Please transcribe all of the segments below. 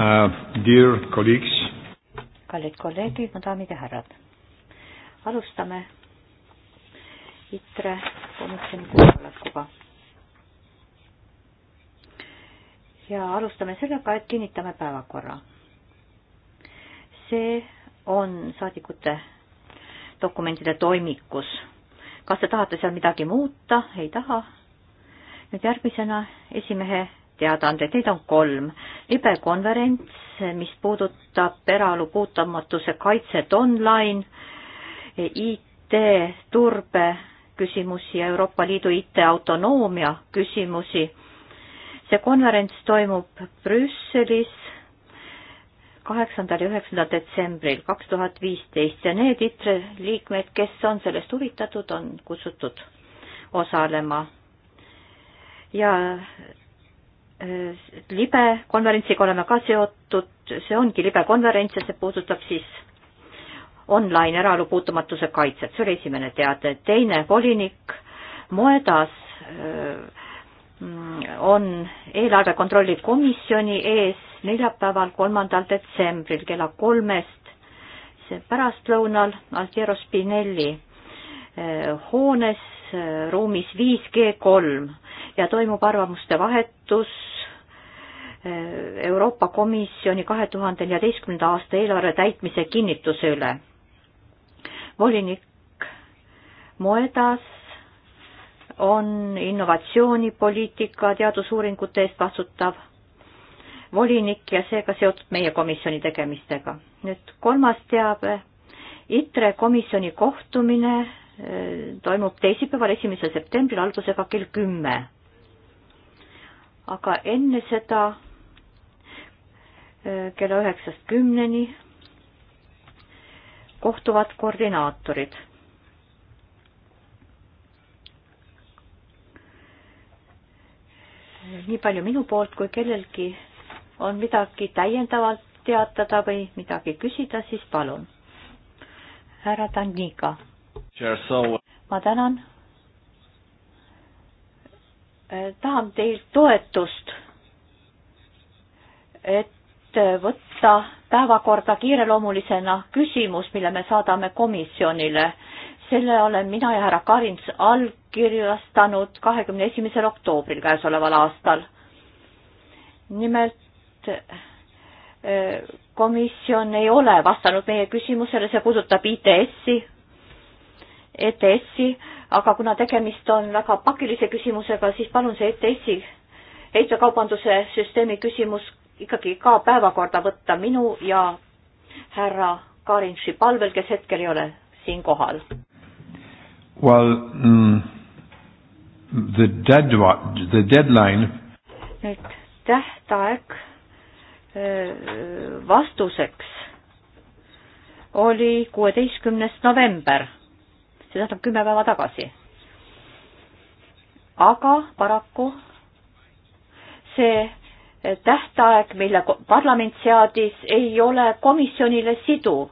uh,, dear colleagues. kallid kolleegid, mu daamid ja härrad. alustame ITRE komisjoni koosolekuga. ja alustame sellega, et kinnitame päevakorra. see on saadikute dokumentide toimikus. kas te tahate seal midagi muuta? ei taha? nüüd järgmisena esimehe teadaandeid, neid on kolm. IBE konverents, mis puudutab eraelu puutumatuse kaitset online, IT-turbe küsimusi ja Euroopa Liidu IT-autonoomia küsimusi. see konverents toimub Brüsselis kaheksandal ja üheksandal detsembril kaks tuhat viisteist ja need ITRE liikmed, kes on sellest huvitatud, on kutsutud osalema. ja libe konverentsiga oleme ka seotud, see ongi libe konverents ja see puudutab siis online eraelu puutumatuse kaitset, see oli esimene teade. teine volinik Moedas on eelarve kontrolli komisjoni ees neljapäeval, kolmandal detsembril kella kolmest, see pärastlõunal Altiero Spinelli eh, hoones ruumis 5G3 ja toimub arvamuste vahetus eh, Euroopa Komisjoni kahe tuhande neljateistkümnenda aasta eelarve täitmise kinnituse üle. volinik Moedas on innovatsioonipoliitika teadusuuringute eest vastutav volinik ja seega seotud meie komisjoni tegemistega. nüüd kolmas teave, ITRE komisjoni kohtumine toimub teisipäeval, esimesel septembril algusega kell kümme. aga enne seda äh, kella üheksast kümneni kohtuvad koordinaatorid. nii palju minu poolt, kui kellelgi on midagi täiendavalt teatada või midagi küsida, siis palun. härra Tanniga Uh, ma tänan. Äh, tahan teilt toetust, et võtta päevakorda kiireloomulisena küsimus, mille me saadame komisjonile. selle olen mina ja härra Karins allkirjastanud kahekümne esimesel oktoobril käesoleval aastal. nimelt äh, komisjon ei ole vastanud meie küsimusele, see puudutab ITS-i ETS-i, aga kuna tegemist on väga pakilise küsimusega, siis palun see ETS-i, heitmekaubanduse süsteemi küsimus ikkagi ka päevakorda võtta minu ja härra Karinši palvel, kes hetkel ei ole siin kohal. Well mm, the dead, the deadline. nüüd tähtaeg vastuseks oli kuueteistkümnes november see tähendab kümme päeva tagasi. aga paraku see tähtaeg, mille parlament seadis, ei ole komisjonile siduv,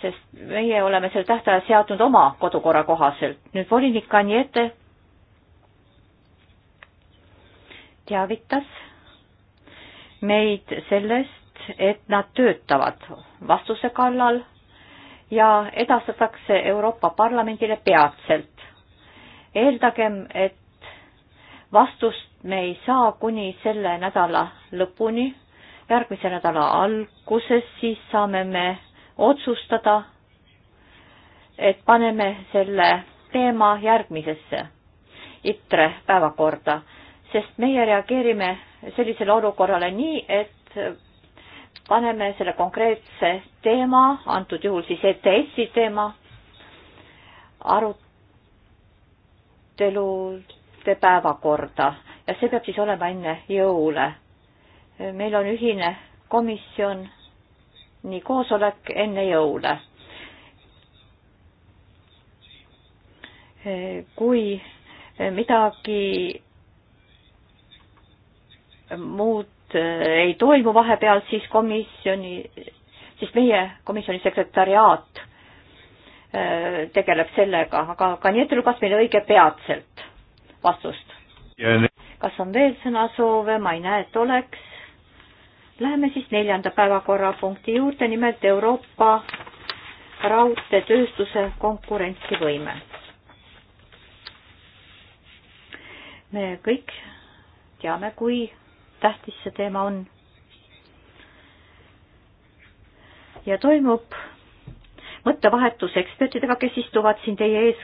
sest meie oleme selle tähtaja seadnud oma kodukorra kohaselt. nüüd volinik Kaniete teavitas meid sellest, et nad töötavad vastuse kallal ja edastatakse Euroopa Parlamendile peatselt. eeldagem, et vastust me ei saa kuni selle nädala lõpuni, järgmise nädala alguses, siis saame me otsustada, et paneme selle teema järgmisesse ITRE päevakorda, sest meie reageerime sellisele olukorrale nii, et paneme selle konkreetse teema, antud juhul siis ETS-i teema, arutelude päevakorda ja see peab siis olema enne jõule. meil on ühine komisjon, nii koosolek enne jõule. kui midagi muud Äh, ei toimu vahepeal, siis komisjoni, siis meie komisjoni sekretariaat äh, tegeleb sellega, aga ka nii, et lugas meile õige peatselt vastust. kas on veel sõnasoove, ma ei näe, et oleks. Läheme siis neljanda päevakorrapunkti juurde, nimelt Euroopa raudteetööstuse konkurentsivõime. me kõik teame, kui tähtis see teema on. ja toimub mõttevahetus ekspertidega, kes istuvad siin teie ees.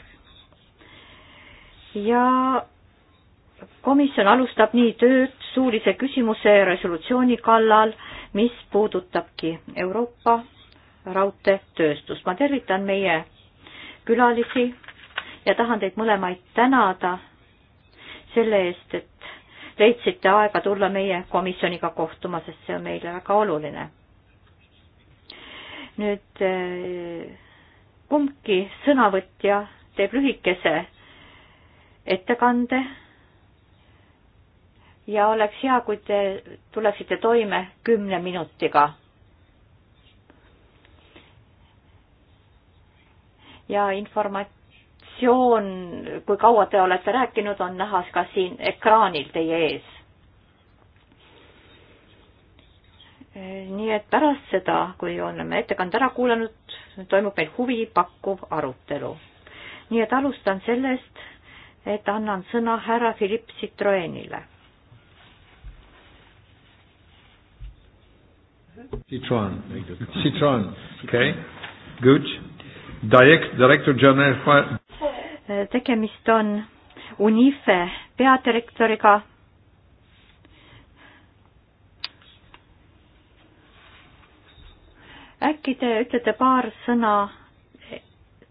ja komisjon alustab nii tööd suulise küsimuse resolutsiooni kallal, mis puudutabki Euroopa raudteetööstust. ma tervitan meie külalisi ja tahan teid mõlemaid tänada selle eest, et leidsite aega tulla meie komisjoniga kohtuma, sest see on meile väga oluline. nüüd eh, kumbki sõnavõtja teeb lühikese ettekande ja oleks hea, kui te tuleksite toime kümne minutiga. ja informat-, visioon, kui kaua te olete rääkinud, on näha ka siin ekraanil teie ees. nii et pärast seda, kui oleme ettekande ära kuulanud, toimub meil huvipakkuv arutelu. nii et alustan sellest, et annan sõna härra Philipp Citroenile. Citroen, Citroen, okei okay., good Direct, Director General. tegemist on UNIFE peadirektoriga. äkki te ütlete paar sõna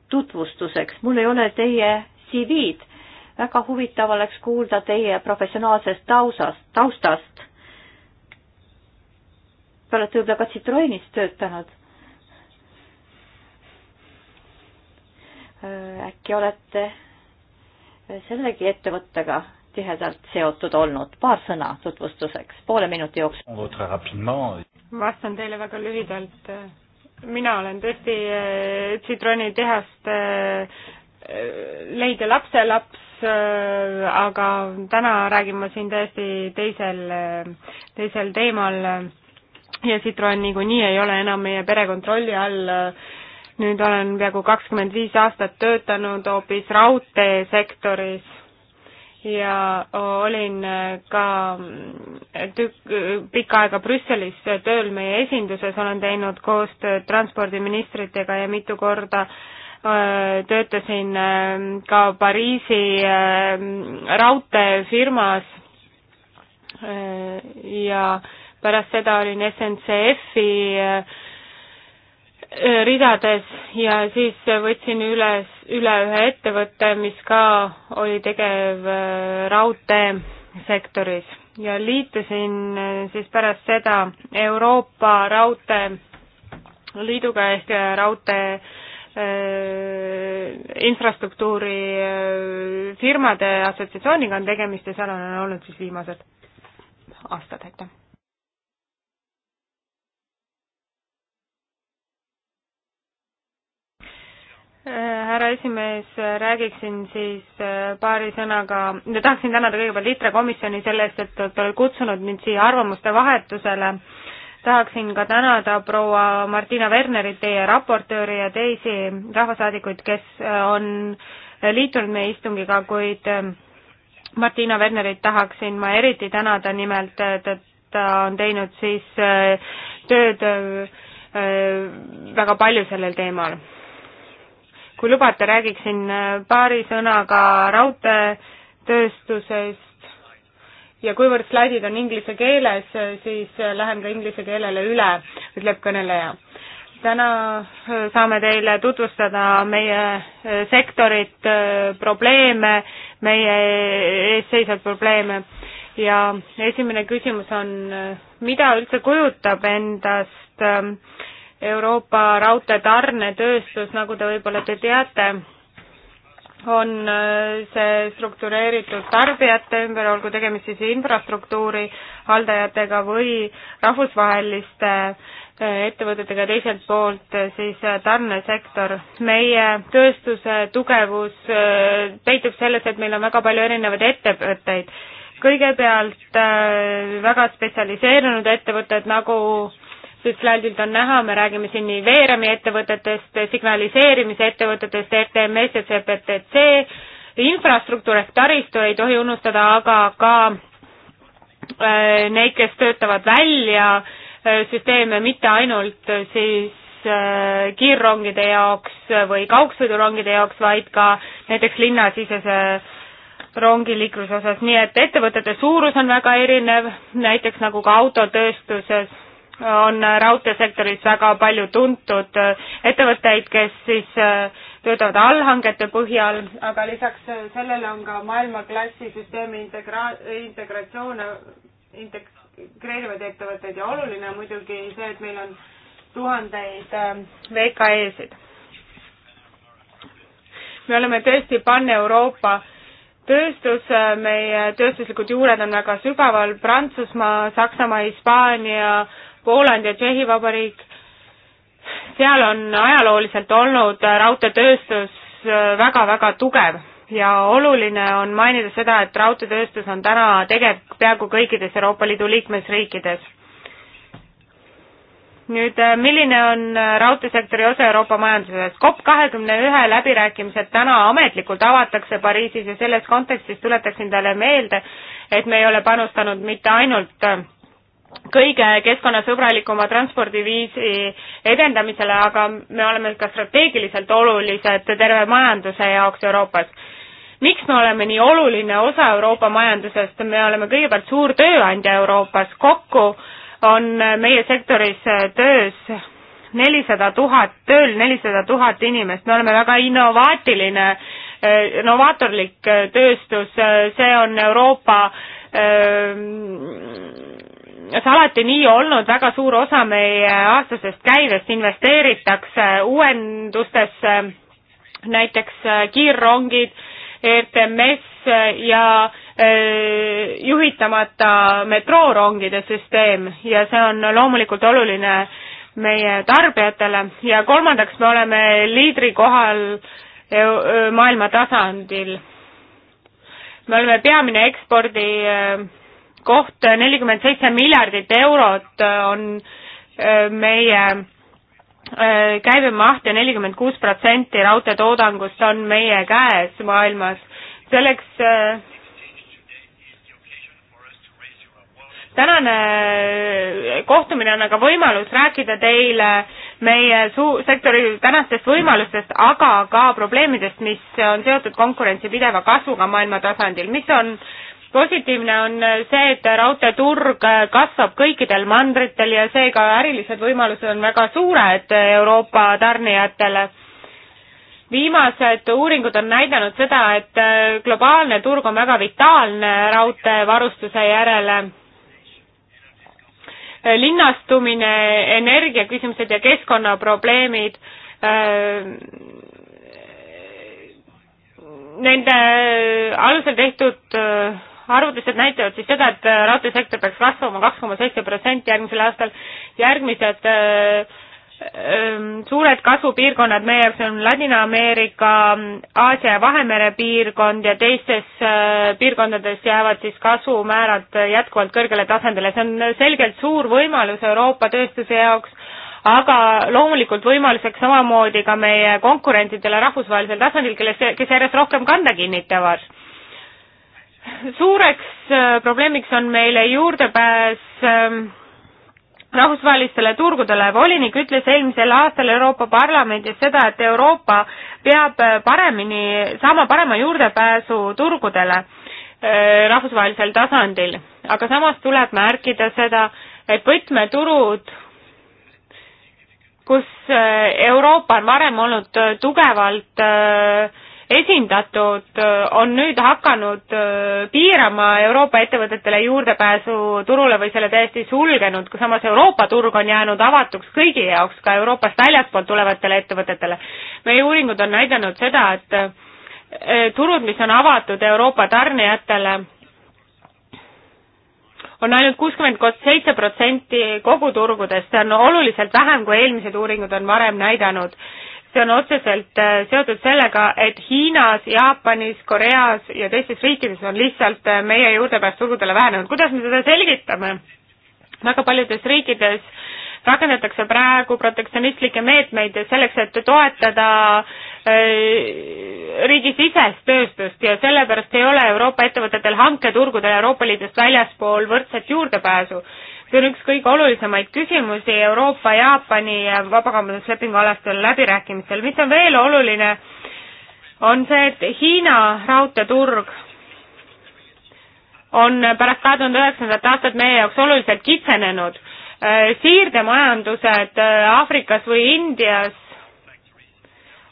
tutvustuseks, mul ei ole teie CV-d, väga huvitav oleks kuulda teie professionaalsest tausast, taustast. Te olete võib-olla ka Citroenis töötanud Äh, äkki olete äh, sellegi ettevõttega tihedalt seotud olnud. paar sõna tutvustuseks, poole minuti jooksul. vastan teile väga lühidalt. mina olen tõesti äh, tsitroonitehast leidja lapselaps, aga täna räägin ma siin täiesti teisel, teisel teemal ja Citroen niikuinii ei ole enam meie pere kontrolli all nüüd olen peaaegu kakskümmend viis aastat töötanud hoopis raudteesektoris ja olin ka tükk, pikka aega Brüsselis tööl meie esinduses, olen teinud koostööd transpordiministritega ja mitu korda öö, äh, töötasin öö, äh, ka Pariisi äh, raudteefirmas ja pärast seda olin SNCF-i Äh, ridades ja siis võtsin üles, üle ühe ettevõtte, mis ka oli tegev äh, raudteesektoris ja liitusin äh, siis pärast seda Euroopa Raudteeliiduga ehk raudtee infrastruktuuri firmade assotsiatsiooniga on tegemist ja seal on olnud siis viimased aastad, aitäh! härra esimees, räägiksin siis äh, paari sõnaga, tahaksin tänada kõigepealt ITRE komisjoni selle eest, et olete kutsunud mind siia arvamuste vahetusele. tahaksin ka tänada proua Martina Wernerit, teie raportööri ja teisi rahvasaadikuid, kes äh, on liitunud meie istungiga, kuid äh, Martina Wernerit tahaksin ma eriti tänada nimelt, et, et ta on teinud siis tööd väga palju sellel teemal kui lubate, räägiksin äh, paari sõnaga raudteetööstusest ja kuivõrd slaidid on inglise keeles, äh, siis äh, lähen ka inglise keelele üle, ütleb kõneleja. täna saame teile tutvustada meie sektorit, probleeme, meie ees seisvaid probleeme ja esimene küsimus on, mida üldse kujutab endast ähm, Euroopa raudteetarnetööstus, nagu te võib-olla te teate, on äh, see struktureeritud tarbijate ümber, olgu tegemist siis infrastruktuuri haldajatega või rahvusvaheliste äh, ettevõtetega ja teiselt poolt äh, siis tarnesektor. meie tööstuse tugevus peitub selles, et meil on väga palju erinevaid ettevõtteid. kõigepealt väga spetsialiseerunud ettevõtted nagu siit slaidilt on näha, me räägime siin nii veeremi ettevõtetest, signaliseerimise ettevõtetest, RTMS ja CPTC, infrastruktuur ehk taristu ei tohi unustada, aga ka äh, neid, kes töötavad välja äh, süsteeme mitte ainult äh, siis äh, kiirrongide jaoks või kaugsõidurongide jaoks, vaid ka näiteks linnasisese rongiliikluse osas, nii et ettevõtete suurus on väga erinev, näiteks nagu ka autotööstuses on raudteesektoris väga palju tuntud ettevõtteid, kes siis äh, töötavad allhangete põhjal, aga lisaks äh, sellele on ka maailmaklassi süsteemi integra-, integratsioone, integreerivaid ettevõtteid ja oluline on muidugi see, et meil on tuhandeid äh, VKE-sid. me oleme tõesti Pan-Euroopa tööstus, meie tööstuslikud juured on väga sügaval, Prantsusmaa, Saksamaa, Hispaania äh,, Pooland ja Tšehhi Vabariik, seal on ajalooliselt olnud äh, raudteetööstus väga-väga äh, tugev ja oluline on mainida seda, et raudteetööstus on täna tegev peaaegu kõikides Euroopa Liidu liikmesriikides. nüüd, äh, milline on raudteesektori osa Euroopa majanduses? COP kahekümne ühe läbirääkimised täna ametlikult avatakse Pariisis ja selles kontekstis tuletaksin teile meelde, et me ei ole panustanud mitte ainult kõige keskkonnasõbralikuma transpordiviisi edendamisele, aga me oleme ka strateegiliselt olulised terve majanduse jaoks Euroopas. miks me oleme nii oluline osa Euroopa majandusest, me oleme kõigepealt suur tööandja Euroopas, kokku on meie sektoris töös nelisada tuhat, tööl nelisada tuhat inimest, me oleme väga innovaatiline, novaatorlik tööstus, see on Euroopa ähm, see alati nii olnud, väga suur osa meie aastasest käivest investeeritakse uuendustesse, näiteks äh, kiirrongid, ERTMS äh, ja äh, juhitamata metroorongide süsteem ja see on loomulikult oluline meie tarbijatele ja kolmandaks me oleme liidri kohal maailma tasandil. me oleme peamine ekspordi koht nelikümmend seitse miljardit eurot äh, on äh, meie äh, käibemaht ja nelikümmend kuus protsenti raudteetoodangust on meie käes maailmas. selleks tänane kohtumine on aga võimalus rääkida teile meie suu-, sektori tänastest võimalustest, aga ka probleemidest, mis on seotud konkurentsi pideva kasvuga maailma tasandil, mis on äh, positiivne on see, et raudteeturg kasvab kõikidel mandritel ja seega ärilised võimalused on väga suured Euroopa tarnijatele. viimased uuringud on näidanud seda, et globaalne turg on väga vitaalne raudteevarustuse järele. linnastumine, energiaküsimused ja keskkonnaprobleemid äh, nende alusel tehtud äh, arvutused näitavad siis seda, et äh, raudteesektor peaks kasvama kaks koma seitse protsenti järgmisel aastal, järgmised äh, ähm, suured kasvupiirkonnad meie jaoks on Ladina-Ameerika, Aasia ja Vahemere piirkond ja teistes äh, piirkondades jäävad siis kasvumäärad jätkuvalt kõrgele tasandile, see on selgelt suur võimalus Euroopa tööstuse jaoks, aga loomulikult võimaluseks samamoodi ka meie konkurentidele rahvusvahelisel tasandil, kelles, kes järjest rohkem kanda kinnitavad suureks äh, probleemiks on meile juurdepääs ähm, rahvusvahelistele turgudele. volinik ütles eelmisel aastal Euroopa Parlamendis seda, et Euroopa peab äh, paremini, saama parema juurdepääsu turgudele äh, rahvusvahelisel tasandil, aga samas tuleb märkida seda, et võtmeturud, kus Euroopa on varem olnud tugevalt äh, esindatud, on nüüd hakanud piirama Euroopa ettevõtetele juurdepääsu turule või selle täiesti sulgenud, samas Euroopa turg on jäänud avatuks kõigi jaoks, ka Euroopast väljaspoolt tulevatele ettevõtetele. meie uuringud on näidanud seda, et turud, mis on avatud Euroopa tarnijatele, on ainult kuuskümmend seitse protsenti kogu turgudest, see on oluliselt vähem, kui eelmised uuringud on varem näidanud see on otseselt äh, seotud sellega, et Hiinas, Jaapanis, Koreas ja teistes riikides on lihtsalt äh, meie juurdepääs turgudele vähenenud. kuidas me seda selgitame? väga paljudes riikides rakendatakse praegu protektsionistlikke meetmeid selleks, et toetada äh, riigisisest tööstust ja sellepärast ei ole Euroopa ettevõtetel hanketurgudel Euroopa Liidust väljaspool võrdset juurdepääsu see on üks kõige olulisemaid küsimusi Euroopa-Jaapani vabakaubanduslepingu alastel läbirääkimistel. mis on veel oluline, on see, et Hiina raudteeturg on pärast kahe tuhande üheksandat aastat meie jaoks oluliselt kitsenenud. Äh, siirdemajandused äh, Aafrikas või Indias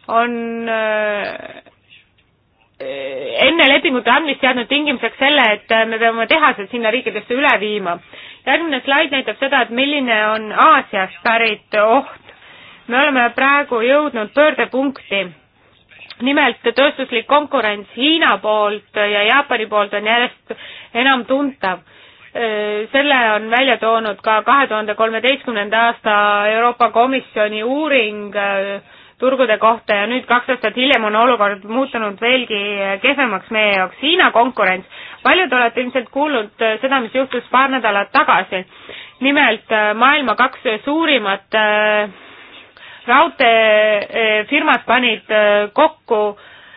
on äh, enne lepingute andmist seadnud tingimuseks selle, et me peame tehased sinna riikidesse üle viima järgmine slaid näitab seda, et milline on Aasiast pärit oht. me oleme praegu jõudnud pöördepunkti. nimelt tööstuslik konkurents Hiina poolt ja Jaapani poolt on järjest enam tuntav selle on välja toonud ka kahe tuhande kolmeteistkümnenda aasta Euroopa Komisjoni uuring turgude kohta ja nüüd kaks aastat hiljem on olukord muutunud veelgi kehvemaks meie jaoks. Hiina konkurents paljud olete ilmselt kuulnud äh, seda, mis juhtus paar nädalat tagasi. nimelt äh, maailma kaks suurimat äh, raudteefirmad panid kokku,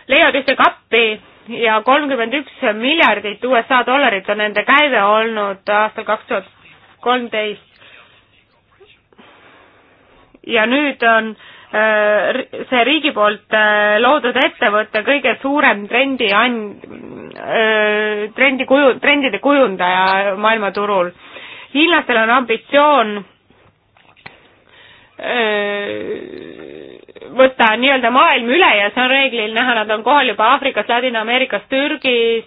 leiavad ühte kappi ja kolmkümmend üks miljardit USA dollarit on nende käive olnud aastal kaks tuhat kolmteist. ja nüüd on äh, Äh, see riigi poolt äh, loodud ettevõte kõige suurem trendi and-, äh, trendi kuju, trendide kujundaja maailmaturul. hiinlastel on ambitsioon võtta nii-öelda maailm üle ja see on reeglil näha, nad on kohal juba Aafrikas, Ladina-Ameerikas, Türgis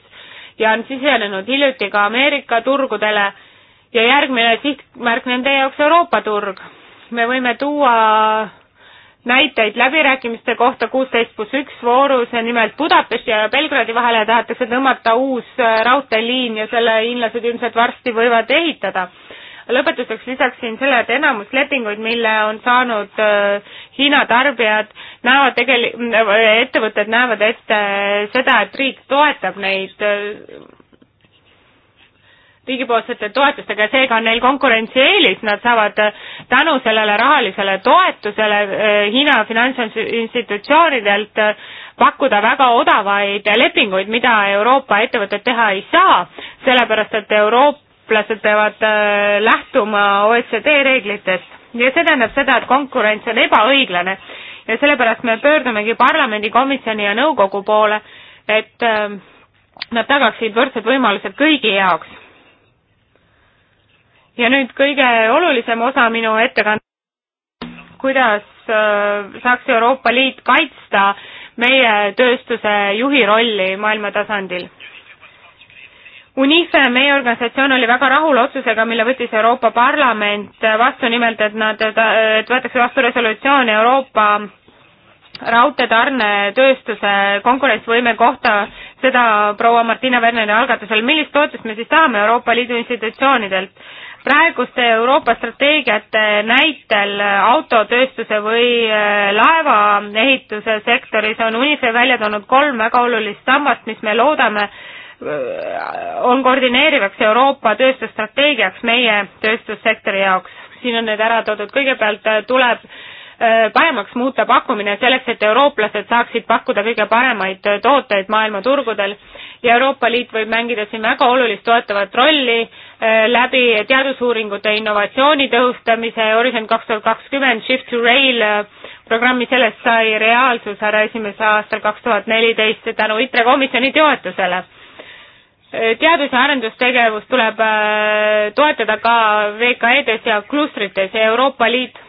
ja on sisenenud hiljuti ka Ameerika turgudele ja järgmine sihtmärk nende jaoks Euroopa turg. me võime tuua näiteid läbirääkimiste kohta kuusteist pluss üks voorus, nimelt Budapesti ja Belgradi vahele tahetakse tõmmata uus äh, raudteeliin ja selle hiinlased ilmselt varsti võivad ehitada. lõpetuseks lisaksin selle, et enamus lepinguid, mille on saanud äh, Hiina tarbijad, näevad tegelikult, äh, ettevõtted näevad ette seda, et riik toetab neid riigipoolsete toetustega ja seega on neil konkurentsieelis, nad saavad äh, tänu sellele rahalisele toetusele äh, Hiina finantsinstitutsioonidelt äh, pakkuda väga odavaid lepinguid, mida Euroopa ettevõtted teha ei saa, sellepärast et eurooplased peavad lähtuma OECD reeglitest ja see tähendab seda, et konkurents on ebaõiglane ja sellepärast me pöördumegi parlamendi, komisjoni ja nõukogu poole, et nad tagaksid võrdsed võimalused kõigi jaoks ja nüüd kõige olulisem osa minu ettekande, kuidas äh, saaks Euroopa Liit kaitsta meie tööstuse juhi rolli maailma tasandil. UNIFE, meie organisatsioon oli väga rahul otsusega, mille võttis Euroopa Parlament vastu, nimelt et nad, et võetakse vastu resolutsioon Euroopa raudteetarnetööstuse konkurentsivõime kohta, seda proua Martina Werneri algatusel, millist toetust me siis tahame Euroopa Liidu institutsioonidelt? praeguste Euroopa strateegiate näitel autotööstuse või äh, laevaehituse sektoris on UNIFE välja toonud kolm väga olulist sammast, mis me loodame, äh, on koordineerivaks Euroopa tööstusstrateegiaks meie tööstussektori jaoks. siin on need ära toodud, kõigepealt äh, tuleb paremaks muuta pakkumine selleks, et eurooplased saaksid pakkuda kõige paremaid tooteid maailmaturgudel ja Euroopa Liit võib mängida siin väga olulist toetavat rolli äh, läbi teadusuuringute innovatsiooni tõhustamise, Horisont kaks tuhat kakskümmend, Shift to Rail äh, programmi, sellest sai reaalsus härra esimese aastal kaks tuhat neliteist tänu ITRE komisjoni toetusele äh, teadus- ja arendustegevus tuleb toetada ka VKE-des ja klustrites ja Euroopa Liit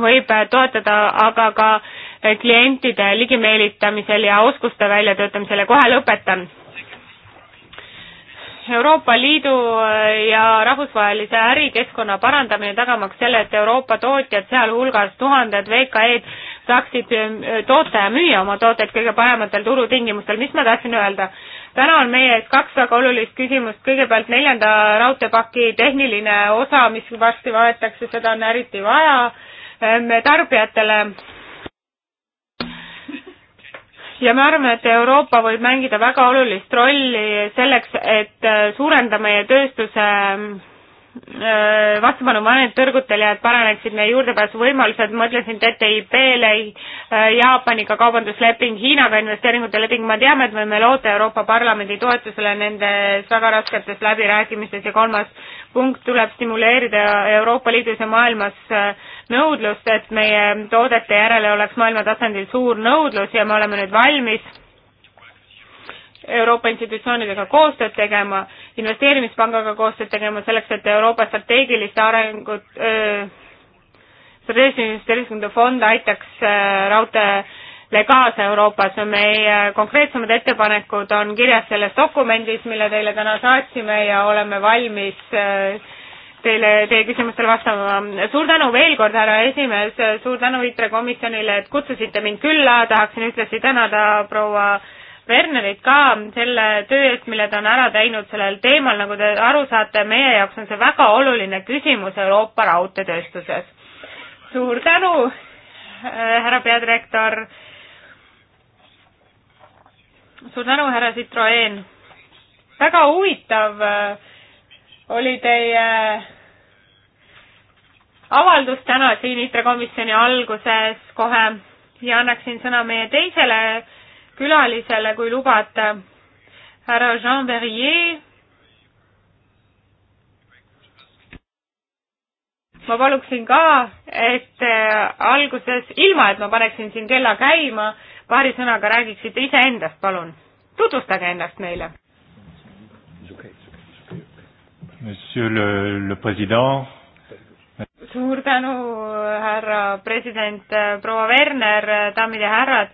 võib toetada aga ka klientide ligimeelitamisel ja oskuste väljatöötamisel ja kohe lõpetan. Euroopa Liidu äh, ja rahvusvahelise ärikeskkonna parandamine, tagamaks selle, et Euroopa tootjad, sealhulgas tuhanded VKE-d, saaksid äh, toota ja müüa oma tooteid kõige parematel turutingimustel, mis ma tahtsin öelda? täna on meie ees kaks väga olulist küsimust, kõigepealt neljanda raudteepaki tehniline osa, mis varsti võetakse, seda on eriti vaja äh, me tarbijatele ja me arvame, et Euroopa võib mängida väga olulist rolli selleks, et äh, suurendada meie tööstuse äh, vastupanu vanemad tõrgutel ja et paraneksid meie juurdepääsuvõimalused, mõtlesin TTIP-le, äh, Jaapaniga kaubandusleping, Hiinaga investeeringute leping, ma tean, et me võime loota Euroopa Parlamendi toetusele nendes väga rasketes läbirääkimistes ja kolmas punkt tuleb stimuleerida Euroopa Liidus ja maailmas äh, nõudlust, et meie toodete järele oleks maailma tasandil suur nõudlus ja me oleme nüüd valmis Euroopa institutsioonidega koostööd tegema, investeerimispangaga koostööd tegema selleks, et Euroopa strateegiliste arengut, strateegilise investeeringute fond aitaks raudteele kaasa Euroopas. meie konkreetsemad ettepanekud on kirjas selles dokumendis, mille teile täna saatsime ja oleme valmis öö, teile, teie küsimustele vastama. suur tänu veel kord, härra esimees, suur tänu ITRE komisjonile, et kutsusite mind külla, tahaksin ühtlasi tänada proua Wernerit ka selle töö eest, mille ta on ära teinud sellel teemal, nagu te aru saate, meie jaoks on see väga oluline küsimus Euroopa raudteetööstuses. suur tänu, äh, härra peadirektor. suur tänu, härra Citroen. väga huvitav äh, oli teie äh, avaldus täna siin ITRE komisjoni alguses kohe ja annaksin sõna meie teisele külalisele, kui lubate, härra Jean Verrier. ma paluksin ka, et äh, alguses, ilma et ma paneksin siin kella käima, paari sõnaga räägiksite iseendast, palun. tutvustage ennast meile Monsieur le, le Président. suur tänu, härra president, äh, proua Werner, äh, daamid ja härrad.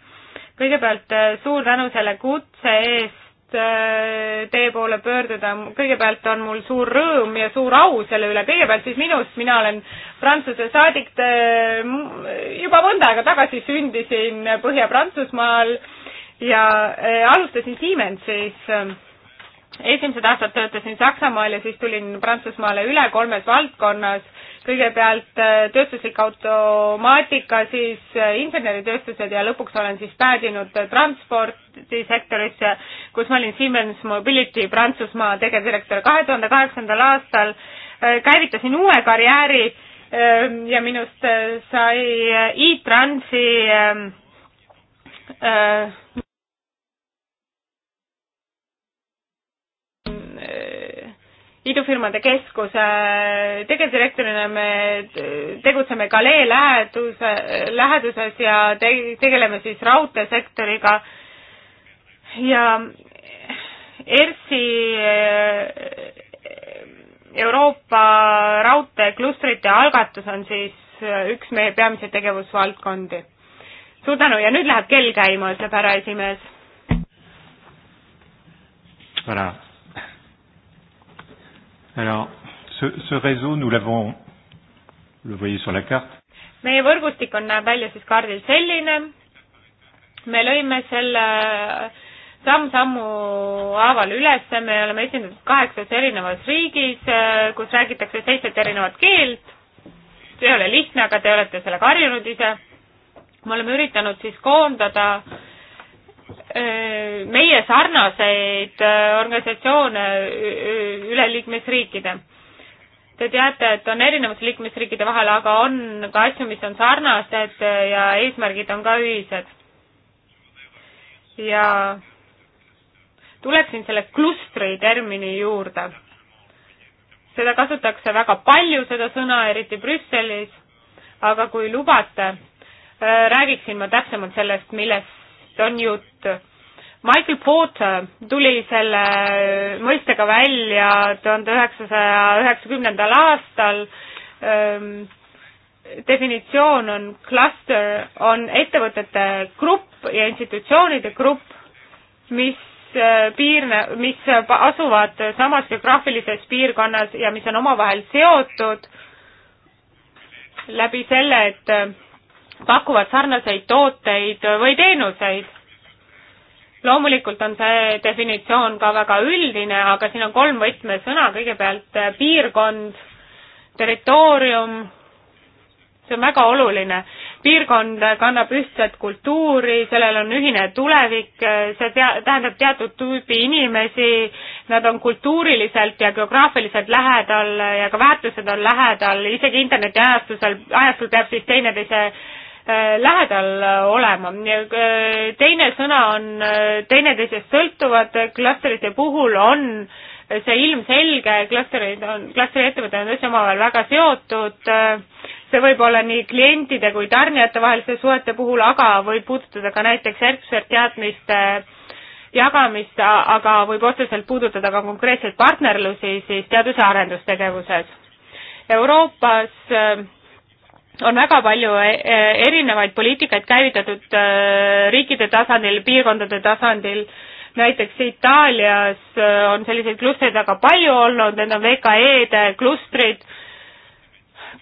kõigepealt äh, suur tänu selle kutse eest teie poole pöörduda. kõigepealt on mul suur rõõm ja suur au selle üle. kõigepealt siis minust, mina olen Prantsuse saadik. juba mõnda aega tagasi sündisin Põhja-Prantsusmaal ja alustasin Siemensis esimesed aastad töötasin Saksamaal ja siis tulin Prantsusmaale üle kolmes valdkonnas. kõigepealt äh, tööstuslik automaatika, siis äh, inseneritööstused ja lõpuks olen siis päädinud transpordisektorisse, kus ma olin Siemens Mobility Prantsusmaa tegevdirektor. kahe tuhande kaheksandal aastal äh, käivitasin uue karjääri ähm, ja minust sai e-transi ähm, idufirmade keskuse tegevdirektorina me tegutseme Galee läheduse, läheduses ja te, tegeleme siis raudteesektoriga ja ERSi eh, Euroopa raudteeklustrite algatus on siis üks meie peamiseid tegevusvaldkondi. suur tänu ja nüüd läheb kell käima, ütleb härra esimees. ära Alors, ce, ce réseau, nous l'avons, le voyez sur la carte. meie võrgustik on, näeb välja siis kaardil selline. me lõime selle äh, samm-sammu haaval üles, me oleme esindatud kaheksas erinevas riigis, äh, kus räägitakse seitset erinevat keelt. see ei ole lihtne, aga te olete sellega harjunud ise. me oleme üritanud siis koondada äh, Äh, meie sarnaseid äh, organisatsioone üle liikmesriikide. Te teate, et on erinevus liikmesriikide vahel, aga on ka asju, mis on sarnased äh, ja eesmärgid on ka ühised. ja tuleksin selle klustri termini juurde. seda kasutatakse väga palju, seda sõna, eriti Brüsselis, aga kui lubate, räägiksin ma täpsemalt sellest, milles see on jutt. Michael Porter tuli selle mõistega välja tuhande üheksasaja üheksakümnendal aastal ähm,. definitsioon on cluster, on ettevõtete grupp ja institutsioonide grupp, mis eh, piirne, mis asuvad samas geograafilises piirkonnas ja mis on omavahel seotud läbi selle, et pakuvad sarnaseid tooteid või teenuseid. loomulikult on see definitsioon ka väga üldine, aga siin on kolm võtmesõna, kõigepealt eh, piirkond, territoorium, see on väga oluline. piirkond eh, kannab ühtset kultuuri, sellel on ühine tulevik, eh, see tea-, tähendab teatud tüüpi inimesi, nad on kultuuriliselt ja geograafiliselt lähedal ja ka väärtused on lähedal, isegi internetiajastusel, ajastul peab siis teineteise Äh, lähedal äh, olema. Äh, teine sõna on teineteisest sõltuvad, klastrite puhul on see ilmselge, klastrid on, klastri ettevõtted on tõesti omavahel väga seotud, see võib olla nii klientide kui tarnijate vaheliste suhete puhul, aga võib puudutada ka näiteks ekspertteadmiste jagamist, aga võib otseselt puudutada ka konkreetseid partnerlusi siis teadus- ja arendustegevuses. Euroopas on väga palju e, e, erinevaid poliitikaid käivitatud e, riikide tasandil, piirkondade tasandil, näiteks Itaalias on selliseid klustreid väga palju olnud, need on VKE-de klustrid,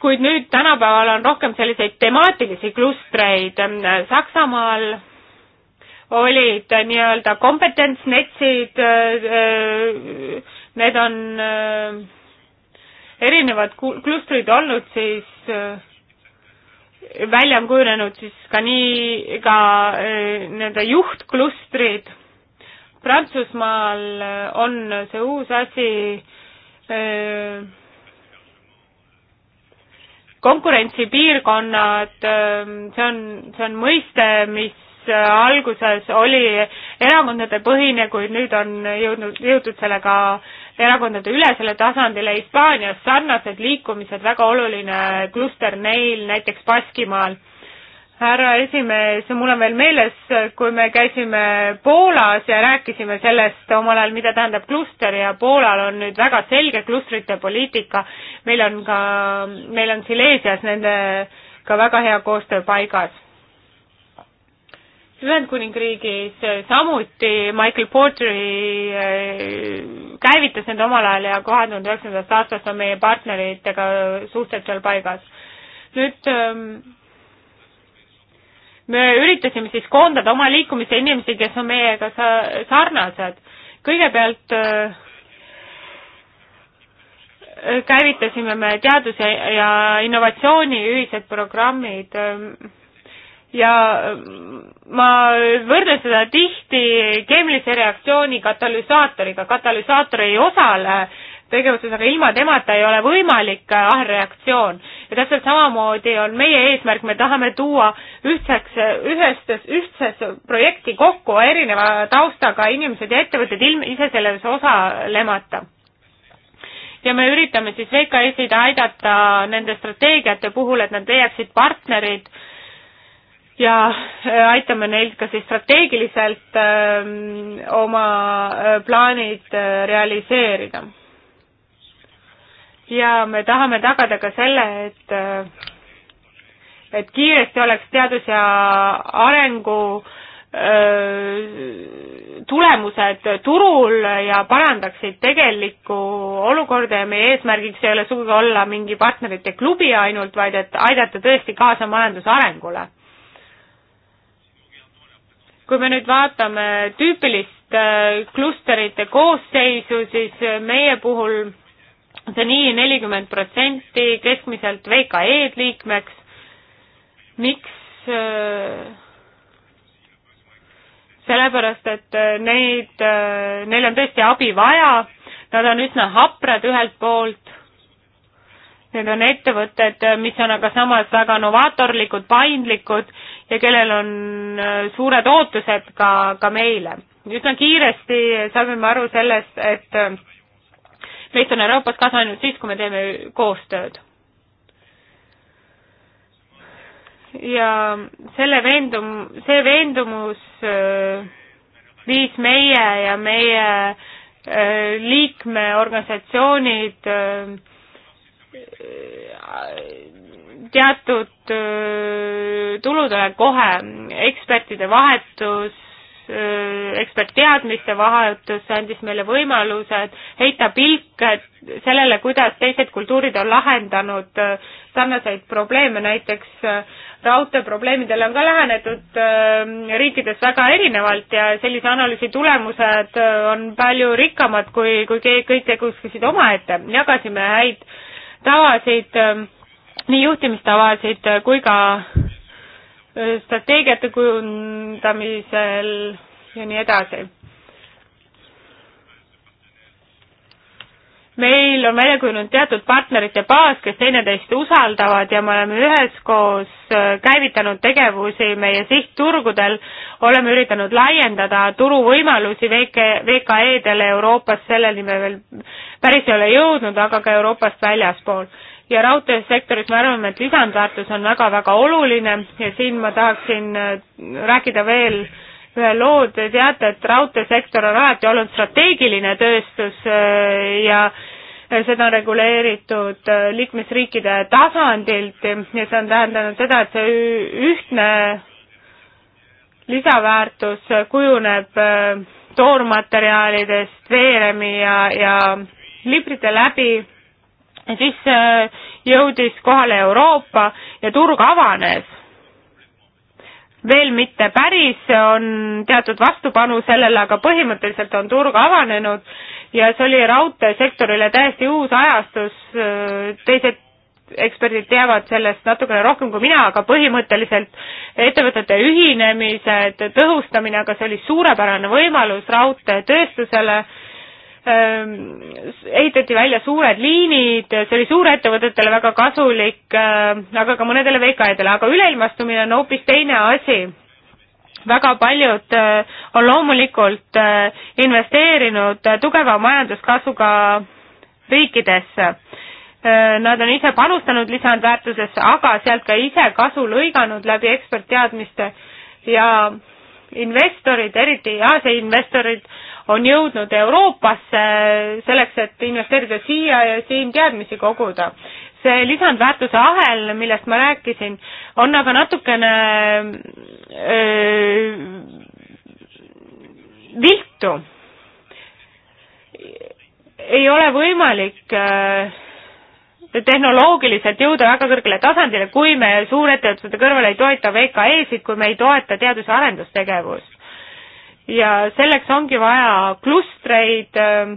kuid nüüd tänapäeval on rohkem selliseid temaatilisi klustreid, Saksamaal olid nii-öelda kompetentsnetsid, need on erinevad klustrid olnud siis välja on kujunenud siis ka nii, ka eh, nii-öelda juhtklustrid. Prantsusmaal eh, on see uus asi eh, konkurentsipiirkonnad, see on, see on mõiste, mis alguses oli erakondade põhine, kuid nüüd on jõudnud, jõutud sellega erakondade ülesele tasandile, Hispaanias sarnased liikumised, väga oluline kluster neil näiteks Baskimaal. härra esimees, mul on veel meeles, kui me käisime Poolas ja rääkisime sellest omal ajal, mida tähendab kluster ja Poolal on nüüd väga selge klustrite poliitika, meil on ka, meil on Silesias nende ka väga hea koostöö paigas Ühendkuningriigis eh, samuti Michael Porteri eh, käivitas need omal ajal ja kahe tuhande üheksandast aastast on meie partneritega suhted seal paigas. nüüd ehm, me üritasime siis koondada oma liikumiste inimesi, kes on meiega sa-, sarnased. kõigepealt äh, käivitasime me teaduse ja innovatsiooni ühised programmid äh,, ja mm, ma võrdlen seda tihti keemilise reaktsiooni katalüsaatoriga, katalüsaator ei osale tegevuses, aga ilma temata ei ole võimalik ahelreaktsioon. ja täpselt samamoodi on meie eesmärk, me tahame tuua ühtseks, ühestes, ühtses projekti kokku erineva taustaga inimesed ja ettevõtted ilm-, ise selles osalemata ja me üritame siis VKS-id aidata nende strateegiate puhul, et nad leiaksid partnerid äh, ja äh, aitame neil ka siis strateegiliselt öö, ähm, oma äh, plaanid äh, realiseerida. ja me tahame tagada ka selle, et et kiiresti oleks teadus- ja arengu öö, tulemused turul ja parandaksid tegelikku olukorda ja meie eesmärgiks ei ole sugugi olla mingi partnerite klubi ainult, vaid et aidata tõesti kaasa majanduse arengule kui me nüüd vaatame tüüpilist äh, klusterite koosseisu, siis äh, meie puhul see nii nelikümmend protsenti keskmiselt VKE-d liikmeks. miks? Äh, sellepärast, et neid, neil on tõesti abi vaja, nad on üsna haprad ühelt poolt need on ettevõtted, mis on aga samas väga novaatorlikud, paindlikud ja kellel on äh, suured ootused ka, ka meile. üsna kiiresti saime me aru sellest, et äh, meist on Euroopas kasu ainult siis, kui me teeme koostööd. ja selle veendum-, see veendumus äh, viis meie ja meie liikmeorganisatsioonid teatud tulud ole kohe, ekspertide vahetus, ekspertteadmiste vahetus andis meile võimaluse heita pilk sellele, kuidas teised kultuurid on lahendanud sarnaseid probleeme, näiteks raudteeprobleemidele on ka lähenetud riikides väga erinevalt ja sellise analüüsi tulemused on palju rikkamad, kui, kui kõik tegutsesid omaette, jagasime häid tavasid nii juhtimistavasid kui ka äh, strateegiate kujundamisel ja nii edasi. meil on välja kujunenud teatud partnerite baas, kes teineteist usaldavad ja me oleme üheskoos äh, käivitanud tegevusi meie sihtturgudel, oleme üritanud laiendada turuvõimalusi VK, VKE-dele Euroopas, selleni me veel päris ei ole jõudnud, aga ka Euroopast väljaspool ja raudteesektoris me arvame, et lisandväärtus on väga-väga oluline ja siin ma tahaksin äh, rääkida veel ühe loo, te teate, et raudteesektor on alati olnud strateegiline tööstus äh, ja äh, seda on reguleeritud liikmesriikide tasandilt ja see on tähendanud seda, et see ühtne lisaväärtus kujuneb toormaterjalidest, veeremi ja, ja librite läbi ja siis äh, jõudis kohale Euroopa ja turg avanes. veel mitte päris, on teatud vastupanu sellele, aga põhimõtteliselt on turg avanenud ja see oli raudteesektorile täiesti uus ajastus, äh, teised eksperdid teavad sellest natukene rohkem kui mina, aga põhimõtteliselt ettevõtete ühinemised, tõhustamine, aga see oli suurepärane võimalus raudteetööstusele äh, Ehm, ehitati välja suured liinid, see oli suurettevõtetele väga kasulik, ehm, aga ka mõnedele VKE-dele, aga üleilmastumine on hoopis teine asi. väga paljud eh, on loomulikult eh, investeerinud eh, tugeva majanduskasvuga riikidesse. Ehm, nad on ise panustanud lisandväärtusesse, aga sealt ka ise kasu lõiganud läbi ekspertteadmiste ja investorid, eriti Aasia investorid, on jõudnud Euroopasse selleks, et investeerida siia ja siin teadmisi koguda. see lisandväärtuse ahel, millest ma rääkisin, on aga natukene öö, viltu. ei ole võimalik öö, tehnoloogiliselt jõuda väga kõrgele tasandile, kui me suurettevõtete kõrval ei toeta VKE-sid, kui me ei toeta teadus- ja arendustegevust ja selleks ongi vaja klustreid, ähm,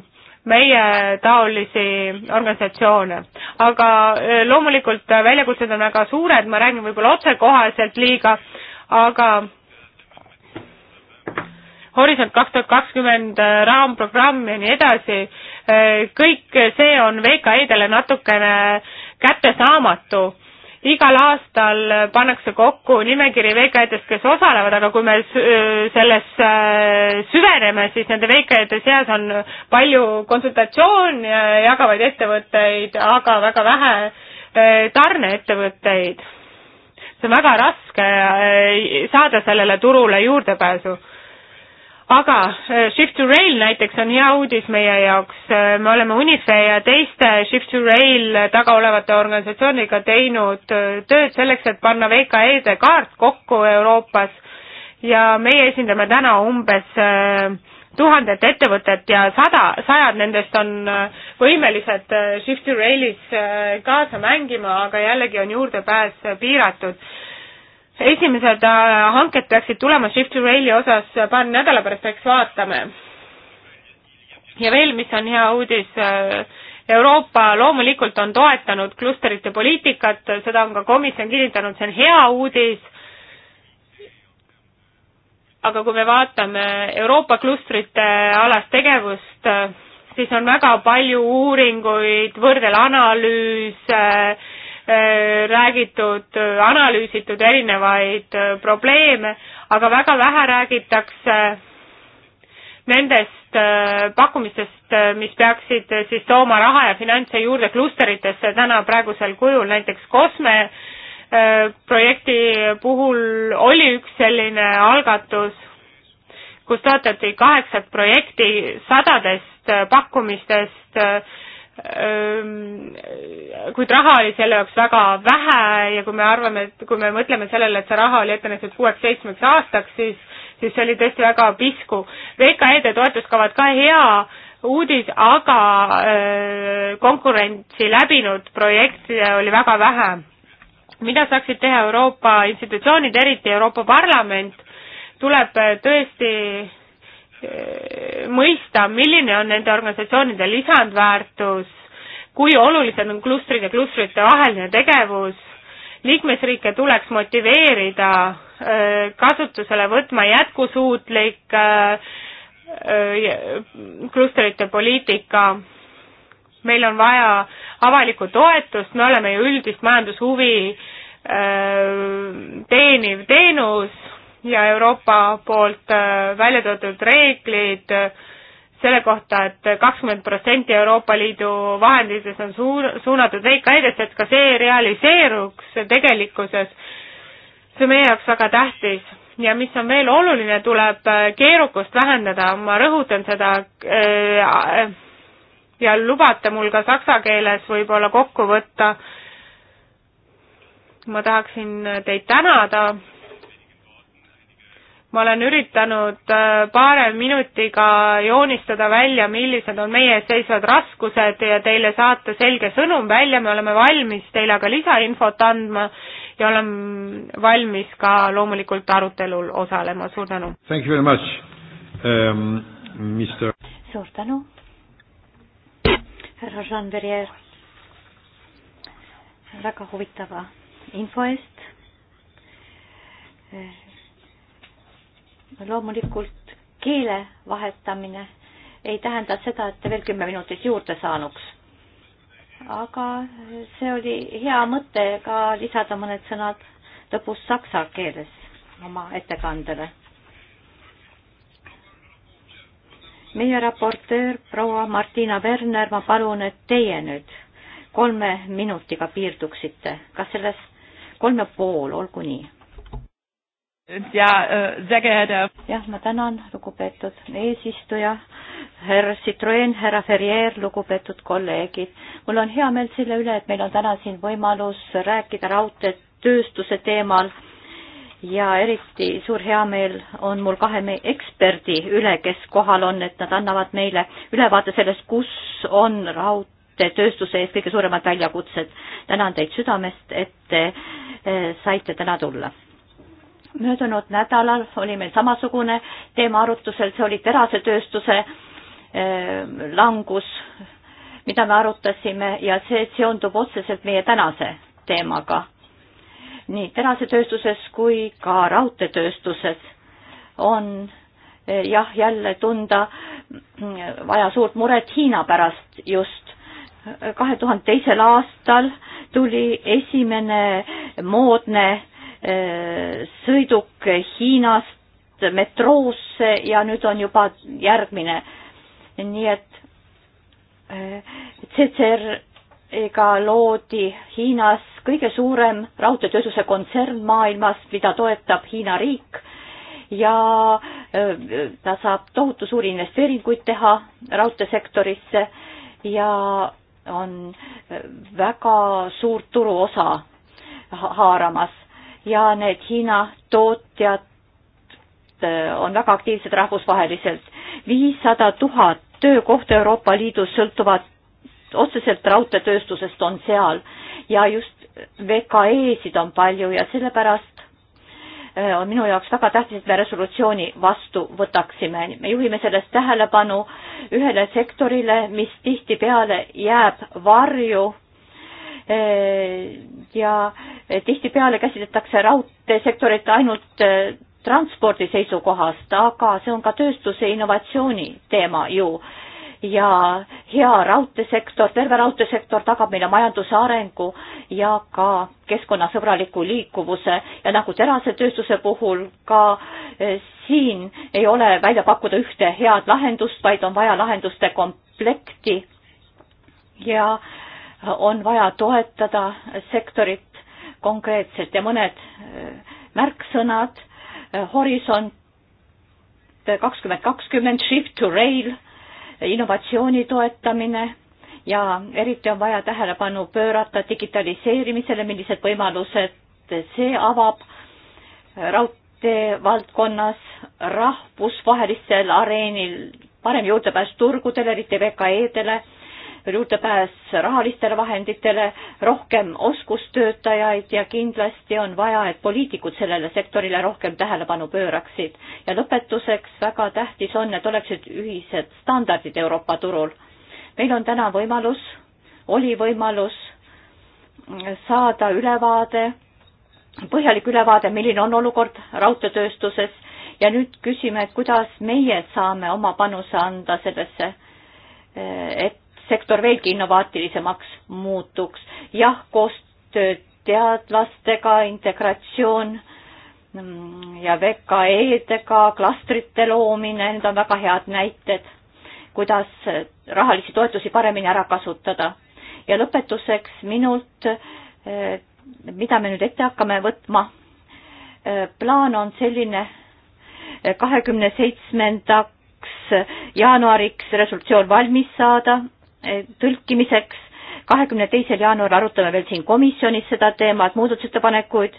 meietaolisi organisatsioone. aga äh, loomulikult äh, väljakutsed on väga suured, ma räägin võib-olla otsekoheselt liiga, aga Horisont kaks tuhat kakskümmend äh, raamprogramm ja nii edasi, kõik see on VKE-dele natukene kättesaamatu igal aastal pannakse kokku nimekiri VKE-dest, kes osalevad, aga kui me äh, selles äh, süveneme, siis nende VKE-de seas on palju konsultatsioone ja jagavaid ettevõtteid, aga väga vähe äh, tarneettevõtteid. see on väga raske saada sellele turule juurdepääsu aga äh, Shift to Rail näiteks on hea uudis meie jaoks, äh, me oleme UNIFE ja teiste Shift to Rail taga olevate organisatsioonidega teinud äh, tööd selleks, et panna VKE-de kaart kokku Euroopas ja meie esindame täna umbes tuhandet ettevõtet ja sada, sajad nendest on võimelised Shift to Railis kaasa mängima, aga jällegi on juurdepääs piiratud esimesed äh, hanked peaksid tulema Shift to Raili osas äh, paari nädala pärast, eks vaatame. ja veel, mis on hea uudis, äh, Euroopa loomulikult on toetanud klusterite poliitikat, seda on ka komisjon kinnitanud, see on hea uudis, aga kui me vaatame Euroopa klustrite alast tegevust, siis on väga palju uuringuid, võrdelanalüüse äh,, Äh, räägitud, äh, analüüsitud erinevaid äh, probleeme, aga väga vähe räägitakse nendest pakkumistest, mis peaksid siis tooma raha ja finantse juurde klusteritesse täna praegusel kujul, näiteks COSME projekti puhul oli üks selline algatus, kus toetati kaheksat projekti sadadest pakkumistest kuid raha oli selle jaoks väga vähe ja kui me arvame, et kui me mõtleme sellele, et see raha oli ette nähtud kuueks-seitsmeks aastaks, siis, siis see oli tõesti väga pisku. VKE-de toetuskavad ka hea uudis, aga öö, konkurentsi läbinud projekte oli väga vähe. mida saaksid teha Euroopa institutsioonid, eriti Euroopa Parlament, tuleb tõesti mõista, milline on nende organisatsioonide lisandväärtus, kui olulised on klustrid ja klustrite vaheline tegevus, liikmesriike tuleks motiveerida äh, kasutusele võtma jätkusuutlik äh, klustrite poliitika, meil on vaja avalikku toetust, me oleme ju üldist majandushuvi äh, teeniv teenus, ja Euroopa poolt äh, välja toodud reeglid äh, selle kohta et, et kakskümmend protsenti Euroopa Liidu vahenditest on suur, suunatud VKE-desse, et ka see realiseeruks tegelikkuses, see on meie jaoks väga tähtis. ja mis on veel oluline, tuleb äh, keerukust vähendada, ma rõhutan seda ja lubate mul ka saksa keeles võib-olla kokku võtta, ma tahaksin teid tänada ma olen üritanud äh, paare minutiga joonistada välja, millised on meie ees seisvad raskused ja teile saata selge sõnum välja, me oleme valmis teile aga lisainfot andma ja olen valmis ka loomulikult arutelul osalema, suur tänu! Um, mister... suur tänu, härra Jean Verrier, väga huvitava info eest loomulikult keele vahetamine ei tähenda seda, et te veel kümme minutit juurde saanuks. aga see oli hea mõte ka lisada mõned sõnad lõpus saksa keeles oma ettekandele. meie raportöör proua Martina Werner, ma palun, et teie nüüd kolme minutiga piirduksite, kas selles kolme pool, olgu nii ja äh,, jah, ma tänan, lugupeetud eesistuja, härra Citroen, härra Ferrier, lugupeetud kolleegid. mul on hea meel selle üle, et meil on täna siin võimalus rääkida raudteetööstuse teemal ja eriti suur heameel on mul kahe meie eksperdi üle, kes kohal on, et nad annavad meile ülevaate sellest, kus on raudteetööstuse ees kõige suuremad väljakutsed. tänan teid südamest, et te äh, saite täna tulla möödunud nädalal oli meil samasugune teema arutusel, see oli terasetööstuse eh, langus, mida me arutasime ja see seondub otseselt meie tänase teemaga. nii terasetööstuses kui ka raudteetööstuses on eh, jah, jälle tunda mm, vaja suurt muret Hiina pärast just. kahe tuhande teisel aastal tuli esimene moodne äh, Äh, sõiduk Hiinast metroosse ja nüüd on juba järgmine. nii et äh, CCR-ga loodi Hiinas kõige suurem raudteetööstuse kontsern maailmas, mida toetab Hiina riik ja äh, ta saab tohutu suuri investeeringuid teha raudteesektorisse ja on väga suurt turuosa haaramas ja need Hiina tootjad äh, on väga aktiivsed rahvusvaheliselt. viissada tuhat töökohta Euroopa Liidus sõltuvad otseselt raudteetööstusest on seal ja just VKE-sid on palju ja sellepärast äh, on minu jaoks väga tähtis, et me resolutsiooni vastu võtaksime. me juhime sellest tähelepanu ühele sektorile, mis tihtipeale jääb varju Äh, ja tihtipeale käsitletakse raudteesektorit ainult äh, transpordi seisukohast, aga see on ka tööstuse innovatsiooni teema ju. ja hea raudteesektor, terve raudteesektor tagab meile majanduse arengu ja ka keskkonnasõbraliku liikuvuse ja nagu terasetööstuse puhul ka äh, siin ei ole välja pakkuda ühte head lahendust, vaid on vaja lahenduste komplekti ja äh, on vaja toetada sektorit konkreetselt ja mõned äh, märksõnad, äh, horisont kakskümmend kakskümmend, shift to rail, innovatsiooni toetamine ja eriti on vaja tähelepanu pöörata digitaliseerimisele, millised võimalused see avab raudtee valdkonnas rahvusvahelisel areenil, parem juurdepääs turgudele, eriti VKE-dele juurdepääs rahalistele vahenditele, rohkem oskustöötajaid ja kindlasti on vaja, et poliitikud sellele sektorile rohkem tähelepanu pööraksid. ja lõpetuseks väga tähtis on, et oleksid ühised standardid Euroopa turul. meil on täna võimalus, oli võimalus saada ülevaade, põhjalik ülevaade, milline on olukord raudteetööstuses ja nüüd küsime, et kuidas meie saame oma panuse anda sellesse, et sektor veelgi innovaatilisemaks muutuks. jah, koostöö teadlastega, integratsioon mm, ja VKE-dega, klastrite loomine, need on väga head näited, kuidas rahalisi toetusi paremini ära kasutada. ja lõpetuseks minult, eh, mida me nüüd ette hakkame võtma? Eh, plaan on selline eh, kahekümne seitsmendaks jaanuariks resolutsioon valmis saada Eh, tõlkimiseks. kahekümne teisel jaanuaril arutame veel siin komisjonis seda teemat, muudatusettepanekuid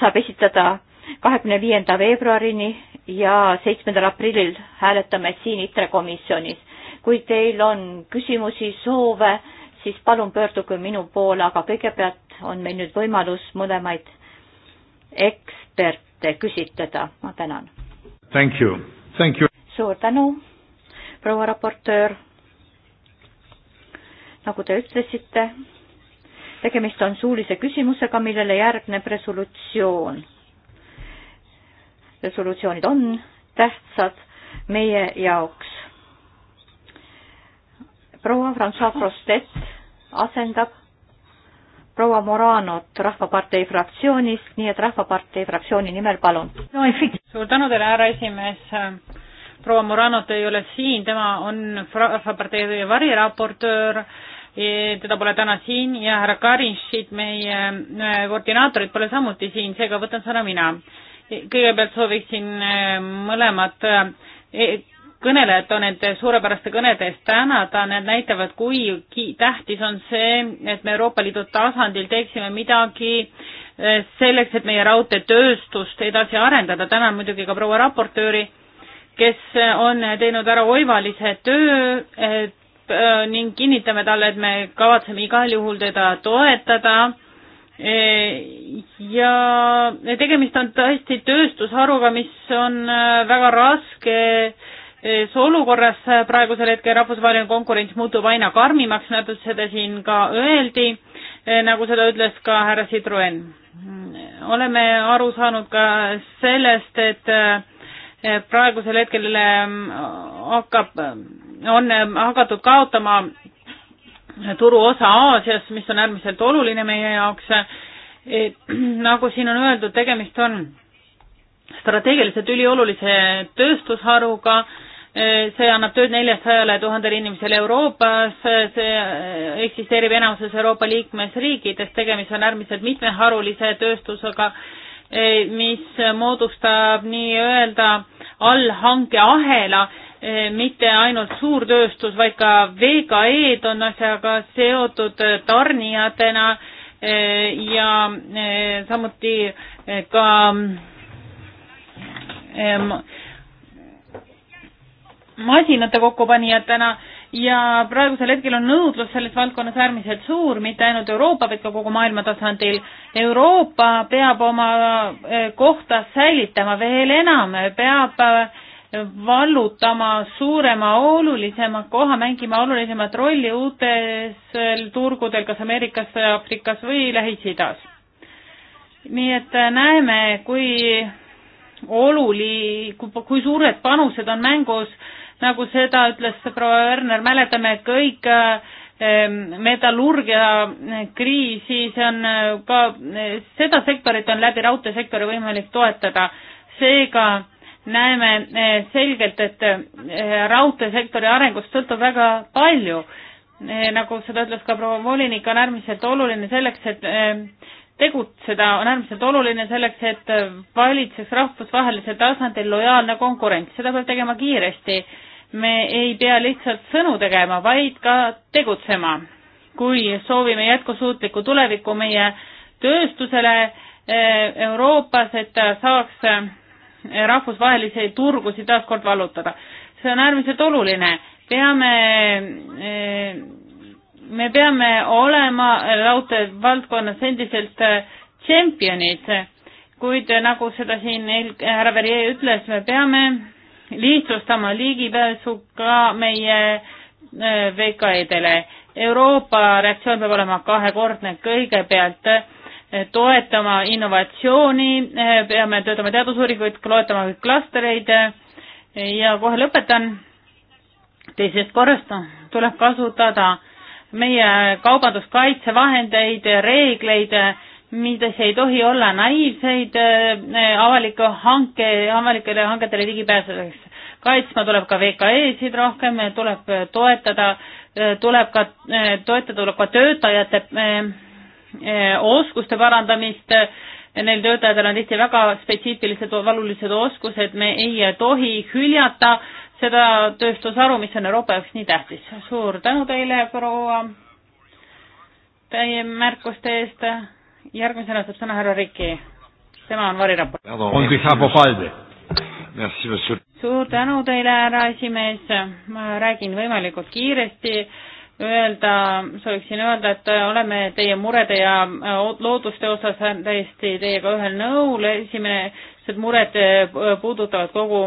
saab esitada kahekümne viienda veebruarini ja seitsmendal aprillil hääletame siin ITRE komisjonis. kui teil on küsimusi, soove, siis palun pöörduge minu poole, aga kõigepealt on meil nüüd võimalus mõlemaid eksperte küsitleda. ma tänan. suur tänu, proua raportöör nagu te ütlesite, tegemist on suulise küsimusega, millele järgneb resolutsioon. resolutsioonid on tähtsad meie jaoks. proua Francois Prostet asendab proua Moranot Rahvapartei fraktsioonist, nii et Rahvapartei fraktsiooni nimel palun no,. suur tänu teile, härra esimees. proua Moranot ei ole siin, tema on Rahvapartei variraportöör E, teda pole täna siin ja härra Karinšit, meie e, koordinaatorid pole samuti siin, seega võtan sõna mina. E, kõigepealt sooviksin mõlemad kõnelejad on nende suurepäraste kõnede eest tänada, need näitavad, kui tähtis on see, et me Euroopa Liidu tasandil teeksime midagi selleks, et meie raudteetööstust edasi arendada, tänan muidugi ka proua raportööri, kes on teinud ära oivalise töö, et Äh, ning kinnitame talle, et me kavatseme igal juhul teda toetada. E, ja tegemist on tõesti tööstusharuga, mis on äh, väga raskes e, olukorras äh, praegusel hetkel, rahvusvaheline konkurents muutub aina karmimaks, nagu seda siin ka öeldi, e, nagu seda ütles ka härra Citroen. oleme aru saanud ka sellest, et praegusel hetkel ähm, hakkab ähm, on ähm, hakatud kaotama turuosa Aasias, mis on äärmiselt oluline meie jaoks. nagu siin on öeldud, tegemist on strateegiliselt üliolulise tööstusharuga, äh, see annab tööd neljasajale tuhandele inimesele Euroopas, see äh, eksisteerib enamuses Euroopa liikmesriikides, tegemist on äärmiselt mitmeharulise tööstusega, äh, mis moodustab nii-öelda allhankeahela, Eh, mitte ainult suurtööstus, vaid ka VKE-d on asjaga seotud eh, tarnijatena eh, ja samuti ka masinate kokkupanijatena ja praegusel hetkel on nõudlus selles valdkonnas äärmiselt suur, mitte ainult Euroopa, vaid ka kogu maailma tasandil. Euroopa peab oma kohta säilitama veel enam, peab vallutama suurema, olulisema koha, mängima olulisemat rolli uutel turgudel, kas Ameerikas, Aafrikas või Lähis-Idas. nii et näeme, kui oluli-, kui suured panused on mängus, nagu seda ütles proua Werner, mäletame kõik ehm, metallurgia kriisi, see on ka, seda sektorit on läbi raudteesektori võimalik toetada. seega näeme eh, selgelt, et eh, raudteesektori arengust sõltub väga palju. Eh, nagu seda ütles ka proua volinik, on äärmiselt oluline selleks, et tegutseda, on äärmiselt oluline selleks, et valitseks rahvusvahelisel tasandil lojaalne konkurents, seda peab tegema kiiresti. me ei pea lihtsalt sõnu tegema, vaid ka tegutsema. kui soovime jätkusuutlikku tulevikku meie tööstusele Euroopas, et ta saaks rahvusvahelisi turgusid taaskord vallutada. see on äärmiselt oluline, peame eh, me peame olema raudtee valdkonnas endiselt tšempionid, eh, kuid nagu seda siin härra Verje ütles, me peame lihtsustama ligipääsu ka meie eh, VKE-dele. Euroopa reaktsioon peab olema kahekordne, kõigepealt toetama innovatsiooni, peame töötama teadusuuringuid, toetama klastreid ja kohe lõpetan. teisest korrast tuleb kasutada meie kaubanduskaitsevahendeid, reegleid, mida siis ei tohi olla naiivseid eh, avaliku hanke, avalikele hangetele ligipääsuseks. kaitsma tuleb ka VKE-sid rohkem, tuleb toetada, eh, tuleb ka eh, toetada, tuleb ka töötajate Eh, oskuste parandamist. Neil töötajatel on tihti väga spetsiifilised valulised oskused, me ei tohi hüljata seda tööstusharu, mis on Euroopa jaoks nii tähtis. suur tänu teile, proua, teie märkuste eest. järgmisena saab sõna härra Riki, tema on variraport. suur tänu teile, härra esimees, ma räägin võimalikult kiiresti öelda, sooviksin öelda, et äh, oleme teie murede ja äh, looduste osas täiesti teiega ühel nõul, esimene, need mured äh, puudutavad kogu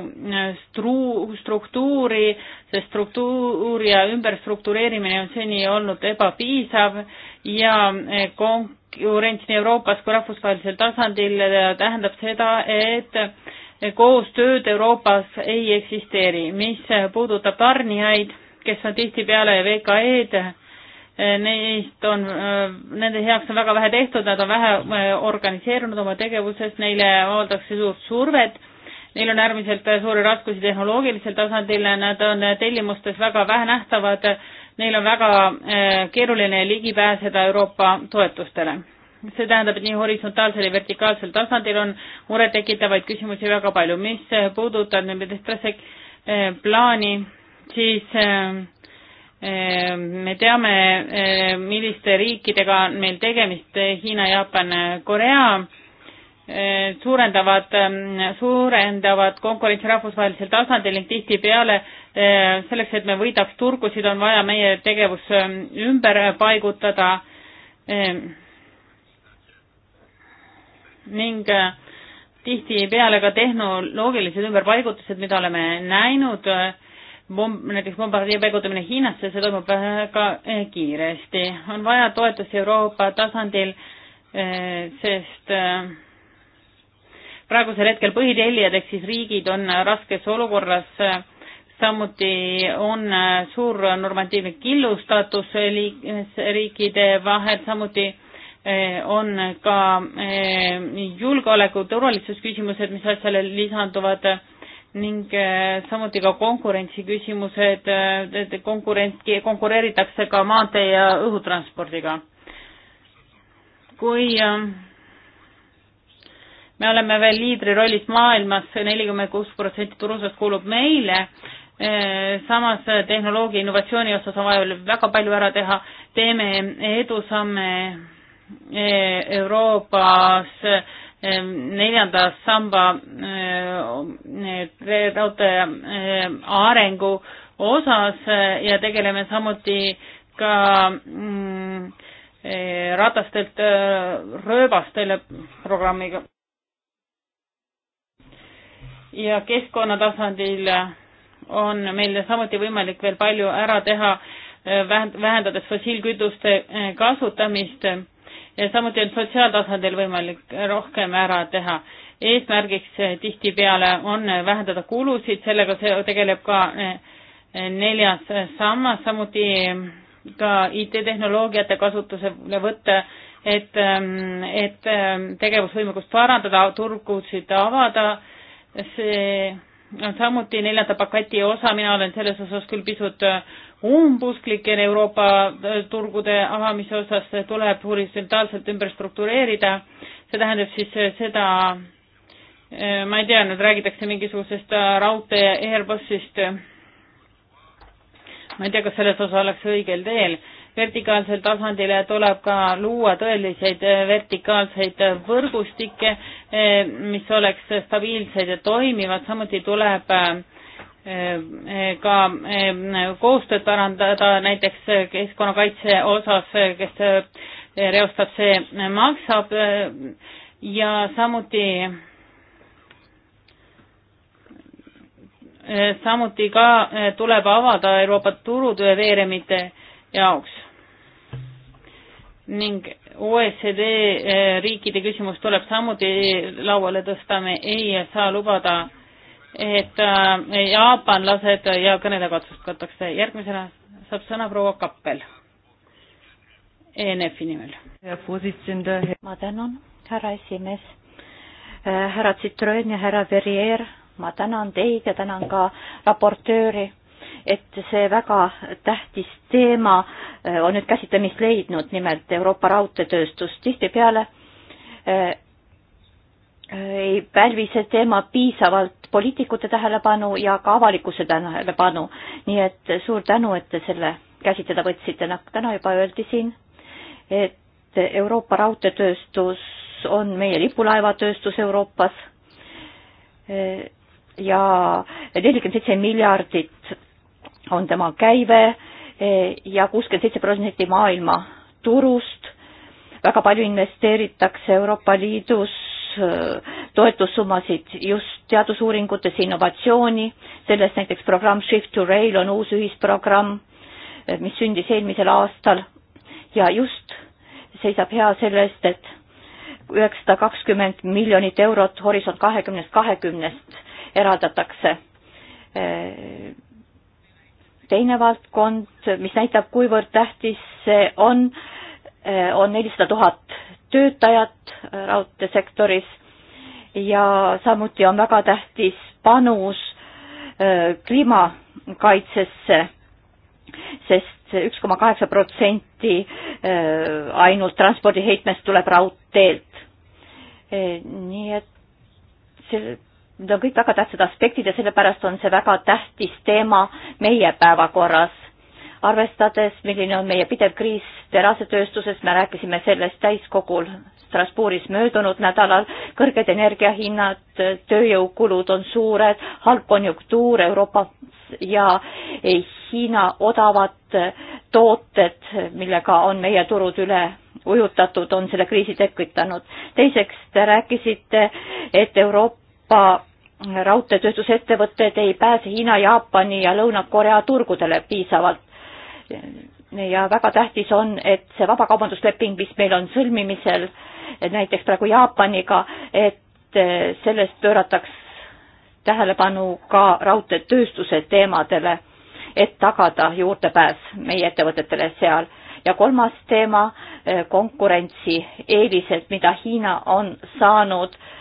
stru-, struktuuri, see struktuur ja ümberstruktureerimine on seni olnud ebapiisav ja konkurents nii Euroopas kui rahvusvahelisel tasandil tähendab seda, et koostööd Euroopas ei eksisteeri, mis puudutab tarnijaid kes on tihtipeale VKE-d, neist on, nende heaks on väga vähe tehtud, nad on vähe äh, organiseerunud oma tegevuses, neile avaldatakse suurt survet, neil on äärmiselt suuri raskusi tehnoloogilisel tasandil, nad on tellimustes väga vähe nähtavad, neil on väga äh, keeruline ligi pääseda Euroopa toetustele see tähendab, et nii horisontaalsel ja vertikaalsel tasandil on murettekitavaid küsimusi väga palju. mis puudutab nüüd äh, plaani, siis ähm, ähm, me teame, ähm, milliste riikidega on meil tegemist, Hiina, Jaapan, Korea, äh, suurendavad, suurendavad konkurentsi rahvusvahelisel tasandil ning tihtipeale äh, selleks, et me võidaks turgusid, on vaja meie tegevus ümber paigutada ning äh, tihtipeale ka tehnoloogilised ümberpaigutused, mida oleme näinud, bomb, näiteks bombardier paigutamine Hiinasse, see toimub väga eh, kiiresti. on vaja toetusi Euroopa tasandil, eh, sest eh, praegusel hetkel põhitellijad ehk siis riigid on raskes olukorras, samuti on suur normatiivne killustatus liikmesriikide vahel, samuti on ka julgeoleku turvalisusküsimused, mis asjale lisanduvad ning eh, samuti ka konkurentsi küsimused, eh, konkurent, konkureeritakse ka maantee ja õhutranspordiga. kui eh, me oleme veel liidri rollis maailmas, nelikümmend kuus protsenti turusest kuulub meile, samas tehnoloogia innovatsiooni osas on vaja veel väga palju ära teha, teeme edusamme Euroopas neljanda samba eh, eh, raudtee eh, arengu osas ja tegeleme samuti ka mm, ratastelt rööbastele programmiga. ja keskkonnatasandil on meil samuti võimalik veel palju ära teha, vähendades fossiilkütuste kasutamist ja samuti on sotsiaaltasandil võimalik rohkem ära teha. eesmärgiks eh, tihtipeale on eh, vähendada kulusid, sellega tegeleb ka eh, neljas sammas, samuti ka IT-tehnoloogiate kasutuselevõtt, et, et tegevusvõimekust parandada, turgusid avada, see on samuti neljanda paketi osa, mina olen selles osas küll pisut äh, umbusklik ja Euroopa äh, turgude avamise osas tuleb horisontaalselt ümber struktureerida. see tähendab siis äh, seda, ma ei tea, nüüd räägitakse mingisugusest raudtee Airbussist. ma ei tea, kas selles osas oleks õigel teel vertikaalsel tasandil ja tuleb ka luua tõeliseid eh, vertikaalseid eh, võrgustikke, eh, mis oleks stabiilsed ja toimivad, samuti tuleb ka koostööd parandada näiteks keskkonnakaitse osas, kes reostab, see maksab ja samuti samuti ka tuleb avada Euroopa turud veeremite jaoks ning OECD eh, riikide küsimus tuleb samuti lauale tõsta, me ei saa lubada, et eh, jaapanlased ja kõnede katsust katakse. järgmisena saab sõna proua Kappel ENF-i nimel. ma tänan, härra esimees, eh, härra Citroen ja härra Verrier, ma tänan teid ja tänan ka raportööri et see väga tähtis teema äh, on nüüd käsitlemist leidnud, nimelt Euroopa raudteetööstus. tihtipeale äh, äh, ei pälvi see teema piisavalt poliitikute tähelepanu ja ka avalikkuse tähelepanu. nii et suur tänu, et te selle käsitleda võtsite, nagu täna juba öeldi siin, et Euroopa raudteetööstus on meie lipulaevatööstus Euroopas ja nelikümmend seitse miljardit on tema käive e, ja kuuskümmend seitse protsenti maailma turust. väga palju investeeritakse Euroopa Liidus e, toetussummasid just teadusuuringutesse, innovatsiooni, sellest näiteks programm Shift to Rail on uus ühisprogramm, e, mis sündis eelmisel aastal ja just seisab hea selle eest, et üheksasada kakskümmend miljonit eurot Horisont kahekümnest kahekümnest eraldatakse teine valdkond, mis näitab, kuivõrd tähtis see on, eh, on nelisada tuhat töötajat eh, raudteesektoris ja samuti on väga tähtis panus eh, kliimakaitsesse, sest üks koma kaheksa protsenti ainult transpordiheitmest tuleb raudteelt. nii et see Need on kõik väga tähtsad aspektid ja sellepärast on see väga tähtis teema meie päevakorras. arvestades, milline on meie pidev kriis terasetööstuses, me rääkisime sellest täiskogul Strasbourgis möödunud nädalal, kõrged energiahinnad, tööjõukulud on suured, halb konjunktuur Euroopas ja Hiina odavad tooted, millega on meie turud üle ujutatud, on selle kriisi tekitanud. teiseks, te rääkisite, et Euroopa Euroopa raudteetööstusettevõtted ei pääse Hiina, Jaapani ja Lõuna-Korea turgudele piisavalt. ja väga tähtis on, et see vabakaubandusleping, mis meil on sõlmimisel näiteks praegu Jaapaniga, et sellest pöörataks tähelepanu ka raudteetööstuse teemadele, et tagada juurdepääs meie ettevõtetele seal. ja kolmas teema, konkurentsieelised, mida Hiina on saanud äh,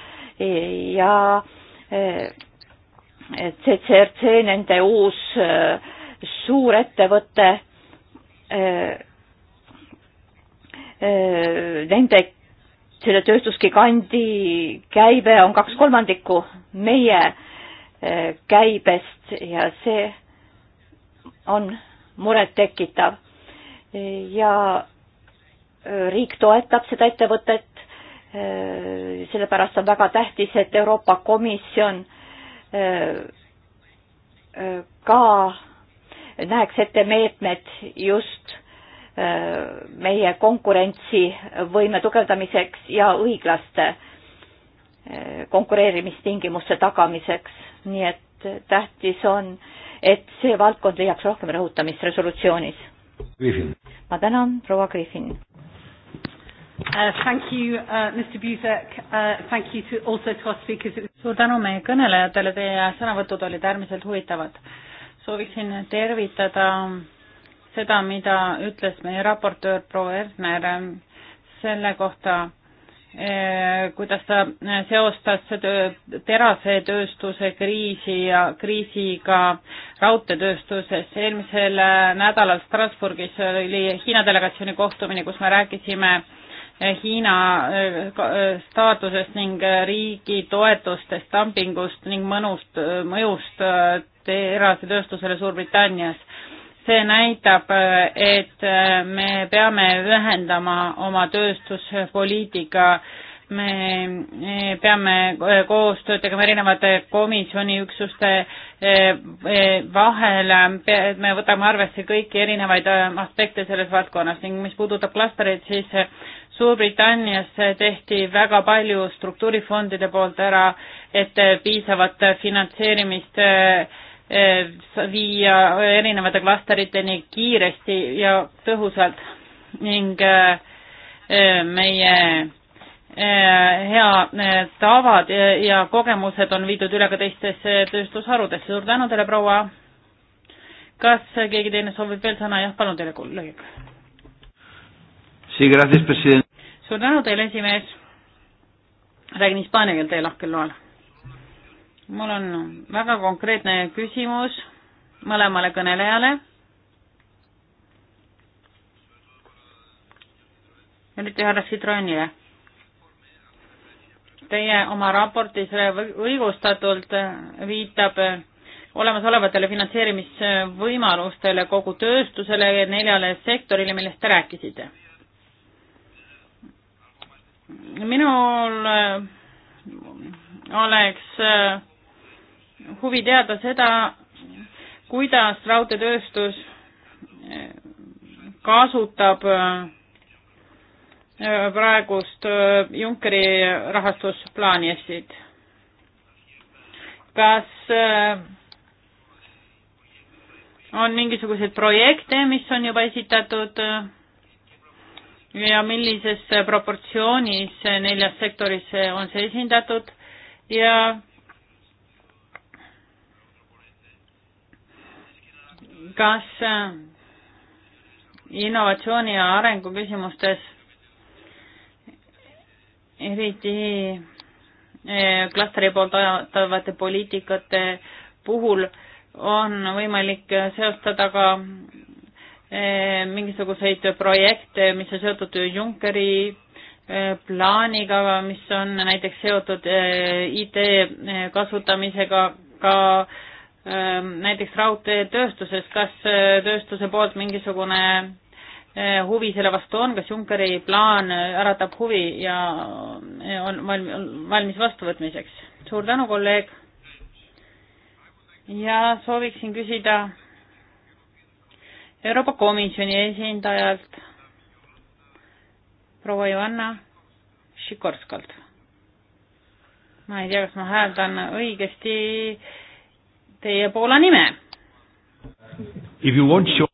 ja CCRC, eh, nende uus eh, suurettevõte, eh, nende, selle tööstusgigandi käibe on kaks kolmandikku meie käibest ja see on murettekitav. ja riik toetab seda ettevõtet sellepärast on väga tähtis, et Euroopa Komisjon äh, äh, ka näeks ette meetmed just äh, meie konkurentsivõime tugevdamiseks ja õiglaste konkureerimistingimuste tagamiseks, nii et tähtis on, et see valdkond leiaks rohkem rõhutamist resolutsioonis. ma tänan, proua Griffin. Uh, thank you uh,, Mr Buzek uh,, thank you to also to our speakers. suur tänu meie kõnelejatele, teie sõnavõtud olid äärmiselt huvitavad. sooviksin tervitada seda, mida ütles meie raportöör proua Erner selle kohta, eh, kuidas ta seostas terasetööstuse kriisi ja kriisiga raudteetööstuses. eelmisel nädalal Strasbourgis oli Hiina delegatsiooni kohtumine, kus me rääkisime äh, Eh, Hiina eh, eh, staatusest ning riigi toetustest, dumpingust ning mõnust, mõjust terasetööstusele Suurbritannias. see näitab, et me peame ühendama oma tööstuspoliitika me peame koostööd tegema erinevate komisjoni üksuste vahel, me võtame arvesse kõiki erinevaid aspekte selles valdkonnas ning mis puudutab klastreid, siis Suurbritannias tehti väga palju struktuurifondide poolt ära, et piisavat finantseerimist eh, viia erinevate klasteriteni kiiresti ja tõhusalt ning eh, meie eh, hea tavad ja kogemused on viidud üle ka teistesse tööstusharudesse. suur tänu teile, proua. kas keegi teine soovib veel sõna? jah, palun teile, kolleeg suur tänu teile, esimees. räägin hispaania keelt teie lahkel loal. mul on väga konkreetne küsimus mõlemale kõnelejale. ja nüüd härra Citroenile. Teie oma raportis õigustatult viitab olemasolevatele finantseerimisvõimalustele kogu tööstusele ja neljale sektorile, millest te rääkisite minul äh, oleks äh, huvi teada seda, kuidas raudteetööstus äh, kasutab praegust Junckeri rahastusplaani Eestit. kas on mingisuguseid projekte, mis on juba esitatud ja millises proportsioonis neljas sektoris on see esindatud ja kas äh, innovatsiooni ja arengu küsimustes, eriti äh, klastri poolt ajatavate poliitikate puhul on võimalik seostada ka Eh, mingisuguseid projekte, mis on seotud Junckeri eh, plaaniga, mis on näiteks seotud eh, IT kasutamisega ka näiteks raudteetööstuses, kas tööstuse poolt mingisugune huvi selle vastu on, kas Junckeri plaan äratab huvi ja on valmis vastuvõtmiseks? suur tänu, kolleeg. ja sooviksin küsida Euroopa Komisjoni esindajalt proua Joanna Šikorskalt. ma ei tea, kas ma hääldan õigesti teie Poola nime. Your...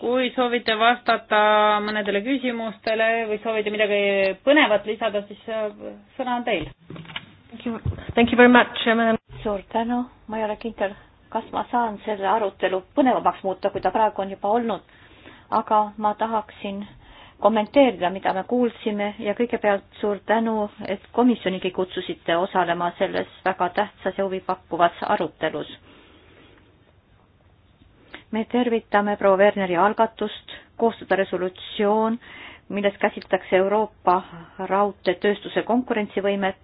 kui soovite vastata mõnedele küsimustele või soovite midagi põnevat lisada, siis äh, sõna on teil. suur tänu, ma ei ole kindel kas ma saan selle arutelu põnevamaks muuta, kui ta praegu on juba olnud. aga ma tahaksin kommenteerida, mida me kuulsime ja kõigepealt suur tänu, et komisjonigi kutsusite osalema selles väga tähtsas ja huvipakkuvas arutelus. me tervitame proua Werneri algatust koostada resolutsioon milles käsitletakse Euroopa raudteetööstuse konkurentsivõimet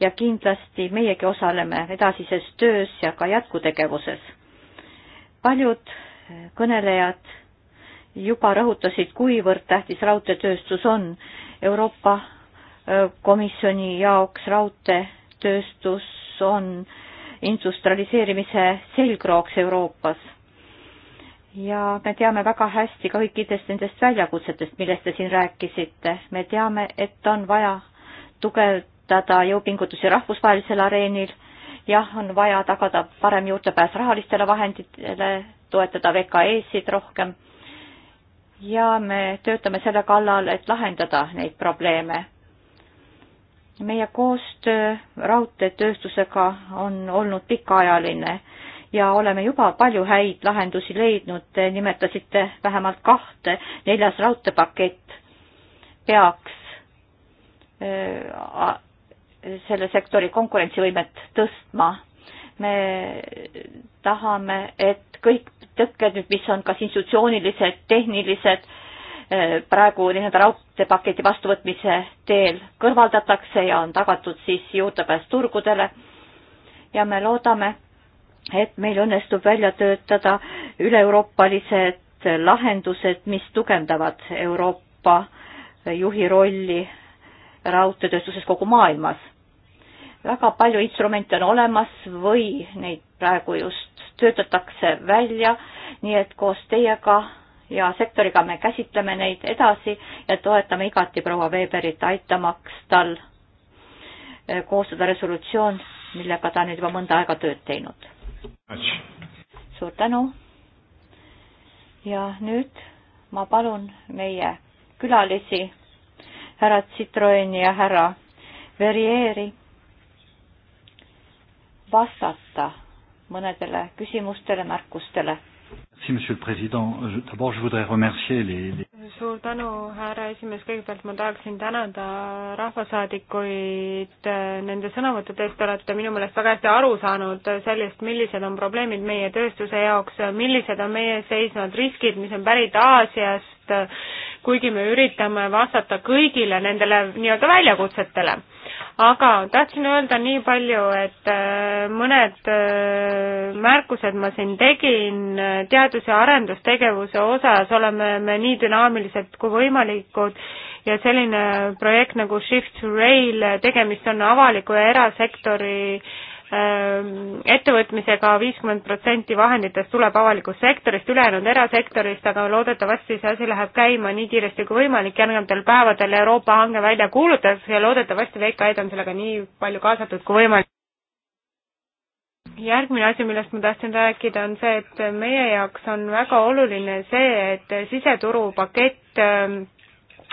ja kindlasti meiegi osaleme edasises töös ja ka jätkutegevuses. paljud kõnelejad juba rõhutasid, kuivõrd tähtis raudteetööstus on Euroopa Komisjoni jaoks raudteetööstus on industrialiseerimise selgrooks Euroopas ja me teame väga hästi kõikidest nendest väljakutsetest, millest te siin rääkisite. me teame, et on vaja tugevdada jõupingutusi rahvusvahelisel areenil, jah, on vaja tagada parem juurdepääs rahalistele vahenditele, toetada VKE-sid rohkem ja me töötame selle kallal, et lahendada neid probleeme. meie koostöö raudteetööstusega on olnud pikaajaline ja oleme juba palju häid lahendusi leidnud, te nimetasite vähemalt kahte, neljas raudteepakett peaks äh, selle sektori konkurentsivõimet tõstma. me tahame, et kõik tõkked, mis on kas institutsioonilised, tehnilised, äh, praegu nii-öelda raudteepaketi vastuvõtmise teel kõrvaldatakse ja on tagatud siis juurdepääs turgudele. ja me loodame, et meil õnnestub välja töötada üle-euroopalised lahendused, mis tugevdavad Euroopa juhi rolli raudteetööstuses kogu maailmas. väga palju instrumente on olemas või neid praegu just töötatakse välja, nii et koos teiega ja sektoriga me käsitleme neid edasi ja toetame igati proua Weberit, aitamaks tal koostada resolutsioon, millega ta on nüüd juba mõnda aega tööd teinud suur tänu. ja nüüd ma palun meie külalisi, härra Citroeni ja härra Verrieri vastata mõnedele küsimustele, märkustele Si, Monsieur le Président, d'abord je voudrais remercier les, les... suur tänu, härra esimees, kõigepealt ma tahaksin tänada rahvasaadikuid äh, nende sõnavõttude eest, te olete minu meelest väga hästi aru saanud sellest, millised on probleemid meie tööstuse jaoks, millised on meie ees seisvad riskid, mis on pärit Aasiast, kuigi me üritame vastata kõigile nendele nii-öelda väljakutsetele aga tahtsin öelda nii palju, et äh, mõned äh, märkused ma siin tegin äh, teadus- ja arendustegevuse osas, oleme me nii dünaamilised kui võimalikud ja selline projekt nagu Shift to Rail, tegemist on avaliku ja erasektori äh, Ehm, ettevõtmisega viiskümmend protsenti vahenditest tuleb avalikust sektorist, ülejäänud erasektorist, aga loodetavasti see asi läheb käima nii kiiresti kui võimalik, järgnevatel päevadel Euroopa hange välja kuulutatakse ja loodetavasti VKE-d on sellega nii palju kaasatud kui võimalik. järgmine asi, millest ma tahtsin rääkida, on see, et meie jaoks on väga oluline see, et siseturu pakett ehm,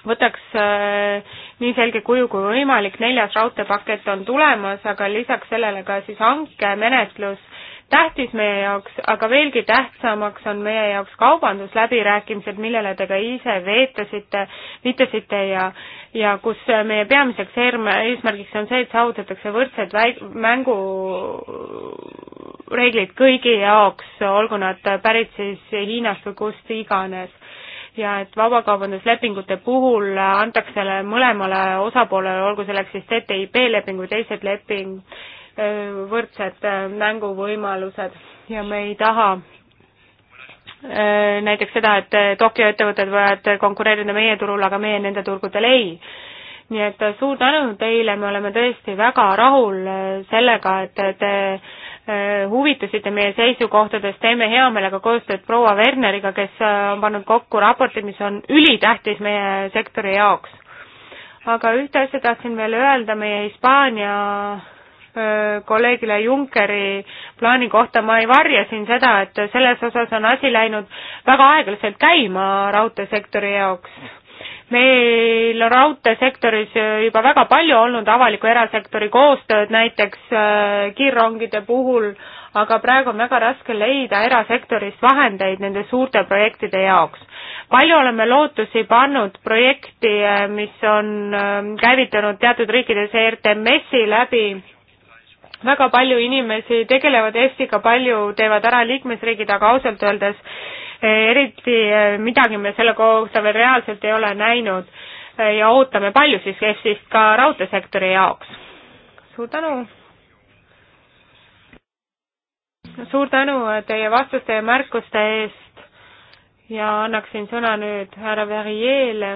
võtaks äh, nii selge kuju kui võimalik, neljas raudteepakett on tulemas, aga lisaks sellele ka siis hankemenetlus, tähtis meie jaoks, aga veelgi tähtsamaks on meie jaoks kaubandusläbirääkimised, millele te ka ise veetasite, viitasite ja ja kus meie peamiseks eesmärgiks on see, et saavutatakse võrdsed väik-, mängureeglid kõigi jaoks, olgu nad pärit siis Hiinast või kust iganes ja et vabakaubanduslepingute puhul antakse mõlemale osapoolele, olgu selleks siis TTIP leping või teised leping, võrdsed mänguvõimalused ja me ei taha näiteks seda, et Tokyo ettevõtted võivad konkureerida meie turul, aga meie nende turgudel ei. nii et suur tänu teile, me oleme tõesti väga rahul sellega, et te Äh, huvitasite meie seisukohtadest, teeme hea meelega koostööd proua Werneriga, kes äh, on pannud kokku raporti, mis on ülitähtis meie sektori jaoks. aga ühte asja tahtsin veel öelda meie Hispaania äh, kolleegile Junckeri plaani kohta, ma ei varja siin seda, et selles osas on asi läinud väga aeglaselt käima raudteesektori jaoks meil raudteesektoris juba väga palju olnud avaliku erasektori koostööd, näiteks äh, kiirrongide puhul, aga praegu on väga raske leida erasektorist vahendeid nende suurte projektide jaoks. palju oleme lootusi pannud projekti, äh, mis on äh, käivitanud teatud riikides ERTMS-i läbi, väga palju inimesi tegelevad Eestiga, palju teevad ära liikmesriigid, aga ausalt öeldes eriti eh, midagi me selle kohta veel reaalselt ei ole näinud eh, ja ootame palju siis EFSist ka raudteesektori jaoks. suur tänu! suur tänu teie vastuste ja märkuste eest ja annaksin sõna nüüd härra Verriele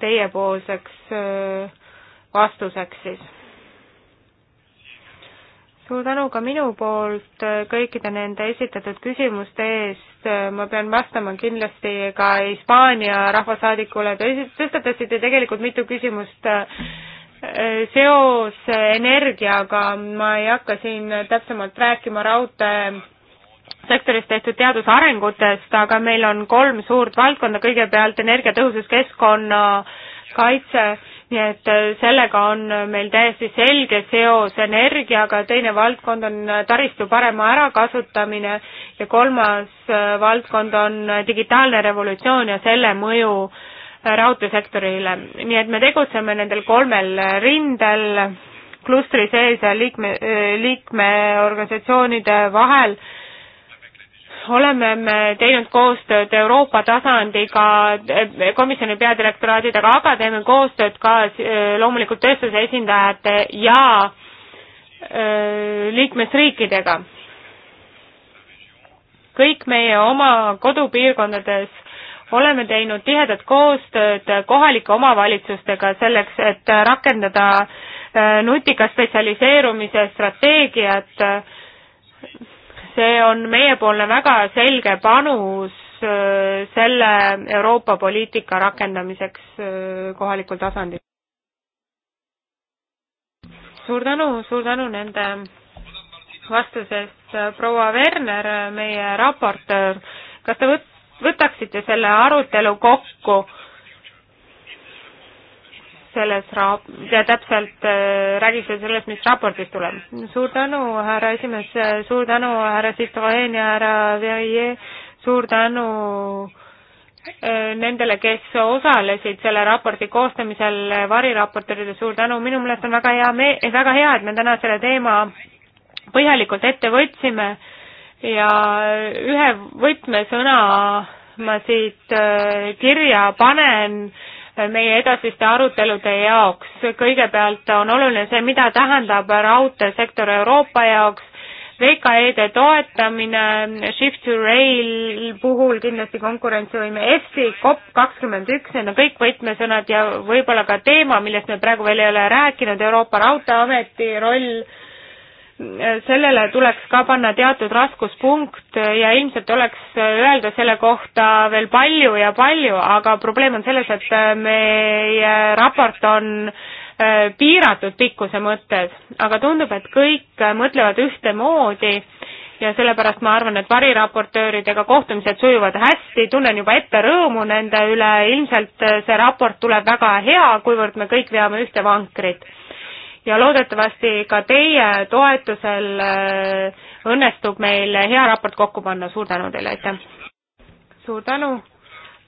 teiepoolseks eh, vastuseks siis suur tänu ka minu poolt äh, kõikide nende esitatud küsimuste eest, äh, ma pean vastama kindlasti ka Hispaania rahvasaadikule, te tõstatasite tegelikult mitu küsimust äh, seos energiaga, ma ei hakka siin täpsemalt rääkima raudtee sektoris tehtud teadusarengutest, aga meil on kolm suurt valdkonda, kõigepealt energiatõhusus, keskkonna kaitse nii et äh, sellega on äh, meil täiesti selge seos energiaga, teine valdkond on äh, taristu parema ärakasutamine ja kolmas valdkond on digitaalne revolutsioon ja selle mõju raudteesektorile. nii et me tegutseme nendel kolmel rindel klustri sees ja liikme, liikmeorganisatsioonide vahel oleme me teinud koostööd Euroopa tasandiga, komisjoni peadirektoraadidega, aga teeme koostööd ka äh, loomulikult tööstuse esindajate ja äh, liikmesriikidega. kõik meie oma kodupiirkondades oleme teinud tihedat koostööd kohalike omavalitsustega selleks, et rakendada äh, nutika spetsialiseerumise strateegiat see on meiepoolne väga selge panus äh, selle Euroopa poliitika rakendamiseks äh, kohalikul tasandil. suur tänu, suur tänu nende vastusest, äh, proua Werner, meie raportöör, kas te võt-, võtaksite selle arutelu kokku selles raap-, ja täpselt äh, räägiksin sellest, mis raportis tuleb. suur tänu, härra esimees, suur tänu, härra Citroen ja härra Verrier, suur tänu äh, nendele, kes osalesid selle raporti koostamisel, variraportööridele suur tänu, minu meelest on väga hea me-, väga hea, et me täna selle teema põhjalikult ette võtsime ja ühe võtmesõna ma siit äh, kirja panen äh, meie edasiste arutelude jaoks. kõigepealt on oluline see, mida tähendab raudteesektor Euroopa jaoks, VKE-de toetamine, Shift to Rail puhul kindlasti konkurentsivõime, EFSI, COP kakskümmend üks, need on kõik võtmesõnad ja võib-olla ka teema, millest me praegu veel ei ole rääkinud, Euroopa Raudteeameti roll sellele tuleks ka panna teatud raskuspunkt ja ilmselt oleks öelda selle kohta veel palju ja palju, aga probleem on selles, et meie raport on äh, piiratud pikkuse mõttes, aga tundub, et kõik mõtlevad ühtemoodi ja sellepärast ma arvan, et variraportööridega kohtumised sujuvad hästi, tunnen juba ette rõõmu nende üle, ilmselt see raport tuleb väga hea, kuivõrd me kõik veame ühte vankrit ja loodetavasti ka teie toetusel äh, õnnestub meil hea raport kokku panna, suur tänu teile, aitäh! suur tänu,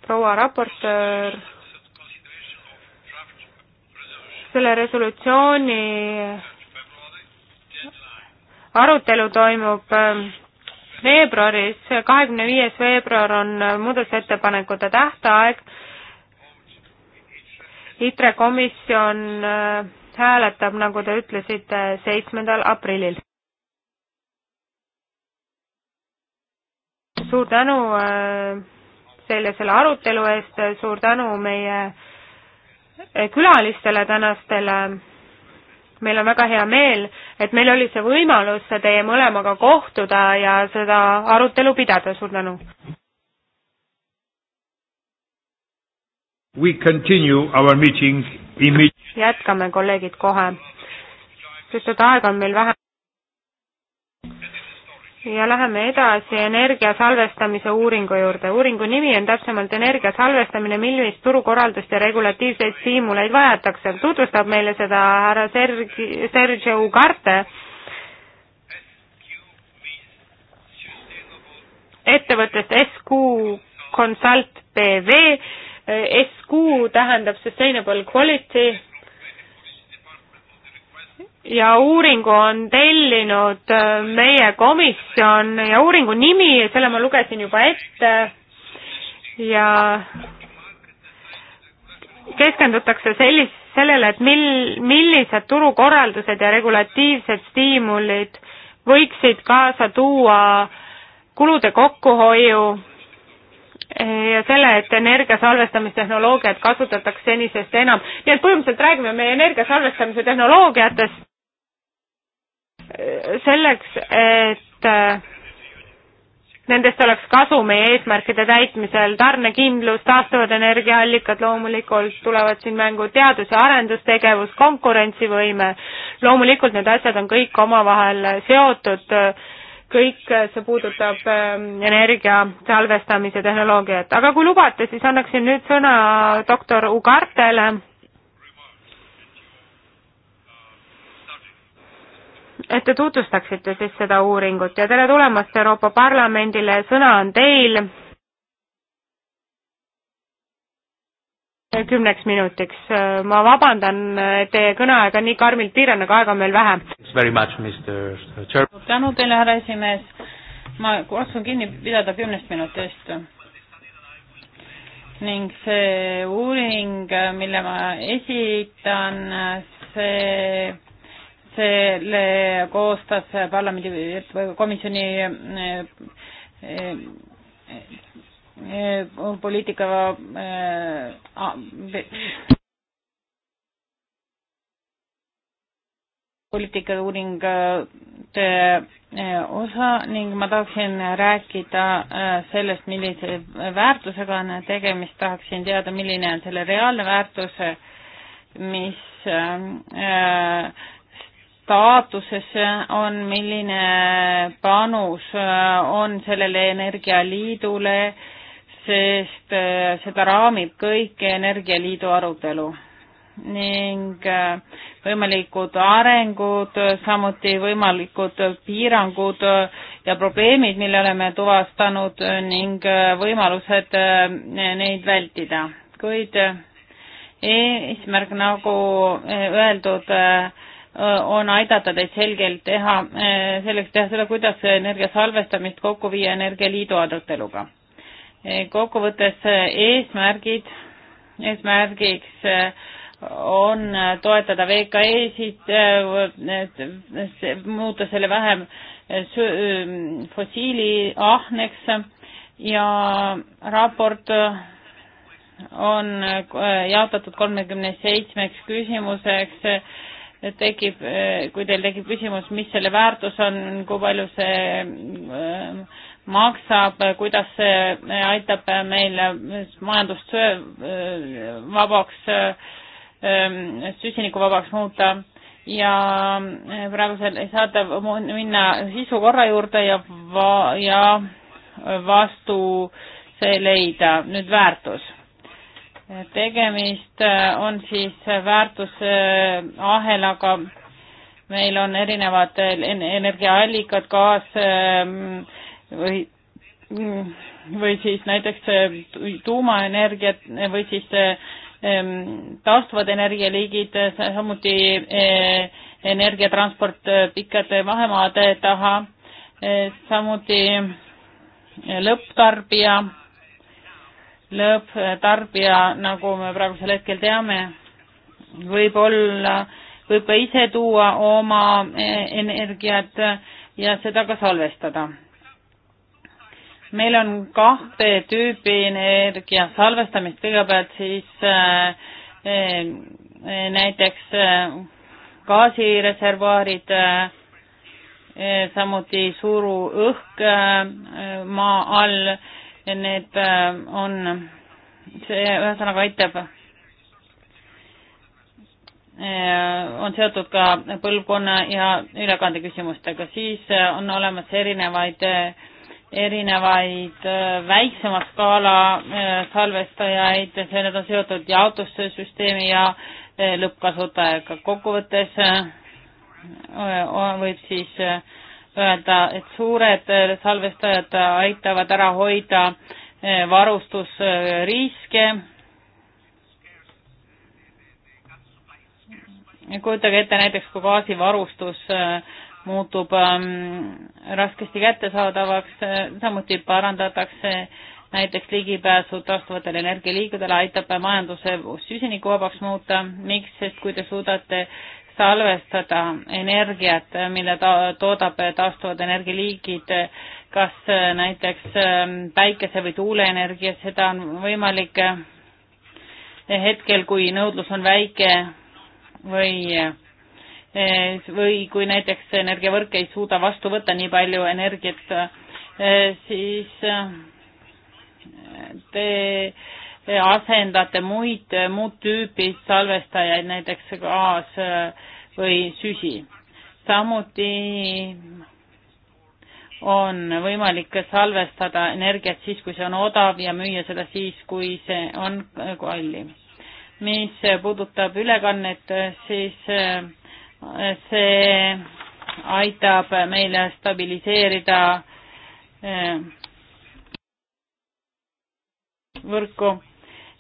proua raportöör! selle resolutsiooni arutelu toimub ähm, veebruaris, kahekümne viies veebruar on muudatusettepanekute tähtaeg. ITRE komisjon äh, hääletab, nagu te ütlesite, seitsmendal aprillil. suur tänu äh, selle, selle arutelu eest, suur tänu meie äh, külalistele tänastele. meil on väga hea meel, et meil oli see võimalus teie mõlemaga kohtuda ja seda arutelu pidada, suur tänu! We continue our meeting immediately jätkame, kolleegid, kohe, sest et aega on meil vähe. ja läheme edasi energia salvestamise uuringu juurde. uuringu nimi on täpsemalt Energia salvestamine, millist turukorraldust ja regulatiivseid stiimuleid vajatakse. tutvustab meile seda härra Sergi, Sergio Ugarte ettevõttest SQ Consult BV. SQ tähendab Sustainable Quality ja uuringu on tellinud äh, meie komisjon ja uuringu nimi, selle ma lugesin juba ette ja keskendutakse sellis-, sellele, et mil-, millised turukorraldused ja regulatiivsed stiimulid võiksid kaasa tuua kulude kokkuhoiu ja selle, et energia salvestamistehnoloogiat kasutatakse senisest enam. nii et põhimõtteliselt räägime meie energia salvestamise tehnoloogiatest selleks, et äh, nendest oleks kasu meie eesmärkide täitmisel, tarnekindlus, taastuvad energiaallikad loomulikult tulevad siin mängu, teadus- ja arendustegevus, konkurentsivõime, loomulikult need asjad on kõik omavahel seotud, kõik see puudutab äh, energia salvestamise tehnoloogiat, aga kui lubate, siis annaksin nüüd sõna doktor Ugartele et te tutvustaksite siis seda uuringut ja tere tulemast Euroopa Parlamendile, sõna on teil kümneks minutiks. ma vabandan teie kõneaega nii karmilt piiran, aga aega on meil vähe. tänu teile, härra esimees. ma katsun kinni pidada kümnest minutist. ning see uuring, mille ma esitan, see selle koostas parlamendi komisjoni poliitika poliitikauuringute osa ning ma tahaksin rääkida sellest, millise väärtusega on tegemist, tahaksin teada, milline on selle reaalne väärtus, mis äh, staatuses on, milline panus äh, on sellele energialiidule, sest äh, seda raamib kõik energialiidu arutelu ning äh, võimalikud arengud, samuti võimalikud piirangud ja probleemid, mille oleme tuvastanud ning võimalused neid vältida. kuid eesmärk, nagu öeldud, on aidata teid selgelt teha, eh, selleks teha seda, kuidas energia salvestamist kokku viia Energialiidu aruteluga. Eh, kokkuvõttes eh, eesmärgid, eesmärgiks on toetada VKE-sid, muuta selle vähem fossiiliahneks ja raport on jaotatud kolmekümne seitsmeks küsimuseks tekib, eh, kui teil tekib küsimus, mis selle väärtus on, kui palju see eh, maksab, kuidas see eh, aitab meil majandust vabaks, süsinikuvabaks muuta ja praegusel saate minna sisu korra juurde ja va-, ja vastu see leida, nüüd väärtus tegemist äh, on siis väärtusahelaga, äh, meil on erinevad äh, energiaallikad, gaas või, mm, või siis näiteks tuumaenergiat või siis ähm, taastuvad energialiigid, samuti energiatransport pikkade vahemaade taha, samuti lõpptarbija lõpptarbija, nagu me praegusel hetkel teame, võib olla, võib ka ise tuua oma e, energiat ja seda ka salvestada. meil on kahte tüüpi energia salvestamist, kõigepealt siis äh, näiteks äh, gaasireservuaarid äh,, samuti suru õhk maa all need äh, on, see ühesõnaga aitab, äh, on seotud ka põlvkonna ja ülekande küsimustega, siis äh, on olemas erinevaid, erinevaid väiksema skaala salvestajaid, need on seotud jaotussüsteemi ja lõppkasutajaga. kokkuvõttes võib siis äh, öelda, et suured äh, salvestajad aitavad ära hoida äh, varustusriske. kujutage ette näiteks, kui gaasivarustus äh, muutub ähm, raskesti kättesaadavaks, samuti parandatakse näiteks ligipääsu taastuvatele energialiigidele aitab majanduse süsinikuvabaks muuta. miks, sest kui te suudate salvestada energiat, mille ta toodab taastuvad energialiigid, kas näiteks ähm, päikese või tuuleenergia, seda on võimalik äh, hetkel, kui nõudlus on väike või, äh, või kui näiteks energiavõrk ei suuda vastu võtta nii palju energiat, äh, siis te asendate muid, muud tüüpi salvestajaid, näiteks gaas äh, või süsi. samuti on võimalik salvestada energiat siis, kui see on odav ja müüa seda siis, kui see on kallim. mis puudutab ülekannet, siis äh, see aitab meile stabiliseerida äh, võrku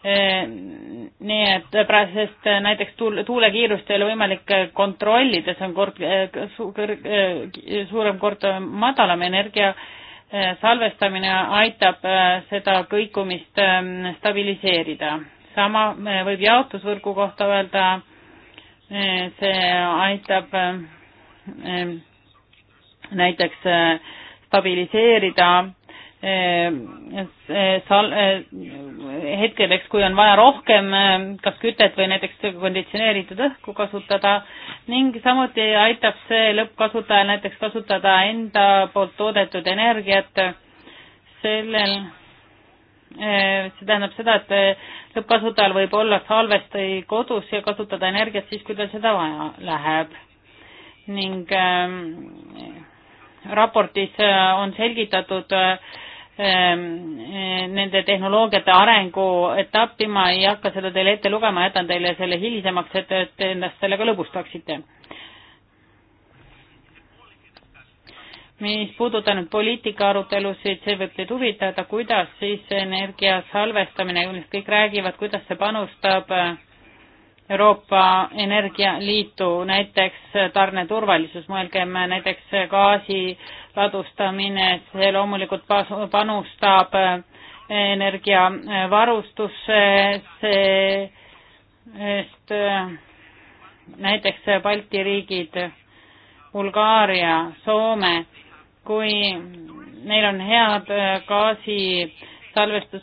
Ehm, nii et praegu, sest näiteks tuul, tuulekiirust ei ole võimalik kontrollida, see on kord eh, su,, eh, suurem kord madalam energia eh, salvestamine aitab seda kõikumist ehm, stabiliseerida. sama võib jaotusvõrgu kohta öelda, see aitab ehm, näiteks stabiliseerida sal-, hetkedeks, kui on vaja rohkem kas kütet või näiteks konditsioneeritud õhku kasutada ning samuti aitab see lõppkasutajal näiteks kasutada enda poolt toodetud energiat sellel, see tähendab seda, et lõppkasutajal võib olla salvesti kodus ja kasutada energiat siis, kui tal seda vaja läheb. ning ähm, raportis äh, on selgitatud äh, Ähm, äh, nende tehnoloogiate arengu etappi, ma ei hakka seda teile ette lugema, jätan teile selle hilisemaks, et te ennast sellega lõbustaksite. mis puudutab nüüd poliitika arutelusid, see võib teid huvitada, kuidas siis energia salvestamine, millest kõik räägivad, kuidas see panustab äh, Euroopa Energialiitu, näiteks tarneturvalisus, mõelgem näiteks gaasi ladustamine, see loomulikult panustab energiavarustusse, sest äh, näiteks Balti riigid, Bulgaaria, Soome, kui neil on head äh, gaasi äh, salvestus,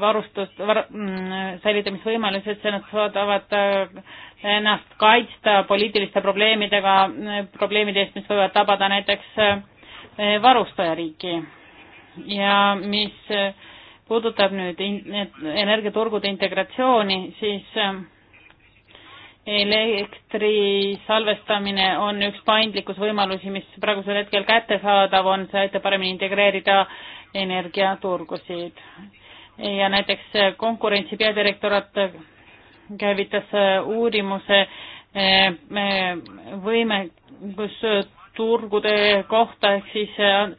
varustust var,, mm, säilitamisvõimalused, nad saadavad äh, ennast kaitsta poliitiliste probleemidega, mm, probleemide eest, mis võivad tabada näiteks äh, varustajariiki. ja mis äh, puudutab nüüd in, energiaturgude integratsiooni, siis elektri salvestamine on üks paindlikkusvõimalusi, mis praegusel hetkel kättesaadav on, see aitab paremini integreerida energiaturgusid. ja näiteks konkurentsi peadirektorat käivitas uurimuse eh, eh, võimekus turgude kohta ehk siis eh,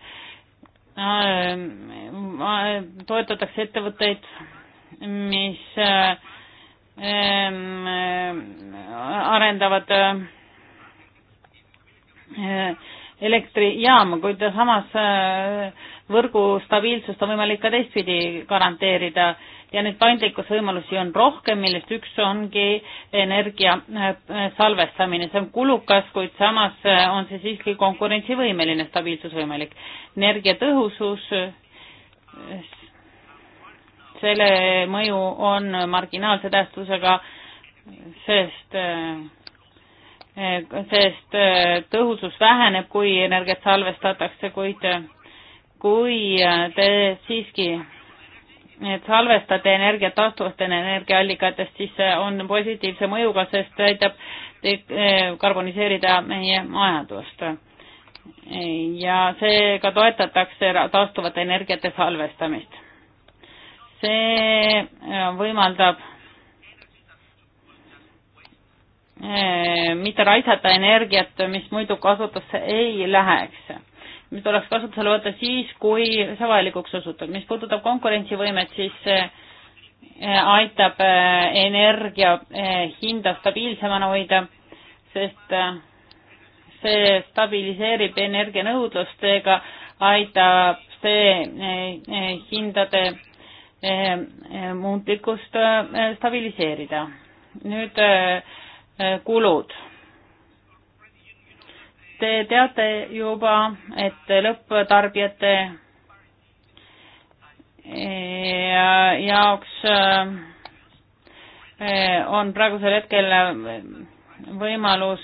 toetatakse ettevõtteid, mis arendavad elektrijaama, kuid samas võrgu stabiilsust on võimalik ka teistpidi garanteerida ja neid paindlikkusvõimalusi on rohkem, millest üks ongi energia äh, salvestamine. see on kulukas, kuid samas äh, on see siiski konkurentsivõimeline stabiilsus võimalik. energiatõhusus, äh, selle mõju on marginaalse tähtsusega, sest sest tõhusus väheneb, kui energiat salvestatakse, kuid kui äh, te siiski et salvestate energiat taastuvatest energiaallikatest, siis see äh, on positiivse mõjuga, sest aitab dekarboniseerida äh, meie majandust. ja seega toetatakse taastuvate energiate salvestamist. see võimaldab mitte raisata energiat, mis muidu kasutusse ei läheks mis tuleks kasutusele võtta siis, kui see vajalikuks osutub. mis puudutab konkurentsivõimet, siis see eh, aitab eh, energia eh, hinda stabiilsemana hoida, sest see stabiliseerib energianõudlust, seega aitab see hindade muutlikkust stabiliseerida. nüüd kulud Te teate juba, et lõpptarbijate eh, jaoks eh, on praegusel hetkel eh, võimalus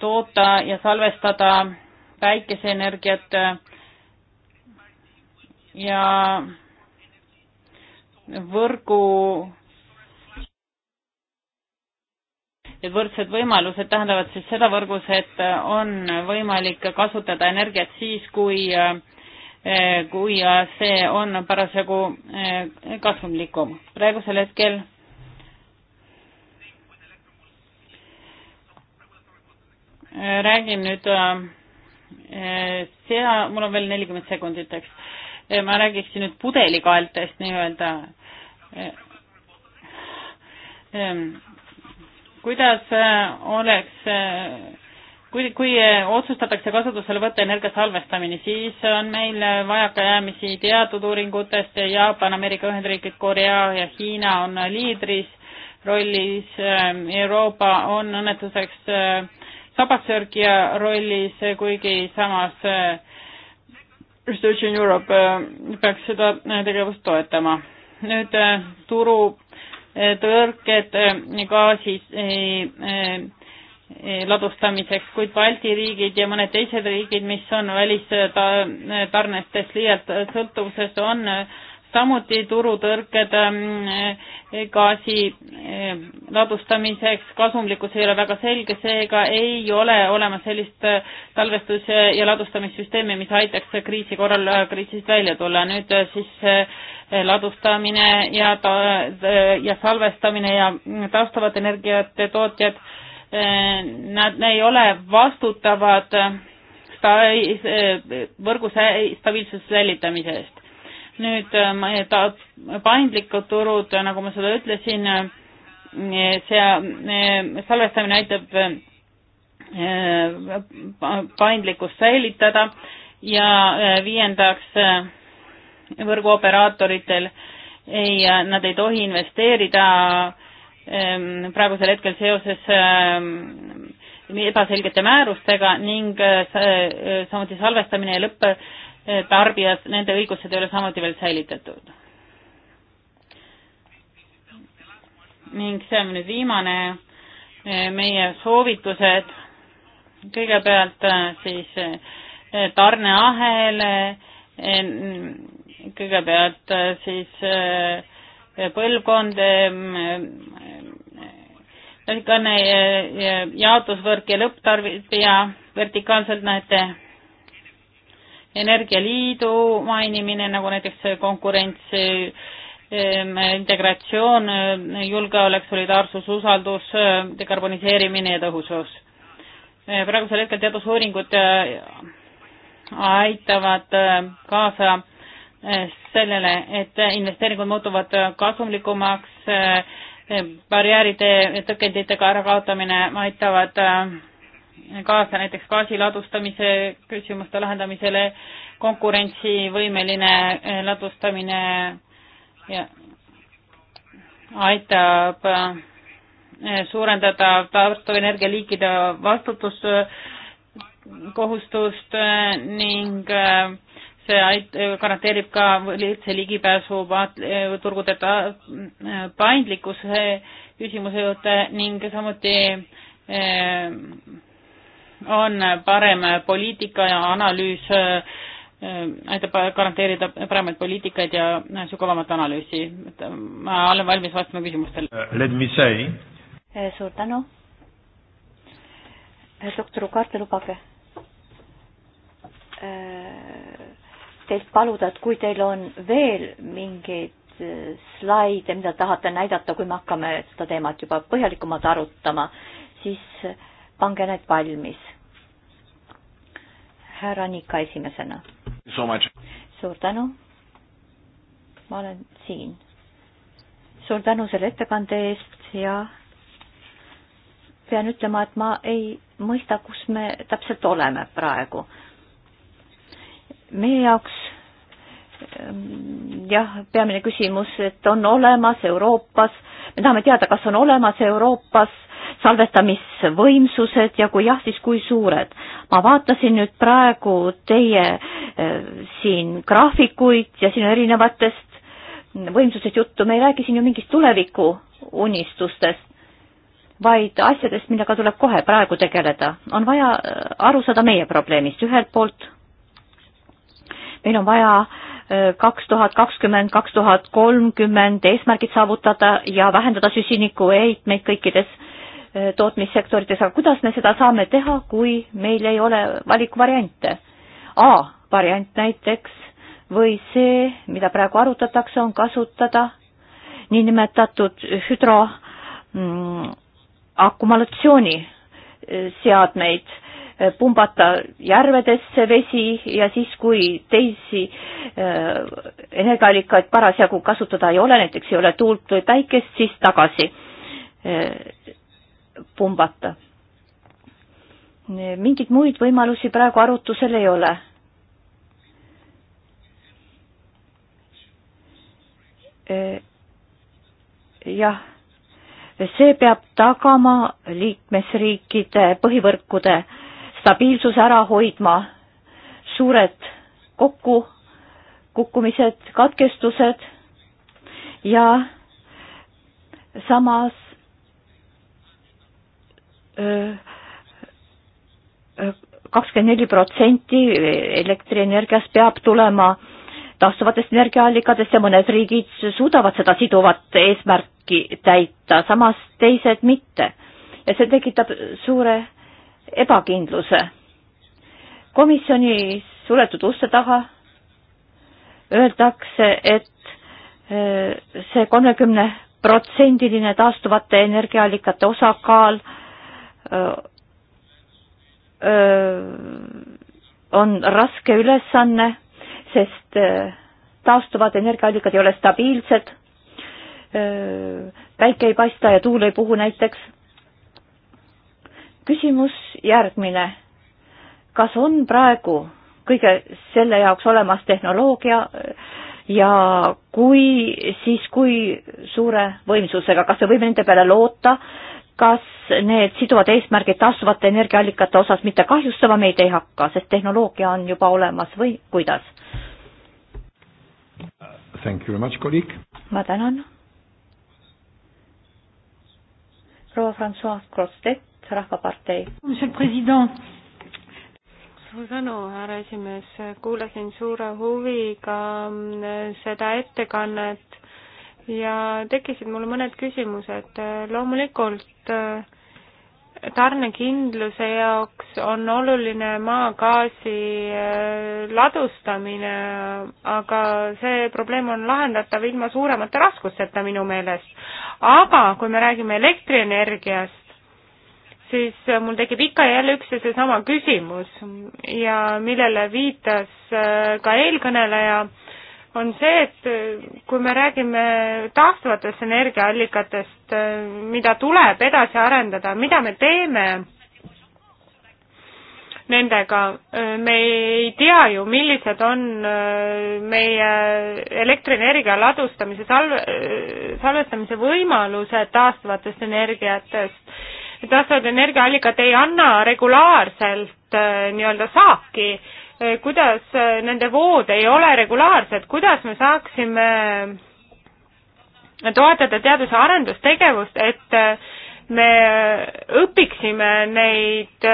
toota ja salvestada päikeseenergiat ja võrgu et võrdsed võimalused tähendavad siis seda võrgus, et äh, on võimalik kasutada energiat siis, kui, äh, kui äh, see on parasjagu kasumlikum. praegusel hetkel räägin nüüd sea, mul on veel nelikümmend sekundit, eks. ma räägiksin nüüd pudelikaeltest nii-öelda kuidas äh, oleks äh, kui, kui äh, otsustatakse kasutusele võtta energia salvestamine, siis on meil vajakajäämisi teatud uuringutest ja Jaapan, Ameerika Ühendriigid, Korea ja Hiina on liidris rollis, ähm, Euroopa on õnnetuseks sabassörgija rollis, kuigi samas Research in Europe peaks seda tegevust toetama. nüüd turu tõrked gaasi eh, eh, eh, ladustamiseks, kuid Balti riigid ja mõned teised riigid, mis on välistarnetest liialt sõltuvuses, on samuti turutõrked ähm, äh, gaasi äh, ladustamiseks, kasumlikkus ei ole väga selge, seega ei ole olemas sellist äh, talvestus- ja ladustamissüsteemi, mis aitaks kriisi korral kriisist välja tulla. nüüd siis ladustamine ja ta-, ja salvestamine ja mm, taastuvad energiate tootjad, nad ei ole vastutavad sta-, võrgu stabiilsuse säilitamise eest nüüd äh, paindlikud turud, äh, nagu ma seda ütlesin, äh, see salvestamine aitab paindlikkust säilitada ja viiendaks, võrguoperaatoritel ei, nad ei tohi investeerida ähm, praegusel hetkel seoses ähm, ebaselgete määrustega ning samuti salvestamine ja lõpp Eh, tarbijad, nende õigused ei ole samuti veel säilitatud. ning see on nüüd viimane eh, meie soovitused, kõigepealt eh, siis tarneahel, kõigepealt siis põlvkond, niisugune jaotusvõrk ja lõpptarbija vertikaalselt näete energialiidu mainimine, nagu näiteks konkurents, ehm, integratsioon, ehm, julgeolek, solidaarsus, usaldus, ehm, dekarboniseerimine ja tõhusus. praegusel hetkel teadusuuringud aitavad kaasa sellele, et investeeringud muutuvad kasumlikumaks, barjääride ja tõkenditega ärakaotamine aitavad äh, kaasa näiteks gaasi ladustamise küsimuste lahendamisele, konkurentsivõimeline eh, ladustamine ja aitab eh, suurendada taastuvenergia liikide vastutuskohustust eh, ning see ait-, garanteerib ka lihtsa ligipääsu paat-, turgudeta paindlikkuse küsimuse juurde ning samuti on parem poliitika ja analüüs äh, aitab garanteerida paremaid poliitikaid ja sügavamat analüüsi. Äh, ma olen valmis vastama küsimustele. Äh, let me say. suur tänu. doktor Ukarte, lubage teilt paluda, et kui teil on veel mingeid slaide, mida tahate näidata, kui me hakkame seda teemat juba põhjalikumalt arutama, siis pange need valmis härra Nika esimesena. suur tänu. ma olen siin. suur tänu selle ettekande eest ja pean ütlema, et ma ei mõista, kus me täpselt oleme praegu. meie jaoks Ehm, jah, peamine küsimus, et on olemas Euroopas, me tahame teada, kas on olemas Euroopas salvestamisvõimsused ja kui jah, siis kui suured. ma vaatasin nüüd praegu teie äh, siin graafikuid ja siin erinevatest võimsusest juttu, me ei räägi siin ju mingist tulevikuunistustest, vaid asjadest, millega tuleb kohe praegu tegeleda. on vaja ehm, aru saada meie probleemist, ühelt poolt meil on vaja äh, kaks tuhat kakskümmend, kaks tuhat kolmkümmend eesmärgid saavutada ja vähendada süsinikuheitmeid kõikides äh, tootmissektorites, aga kuidas me seda saame teha, kui meil ei ole valikuvariante? A variant näiteks või see, mida praegu arutatakse, on kasutada niinimetatud hüdroakumulatsiooniseadmeid mm, äh, Eh, pumbata järvedesse vesi ja siis, kui teisi eh, energiaallikaid parasjagu kasutada ei ole, näiteks ei ole tuult või päikest, siis tagasi eh, pumbata. mingeid muid võimalusi praegu arutusel ei ole. jah, see peab tagama liikmesriikide põhivõrkude äh, stabiilsuse ära hoidma, suured kokkukukkumised, katkestused ja samas kakskümmend neli protsenti elektrienergiast peab tulema taastuvatest energiaallikatest ja mõned riigid suudavad seda siduvat eesmärki täita, samas teised mitte. ja see tekitab suure ebakindluse. komisjoni suletud uste taga öeldakse, et eh, see kolmekümne protsendiline taastuvate energiaallikate osakaal öö, eh, öö, eh, on raske ülesanne, sest öö, taastuvad energiaallikad ei ole stabiilsed, päike ei paista ja tuul ei puhu näiteks küsimus järgmine. kas on praegu kõige selle jaoks olemas tehnoloogia ja kui, siis kui suure võimsusega, kas me võime nende peale loota, kas need siduvad eesmärgid taastuvate energiaallikate osas mitte kahjustama meid ei hakka, sest tehnoloogia on juba olemas või kuidas? Thank you very much, kolleeg. ma tänan. proua Francois Crostet. Rahvapartei. suur tänu, härra esimees, kuulasin suure huviga mm, seda ettekannet ja tekkisid mul mõned küsimused. loomulikult äh, tarnekindluse jaoks on oluline maagaasi äh, ladustamine, aga see probleem on lahendatav ilma suuremate raskusteta minu meelest. aga kui me räägime elektrienergiast, siis mul tekib ikka ja jälle üks ja seesama küsimus ja millele viitas äh, ka eelkõneleja, on see, et äh, kui me räägime taastuvatest energiaallikatest, äh, mida tuleb edasi arendada, mida me teeme nendega, me ei tea ju, millised on meie elektrienergia ladustamise, salve, salvestamise võimalused taastuvatest energiatest et vastavad energiaallikad ei anna regulaarselt äh, nii-öelda saaki, äh, kuidas äh, nende vood ei ole regulaarsed, kuidas me saaksime toetada teadus- ja arendustegevust, et me õpiksime neid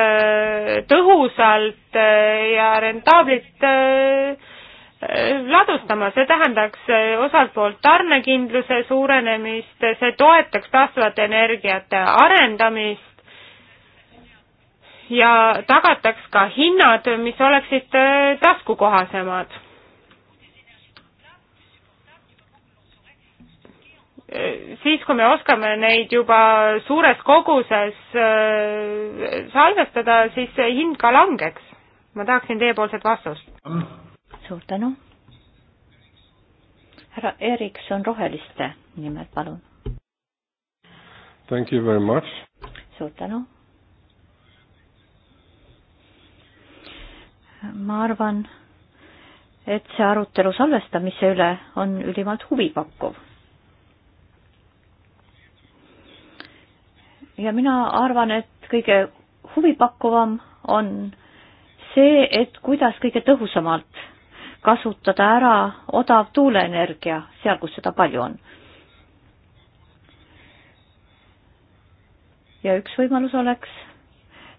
tõhusalt ja rentaablilt ladustama, see tähendaks eh, osalt poolt tarnekindluse suurenemist, see toetaks taastuvate energiate arendamist ja tagataks ka hinnad, mis oleksid eh, taskukohasemad. Eh, siis, kui me oskame neid juba suures koguses salvestada, siis see hind ka langeks. ma tahaksin teiepoolset vastust suur tänu. härra Erikson Roheliste nimel, palun. Thank you very much. suur tänu. ma arvan, et see arutelu salvestamise üle on ülimalt huvipakkuv. ja mina arvan, et kõige huvipakkuvam on see, et kuidas kõige tõhusamalt kasutada ära odav tuuleenergia seal, kus seda palju on. ja üks võimalus oleks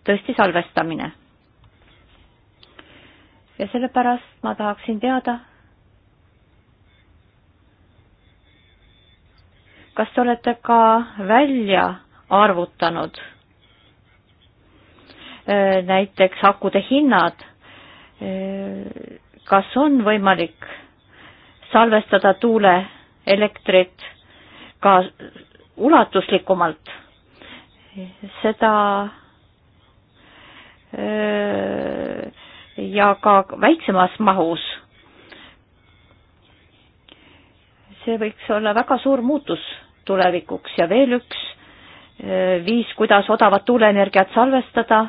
tõesti salvestamine. ja sellepärast ma tahaksin teada, kas te olete ka välja arvutanud äh, näiteks akude hinnad äh, kas on võimalik salvestada tuuleelektrit ka ulatuslikumalt, seda ja ka väiksemas mahus. see võiks olla väga suur muutus tulevikuks ja veel üks viis, kuidas odavat tuuleenergiat salvestada,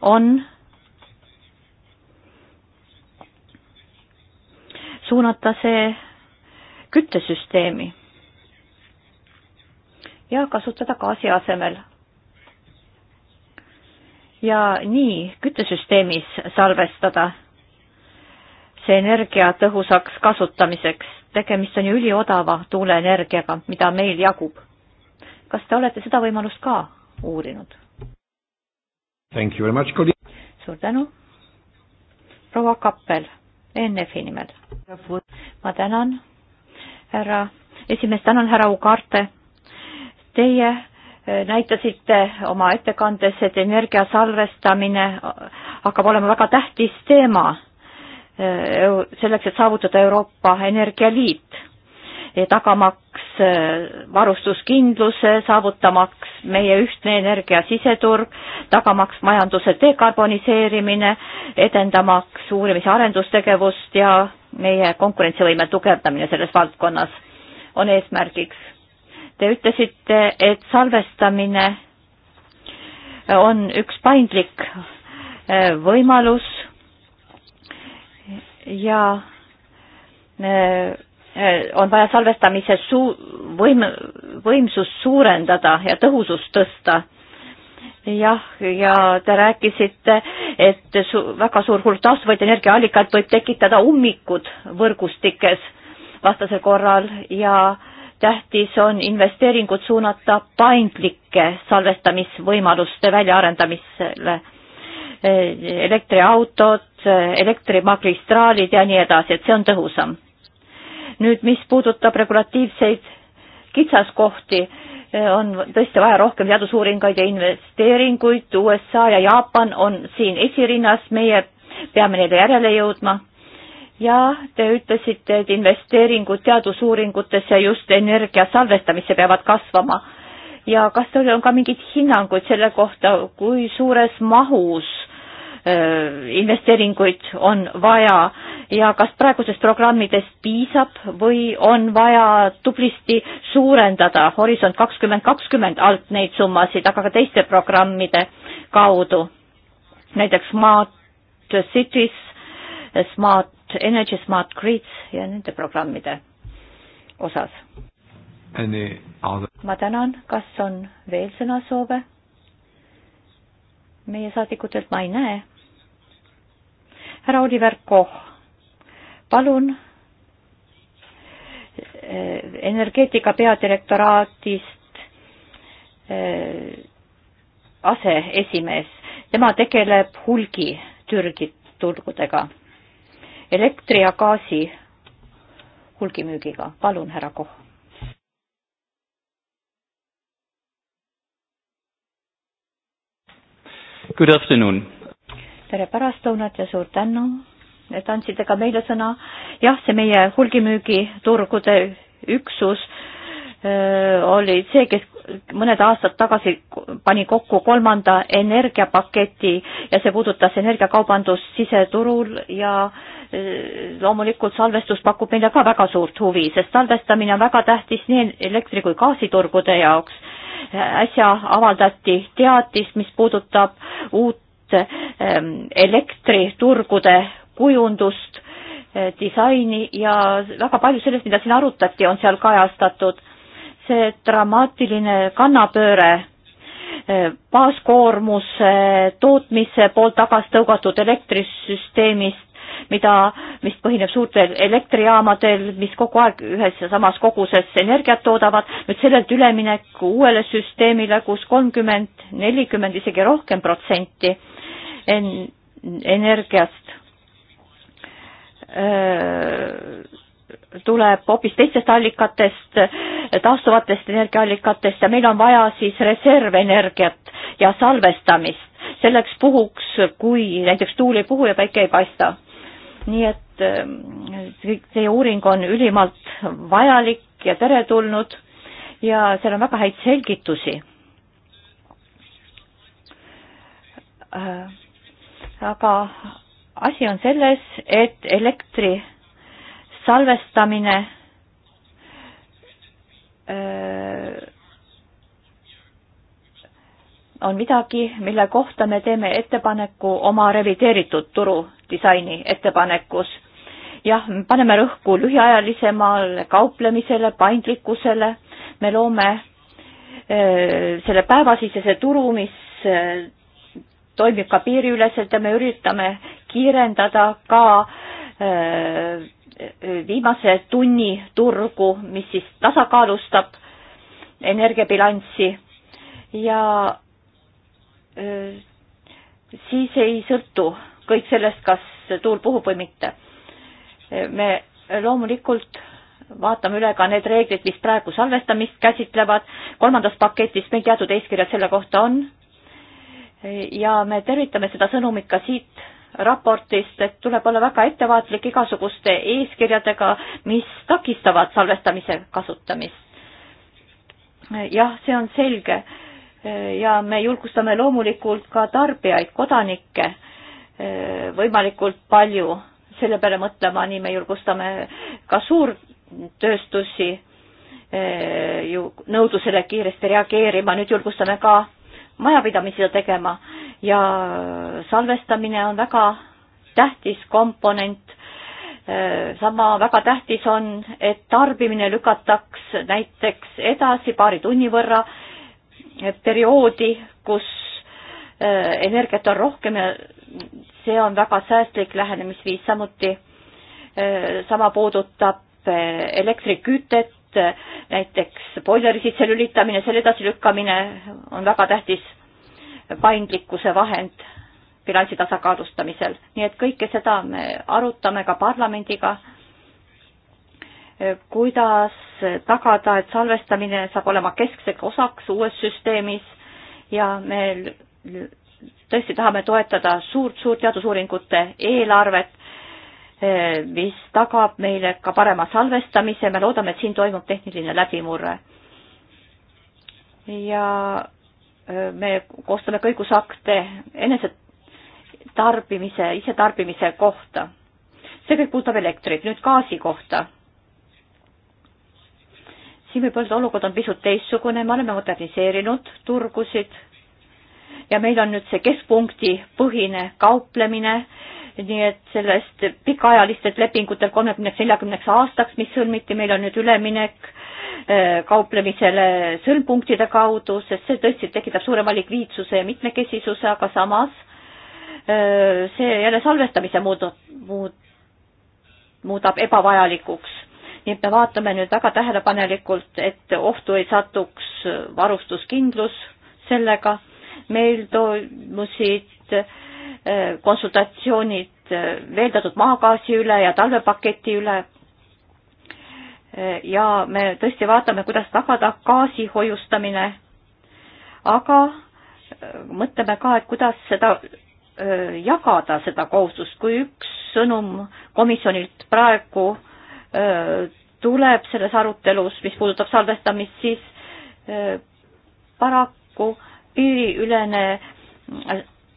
on suunata see küttesüsteemi ja kasutada gaasi asemel. ja nii küttesüsteemis salvestada see energia tõhusaks kasutamiseks. tegemist on ju üliodava tuuleenergiaga, mida meil jagub. kas te olete seda võimalust ka uurinud? suur tänu. proua Kappel NF-i nimel. ma tänan, härra esimees, tänan, härra Ugarte. Teie eh, näitasite oma ettekandes, et energia salvestamine hakkab olema väga tähtis teema eh, selleks, et saavutada Euroopa Energialiit Eh, tagamaks eh, varustuskindluse, saavutamaks meie ühtne energia siseturg, tagamaks majanduse dekarboniseerimine, edendamaks uurimis- ja arendustegevust ja meie konkurentsivõime tugevdamine selles valdkonnas on eesmärgiks. Te ütlesite, et salvestamine on üks paindlik eh, võimalus ja Äh, on vaja salvestamise suu-, võim-, võimsust suurendada ja tõhusust tõsta. jah, ja te rääkisite, et su-, väga suur hulk taastuvaid energiaallikaid võib tekitada ummikud võrgustikes vastasel korral ja tähtis on investeeringud suunata paindlike salvestamisvõimaluste väljaarendamisele äh, elektriautod, äh, elektrimagistraalid ja nii edasi, et see on tõhusam nüüd, mis puudutab regulatiivseid kitsaskohti, eh, on tõesti vaja rohkem teadusuuringuid ja investeeringuid, USA ja Jaapan on siin esirinnas, meie peame neile järele jõudma. ja te ütlesite, et investeeringud teadusuuringutesse just energia salvestamisse peavad kasvama. ja kas teil on ka mingeid hinnanguid selle kohta, kui suures mahus investeeringuid on vaja ja kas praegusest programmidest piisab või on vaja tublisti suurendada Horisont kakskümmend kakskümmend alt neid summasid, aga ka teiste programmide kaudu. näiteks Smart Cities, Smart Energy, Smart Grids ja nende programmide osas. ma tänan, kas on veel sõnasoove? meie saadikutelt ma ei näe härra Oliver Koh, palun eh, energeetika peadirektoraatist eh, aseesimees, tema tegeleb hulgi Türgi turgudega, elektri ja gaasi hulgimüügiga, palun, härra Koh. Good afternoon tere pärastlõunat ja suur tänu, et andsite ka meile sõna. jah, see meie hulgimüügiturgude üksus öö, oli see, kes mõned aastad tagasi pani kokku kolmanda energiapaketi ja see puudutas energiakaubandust siseturul ja loomulikult salvestus pakub meile ka väga suurt huvi, sest salvestamine on väga tähtis nii elektri kui gaasiturgude jaoks. äsja avaldati teatist, mis puudutab uut Ähm, elektriturgude kujundust, äh, disaini ja väga palju sellest, mida siin arutati, on seal kajastatud. see dramaatiline kannapööre, äh, baaskoormuse tootmise poolt tagasi tõugatud elektrisüsteemist, mida, mis põhineb suurtel elektrijaamadel, mis kogu aeg ühes ja samas koguses energiat toodavad, nüüd sellelt üleminek uuele süsteemile, kus kolmkümmend, nelikümmend, isegi rohkem protsenti äh, en-, energiast tuleb hoopis teistest allikatest, taastuvatest energiaallikatest ja meil on vaja siis reservenergiat ja salvestamist selleks puhuks, kui näiteks tuul ei puhu ja päike ei paista. nii et kõik teie uuring on ülimalt vajalik ja teretulnud ja seal on väga häid selgitusi äh aga asi on selles, et elektri salvestamine öö, on midagi, mille kohta me teeme ettepaneku oma revideeritud turudisaini ettepanekus. jah, paneme rõhku lühiajalisemale kauplemisele, paindlikkusele, me loome öö, selle päevasisese turu, mis öö, toimib ka piiriüleselt ja me üritame kiirendada ka viimase tunni turgu, mis siis tasakaalustab energiabilanssi ja siis ei sõltu kõik sellest, kas tuul puhub või mitte. me loomulikult vaatame üle ka need reeglid, mis praegu salvestamist käsitlevad, kolmandas paketis meil teatud eeskirjad selle kohta on ja me tervitame seda sõnumit ka siit raportist, et tuleb olla väga ettevaatlik igasuguste eeskirjadega, mis takistavad salvestamise kasutamist. jah, see on selge ja me julgustame loomulikult ka tarbijaid, kodanikke võimalikult palju selle peale mõtlema, nii me julgustame ka suurtööstusi eh, ju nõudlusele kiiresti reageerima, nüüd julgustame ka majapidamisi seda tegema ja salvestamine on väga tähtis komponent. sama väga tähtis on, et tarbimine lükataks näiteks edasi paari tunni võrra perioodi, kus eh, energiat on rohkem ja see on väga säästlik lähenemisviis, samuti eh, sama puudutab eh, elektrikütet, näiteks boileri sisse lülitamine, selle edasilükkamine on väga tähtis paindlikkuse vahend bilansi tasakaalustamisel, nii et kõike seda me arutame ka parlamendiga, kuidas tagada, et salvestamine saab olema keskseks osaks uues süsteemis ja me tõesti tahame toetada suurt-suurt teadusuuringute eelarvet Äh, mis tagab meile ka parema salvestamise, me loodame, et siin toimub tehniline läbimurre. ja äh, me koostame ka õigusakte enesetarbimise, isetarbimise kohta. see kõik puudutab elektrit, nüüd gaasi kohta. siin võib öelda, olukord on pisut teistsugune, me oleme moderniseerinud turgusid ja meil on nüüd see keskpunkti põhine kauplemine, nii et sellest pikaajalistelt lepingutel kolmekümneks, neljakümneks aastaks, mis sõlmiti, meil on nüüd üleminek äh, kauplemisele sõlmpunktide kaudu, sest see tõesti tekitab suurema likviidsuse ja mitmekesisuse, aga samas äh, see jälle salvestamise muudab, muudab ebavajalikuks nii et me vaatame nüüd väga tähelepanelikult, et ohtu ei satuks varustuskindlus sellega meil toimusid äh, konsultatsioonid äh, veeldatud maagaasi üle ja talvepaketi üle. Äh, ja me tõesti vaatame, kuidas tagada gaasi hoiustamine, aga mõtleme ka, et kuidas seda jagada, seda kohustust, kui üks sõnum komisjonilt praegu tuleb selles arutelus, mis puudutab salvestamist, siis paraku äh, piiriülene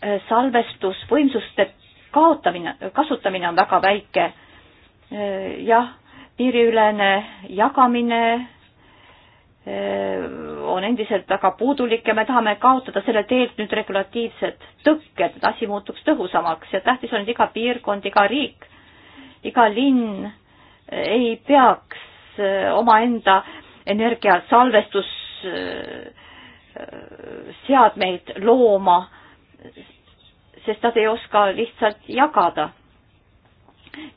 äh, salvestusvõimsuste kaotamine, kasutamine on väga väike. Äh, jah, piiriülene jagamine äh, on endiselt väga puudulik ja me tahame kaotada selle teelt nüüd regulatiivsed tõkked, et asi muutuks tõhusamaks ja tähtis on, et iga piirkond, iga riik, iga linn ei peaks omaenda energiasalvestus Äh, seadmeid looma, sest nad ei oska lihtsalt jagada.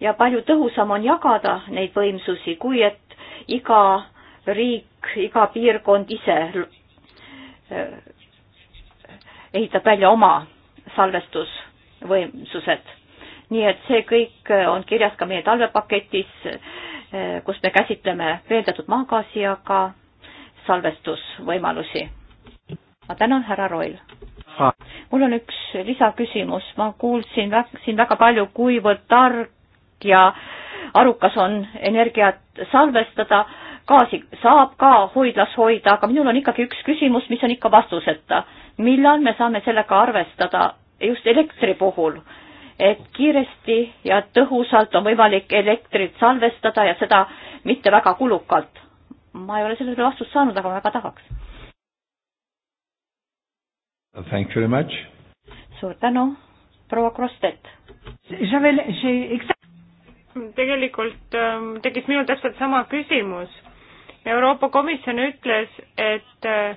ja palju tõhusam on jagada neid võimsusi, kui et iga riik, iga piirkond ise äh, ehitab välja oma salvestusvõimsused. nii et see kõik on kirjas ka meie talvepaketis, äh, kus me käsitleme veeldatud maagaasi ja ka salvestusvõimalusi ma tänan, härra Roil. mul on üks lisaküsimus, ma kuulsin väga, siin väga palju, kuivõrd tark ja arukas on energiat salvestada, gaasi saab ka hoidlas hoida, aga minul on ikkagi üks küsimus, mis on ikka vastuseta. millal me saame sellega arvestada just elektri puhul? et kiiresti ja tõhusalt on võimalik elektrit salvestada ja seda mitte väga kulukalt. ma ei ole sellele vastust saanud, aga ma väga tahaks Thank you very much. suur tänu, proua Krostet. tegelikult ähm, tekkis minul täpselt sama küsimus. Euroopa Komisjon ütles, et äh,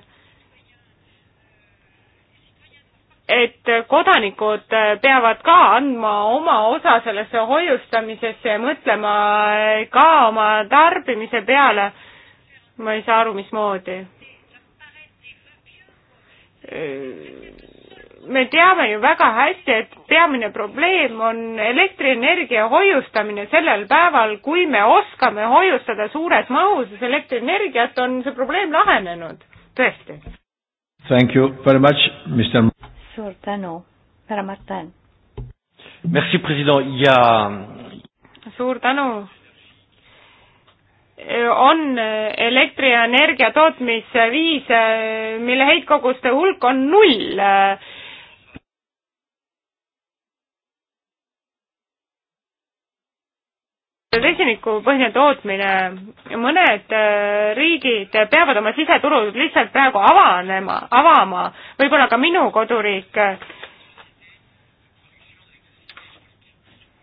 et kodanikud äh, peavad ka andma oma osa sellesse hoiustamisesse ja mõtlema äh, ka oma tarbimise peale. ma ei saa aru, mismoodi Äh, me teame ju väga hästi, et peamine probleem on elektrienergia hoiustamine sellel päeval, kui me oskame hoiustada suures mahuses elektrienergiat, on see probleem lahenenud, tõesti. Thank you very much, Mr. suur tänu, härra Martin. Merci, president, ja. suur tänu on elektrienergia tootmisviis, mille heitkoguste hulk on null. vesinikupõhine tootmine, mõned äh, riigid peavad oma siseturud lihtsalt praegu avanema, avama, võib-olla ka minu koduriik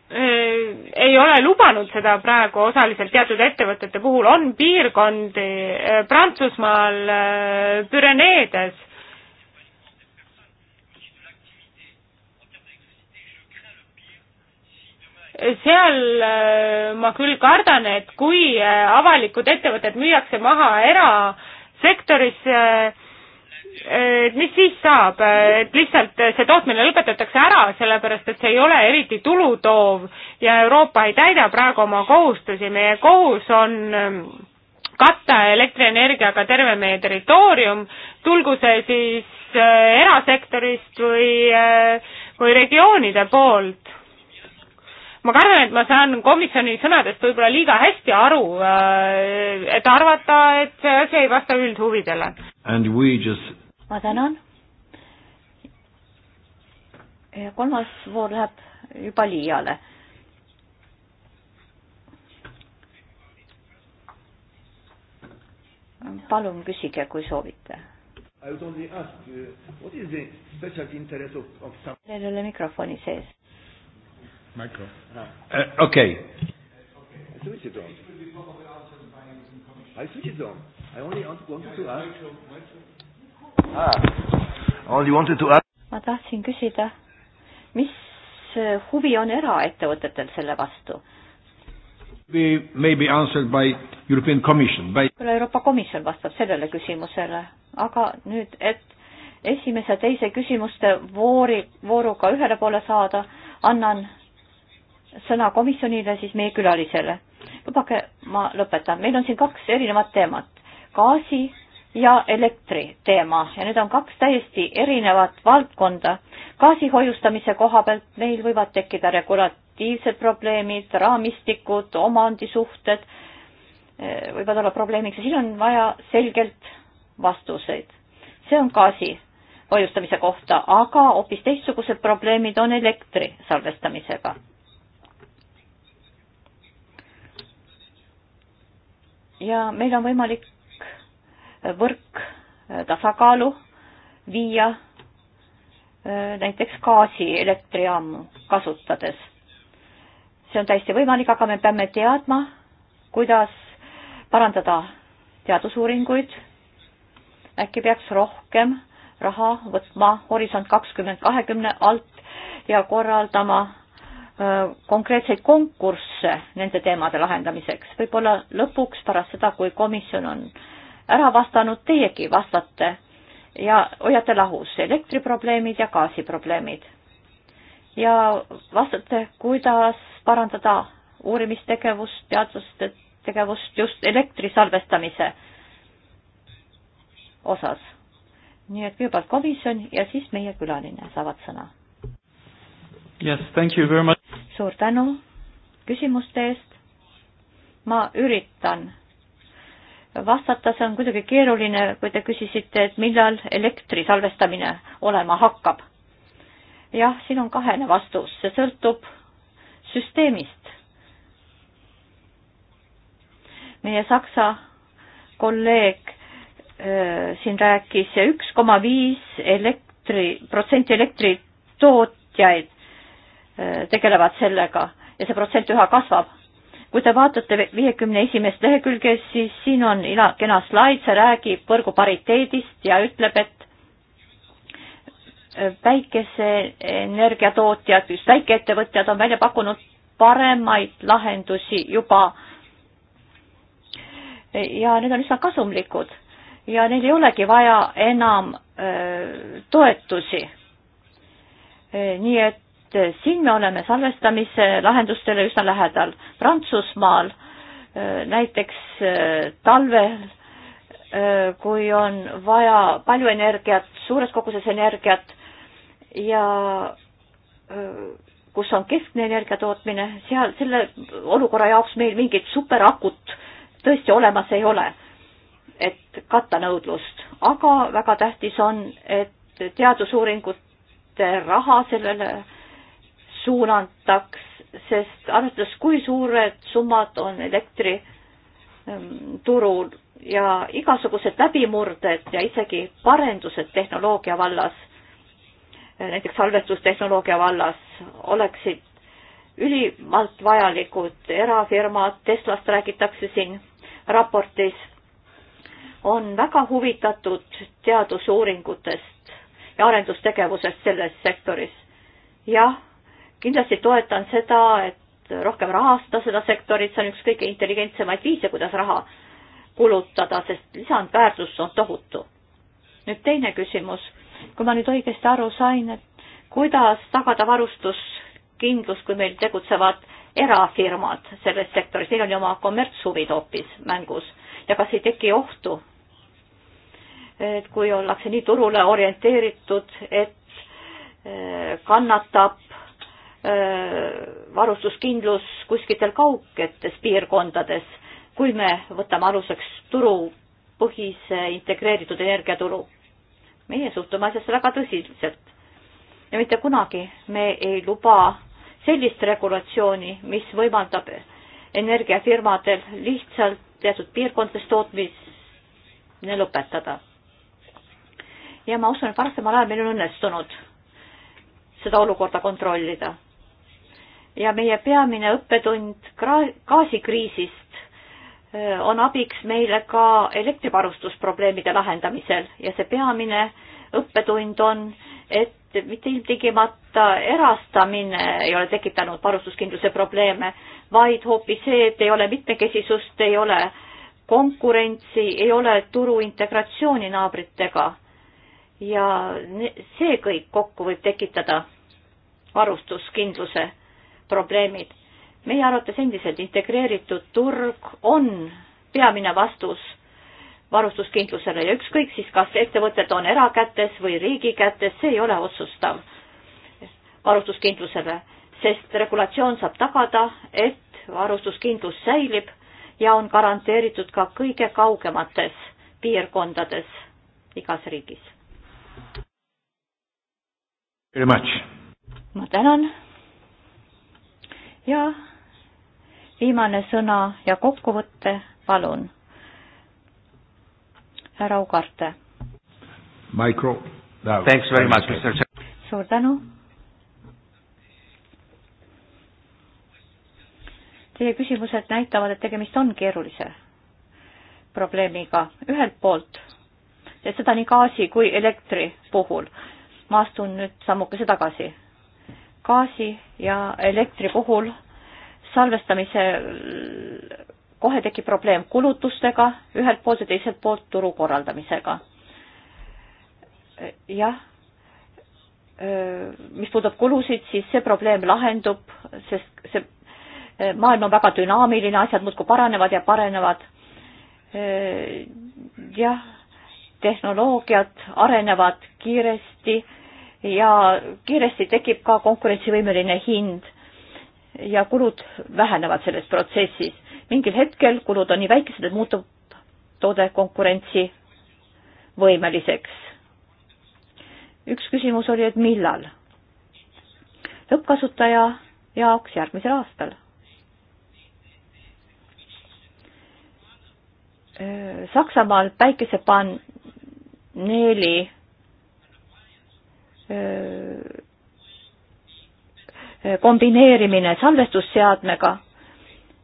Äh, ei ole lubanud seda praegu osaliselt teatud ettevõtete puhul, on piirkondi äh, Prantsusmaal, äh, Püreneedes, seal ma küll kardan, et kui avalikud ettevõtted müüakse maha erasektorisse, et äh, mis siis saab, et äh, lihtsalt äh, see tootmine lõpetatakse ära, sellepärast et see ei ole eriti tulutoov ja Euroopa ei täida praegu oma kohustusi, meie kohus on ähm, katta elektrienergiaga terve meie territoorium, tulgu see siis erasektorist või, või regioonide poolt. ma kardan, et ma saan komisjoni sõnadest võib-olla liiga hästi aru, et arvata, et see asi ei vasta üldhuvidele. And we just ma tänan. kolmas voor läheb juba liiale. palun küsige, kui soovite. Teil ei ole mikrofoni sees. Ah. Eh, okei. I switch it on. I only want to ask ah.. ma tahtsin küsida, mis eh, huvi on eraettevõtetel selle vastu? võib-olla Euroopa Komisjon vastab sellele küsimusele, aga nüüd, et esimese ja teise küsimuste voori, vooruga ühele poole saada, annan sõna komisjonile, siis meie külalisele. lubage, ma lõpetan, meil on siin kaks erinevat teemat, gaasi ja elektri teema ja need on kaks täiesti erinevat valdkonda. gaasi hoiustamise koha pealt meil võivad tekkida regulatiivsed probleemid, raamistikud, omandisuhted eh, võivad olla probleemiks ja siin on vaja selgelt vastuseid. see on gaasi hoiustamise kohta, aga hoopis teistsugused probleemid on elektri salvestamisega. ja meil on võimalik võrk äh, tasakaalu viia äh, näiteks gaasielektrijaamu kasutades. see on täiesti võimalik, aga me peame teadma, kuidas parandada teadusuuringuid. äkki peaks rohkem raha võtma Horisont kakskümmend kahekümne alt ja korraldama äh, konkreetseid konkursse nende teemade lahendamiseks. võib-olla lõpuks pärast seda, kui komisjon on äh, ära vastanud, teiegi vastate ja hoiate lahus elektriprobleemid ja gaasiprobleemid. ja vastate, kuidas parandada uurimistegevust, teadlaste tegevust just elektri salvestamise osas. nii et kõigepealt komisjon ja siis meie külaline saavad sõna. Yes, thank you very much. suur tänu küsimuste eest. ma üritan vastata, see on kuidagi keeruline, kui te küsisite, et millal elektri salvestamine olema hakkab. jah, siin on kahene vastus, see sõltub süsteemist. meie Saksa kolleeg öö, siin rääkis üks koma viis elektri, protsenti elektritootjaid tegelevad sellega ja see protsent üha kasvab kui te vaatate viiekümne esimest lehekülge, siis siin on ila, kena slaid, see räägib võrgu pariteedist ja ütleb, et äh, päikeseenergia tootjad, just väikeettevõtjad on välja pakkunud paremaid lahendusi juba. ja need on üsna kasumlikud ja neil ei olegi vaja enam öö, äh, toetusi. Äh, nii et et siin me oleme salvestamise lahendustele üsna lähedal. Prantsusmaal äh, näiteks äh, talvel, äh, kui on vaja palju energiat, suures koguses energiat ja kus on keskne energia tootmine, seal selle olukorra jaoks meil mingit superakut tõesti olemas ei ole, et katta nõudlust, aga väga tähtis on, et teadusuuringute raha sellele äh, suunataks, sest arvestades, kui suured summad on elektriturul ähm, ja igasugused läbimurded ja isegi parendused tehnoloogia vallas, äh, näiteks salvestustehnoloogia vallas, oleksid ülimalt vajalikud. erafirmad, Teslast räägitakse siin raportis, on väga huvitatud teadusuuringutest ja arendustegevusest selles sektoris. jah kindlasti toetan seda, et rohkem rahastada seda sektorit, see on üks kõige intelligentsemaid viise, kuidas raha kulutada, sest lisandväärtus on tohutu. nüüd teine küsimus, kui ma nüüd õigesti aru sain, et kuidas tagada varustuskindlus, kui meil tegutsevad erafirmad selles sektoris, neil on ju oma kommertshuvid hoopis mängus ja kas ei teki ohtu, et kui ollakse nii turule orienteeritud, et eh, kannatab varustuskindlus kuskitel kaugetes piirkondades, kui me võtame aluseks turupõhise integreeritud energiaturu. meie suhtume asjasse väga tõsiselt ja mitte kunagi me ei luba sellist regulatsiooni, mis võimaldab energiafirmadel lihtsalt teatud piirkondades tootmine lõpetada. ja ma usun, et varasemal ajal meil on õnnestunud seda olukorda kontrollida ja meie peamine õppetund gaasikriisist äh, on abiks meile ka elektrivarustusprobleemide lahendamisel ja see peamine õppetund on, et mitte ilmtingimata erastamine ei ole tekitanud varustuskindluse probleeme, vaid hoopis see, et ei ole mitmekesisust, ei ole konkurentsi, ei ole turu integratsiooni naabritega. ja see kõik kokku võib tekitada varustuskindluse probleemid. meie arvates endiselt integreeritud turg on peamine vastus varustuskindlusele ja ükskõik siis, kas ettevõtted on erakätes või riigi kätes, see ei ole otsustav varustuskindlusele, sest regulatsioon saab tagada, et varustuskindlus säilib ja on garanteeritud ka kõige kaugemates piirkondades igas riigis. ma tänan ja viimane sõna ja kokkuvõte, palun. härra Ugarte. Micro no.. Thanks very much, Mr Chair. suur tänu. Teie küsimused näitavad, et tegemist on keerulise probleemiga ühelt poolt ja seda nii gaasi kui elektri puhul. ma astun nüüd sammukese tagasi gaasi ja elektri puhul salvestamisel kohe tekib probleem kulutustega ühelt poolt ja teiselt poolt turu korraldamisega. jah, mis puudutab kulusid, siis see probleem lahendub, sest see maailm on väga dünaamiline, asjad muudkui paranevad ja parenevad. jah, tehnoloogiad arenevad kiiresti ja kiiresti tekib ka konkurentsivõimeline hind ja kulud vähenevad selles protsessis. mingil hetkel kulud on nii väikesed, et muutub toode konkurentsivõimeliseks. üks küsimus oli, et millal? lõppkasutaja jaoks järgmisel aastal. Saksamaal päikesepaneeli Äh, kombineerimine salvestusseadmega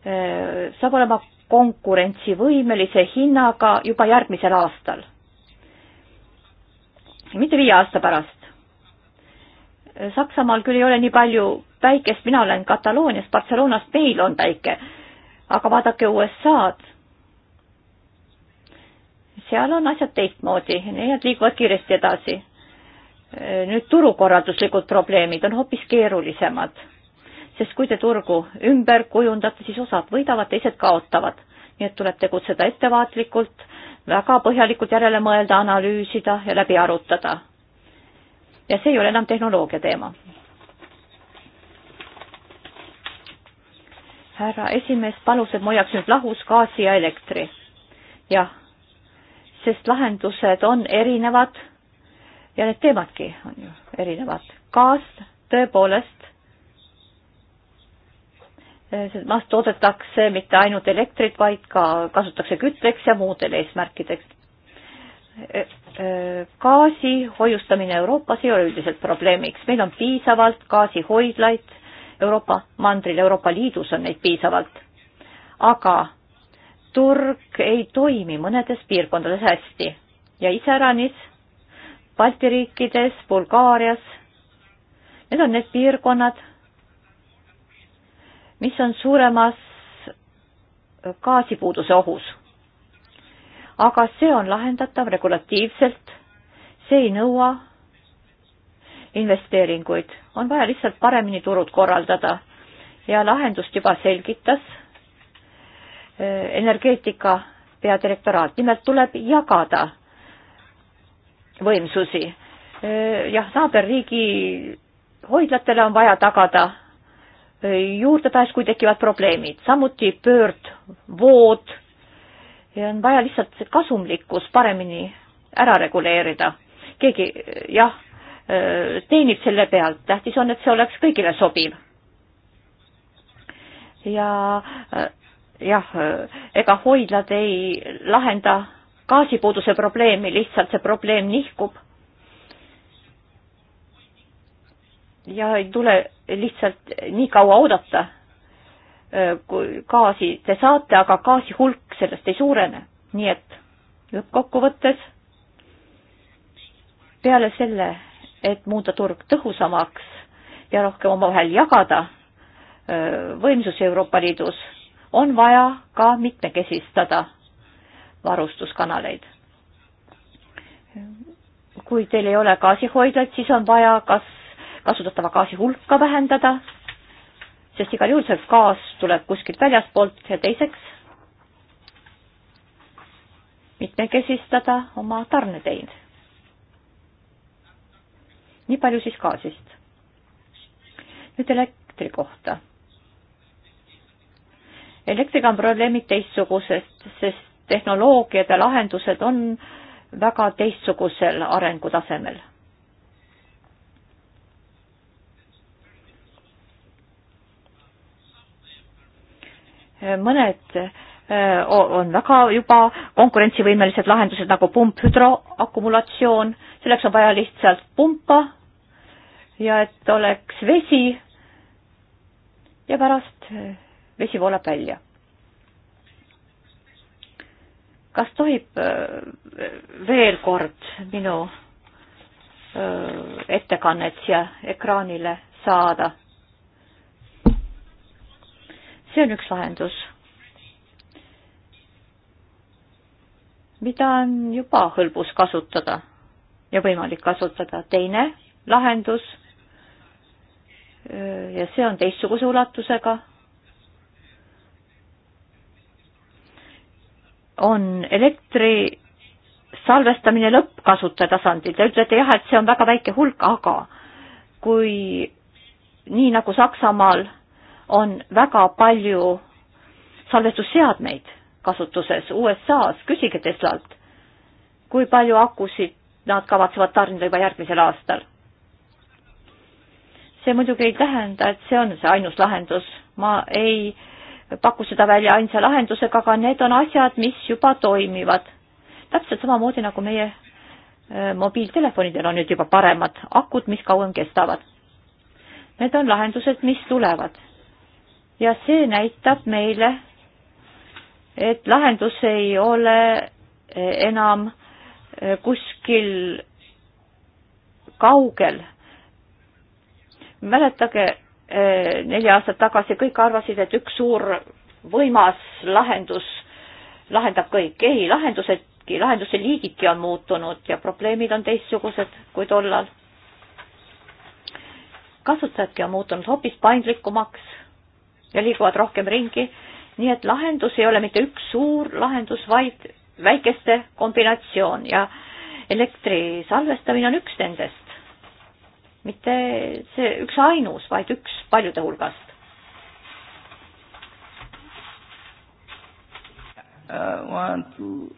äh, saab olema konkurentsivõimelise hinnaga juba järgmisel aastal. mitte viie aasta pärast. Äh, Saksamaal küll ei ole nii palju päikest, mina olen Kataloonias, Barcelonas, meil on päike. aga vaadake USA-d. seal on asjad teistmoodi, need liiguvad kiiresti edasi Äh, nüüd turukorralduslikud probleemid on hoopis keerulisemad, sest kui te turgu ümber kujundate, siis osad võidavad, teised kaotavad. nii et tuleb tegutseda ettevaatlikult, väga põhjalikult järele mõelda, analüüsida ja läbi arutada. ja see ei ole enam tehnoloogia teema. härra esimees palus, et ma hoiaks nüüd lahus gaasi ja elektri. jah, sest lahendused on erinevad ja need teemadki on ju erinevad. gaas tõepoolest, eh, maast toodetakse mitte ainult elektrit, vaid ka kasutatakse kütteks ja muudel eesmärkideks. gaasi eh, eh, hoiustamine Euroopas ei ole üldiselt probleemiks, meil on piisavalt gaasihoidlaid Euroopa mandril, Euroopa Liidus on neid piisavalt. aga turg ei toimi mõnedes piirkondades hästi ja iseäranis Balti riikides, Bulgaarias. Need on need piirkonnad, mis on suuremas gaasipuuduse ohus. aga see on lahendatav regulatiivselt, see ei nõua investeeringuid, on vaja lihtsalt paremini turud korraldada ja lahendust juba selgitas eh, energeetika peadirektoraat, nimelt tuleb jagada võimsusi. jah, naaberriigi hoidlatele on vaja tagada juurdepääs, kui tekivad probleemid, samuti pöördvood ja on vaja lihtsalt see kasumlikkus paremini ära reguleerida. keegi jah, teenib selle pealt, tähtis on, et see oleks kõigile sobiv. ja jah, ega hoidlad ei lahenda gaasipuuduse probleemi, lihtsalt see probleem nihkub. ja ei tule lihtsalt nii kaua oodata, äh, kui gaasi te saate, aga gaasi hulk sellest ei suurene, nii et lõppkokkuvõttes peale selle, et muuta turg tõhusamaks ja rohkem omavahel jagada äh, võimsusi Euroopa Liidus, on vaja ka mitmekesistada varustuskanaleid. kui teil ei ole gaasihoidlaid, siis on vaja kas kasutatava gaasi hulka vähendada, sest igal juhul see gaas tuleb kuskilt väljaspoolt ja teiseks mitmekesistada oma tarneteid. nii palju siis gaasist. nüüd elektri kohta. elektriga on probleemid teistsugused, sest tehnoloogiad ja lahendused on väga teistsugusel arengutasemel. mõned e, on väga juba konkurentsivõimelised lahendused nagu pump, hüdroakumulatsioon, selleks on vaja lihtsalt pumpa ja et oleks vesi ja pärast vesi voolab välja kas tohib äh, veel kord minu äh, ettekannet siia ekraanile saada? see on üks lahendus, mida on juba hõlbus kasutada ja võimalik kasutada. teine lahendus äh, ja see on teistsuguse ulatusega on elektri salvestamine lõppkasutaja tasandil, te ütlete jah, et see on väga väike hulk, aga kui nii nagu Saksamaal on väga palju salvestusseadmeid kasutuses USA-s, küsige Teslalt, kui palju akusid nad kavatsevad tarnida juba järgmisel aastal. see muidugi ei tähenda, et see on see ainus lahendus, ma ei äh, pakkus seda välja ainsa lahendusega, aga need on asjad, mis juba toimivad. täpselt samamoodi nagu meie äh, mobiiltelefonidel on nüüd juba paremad akud, mis kauem kestavad. Need on lahendused, mis tulevad. ja see näitab meile, et lahendus ei ole äh, enam äh, kuskil kaugel. mäletage, Äh, neli aastat tagasi kõik arvasid, et üks suur võimas lahendus lahendab kõik. ei, lahendusedki, lahenduse liigidki on muutunud ja probleemid on teistsugused kui tollal. kasutajadki on muutunud hoopis paindlikumaks ja liiguvad rohkem ringi. nii et lahendus ei ole mitte üks suur lahendus, vaid väikeste kombinatsioon ja elektri salvestamine on üks nendest mitte see üksainus, vaid üks paljude hulgast. Uh, one, two.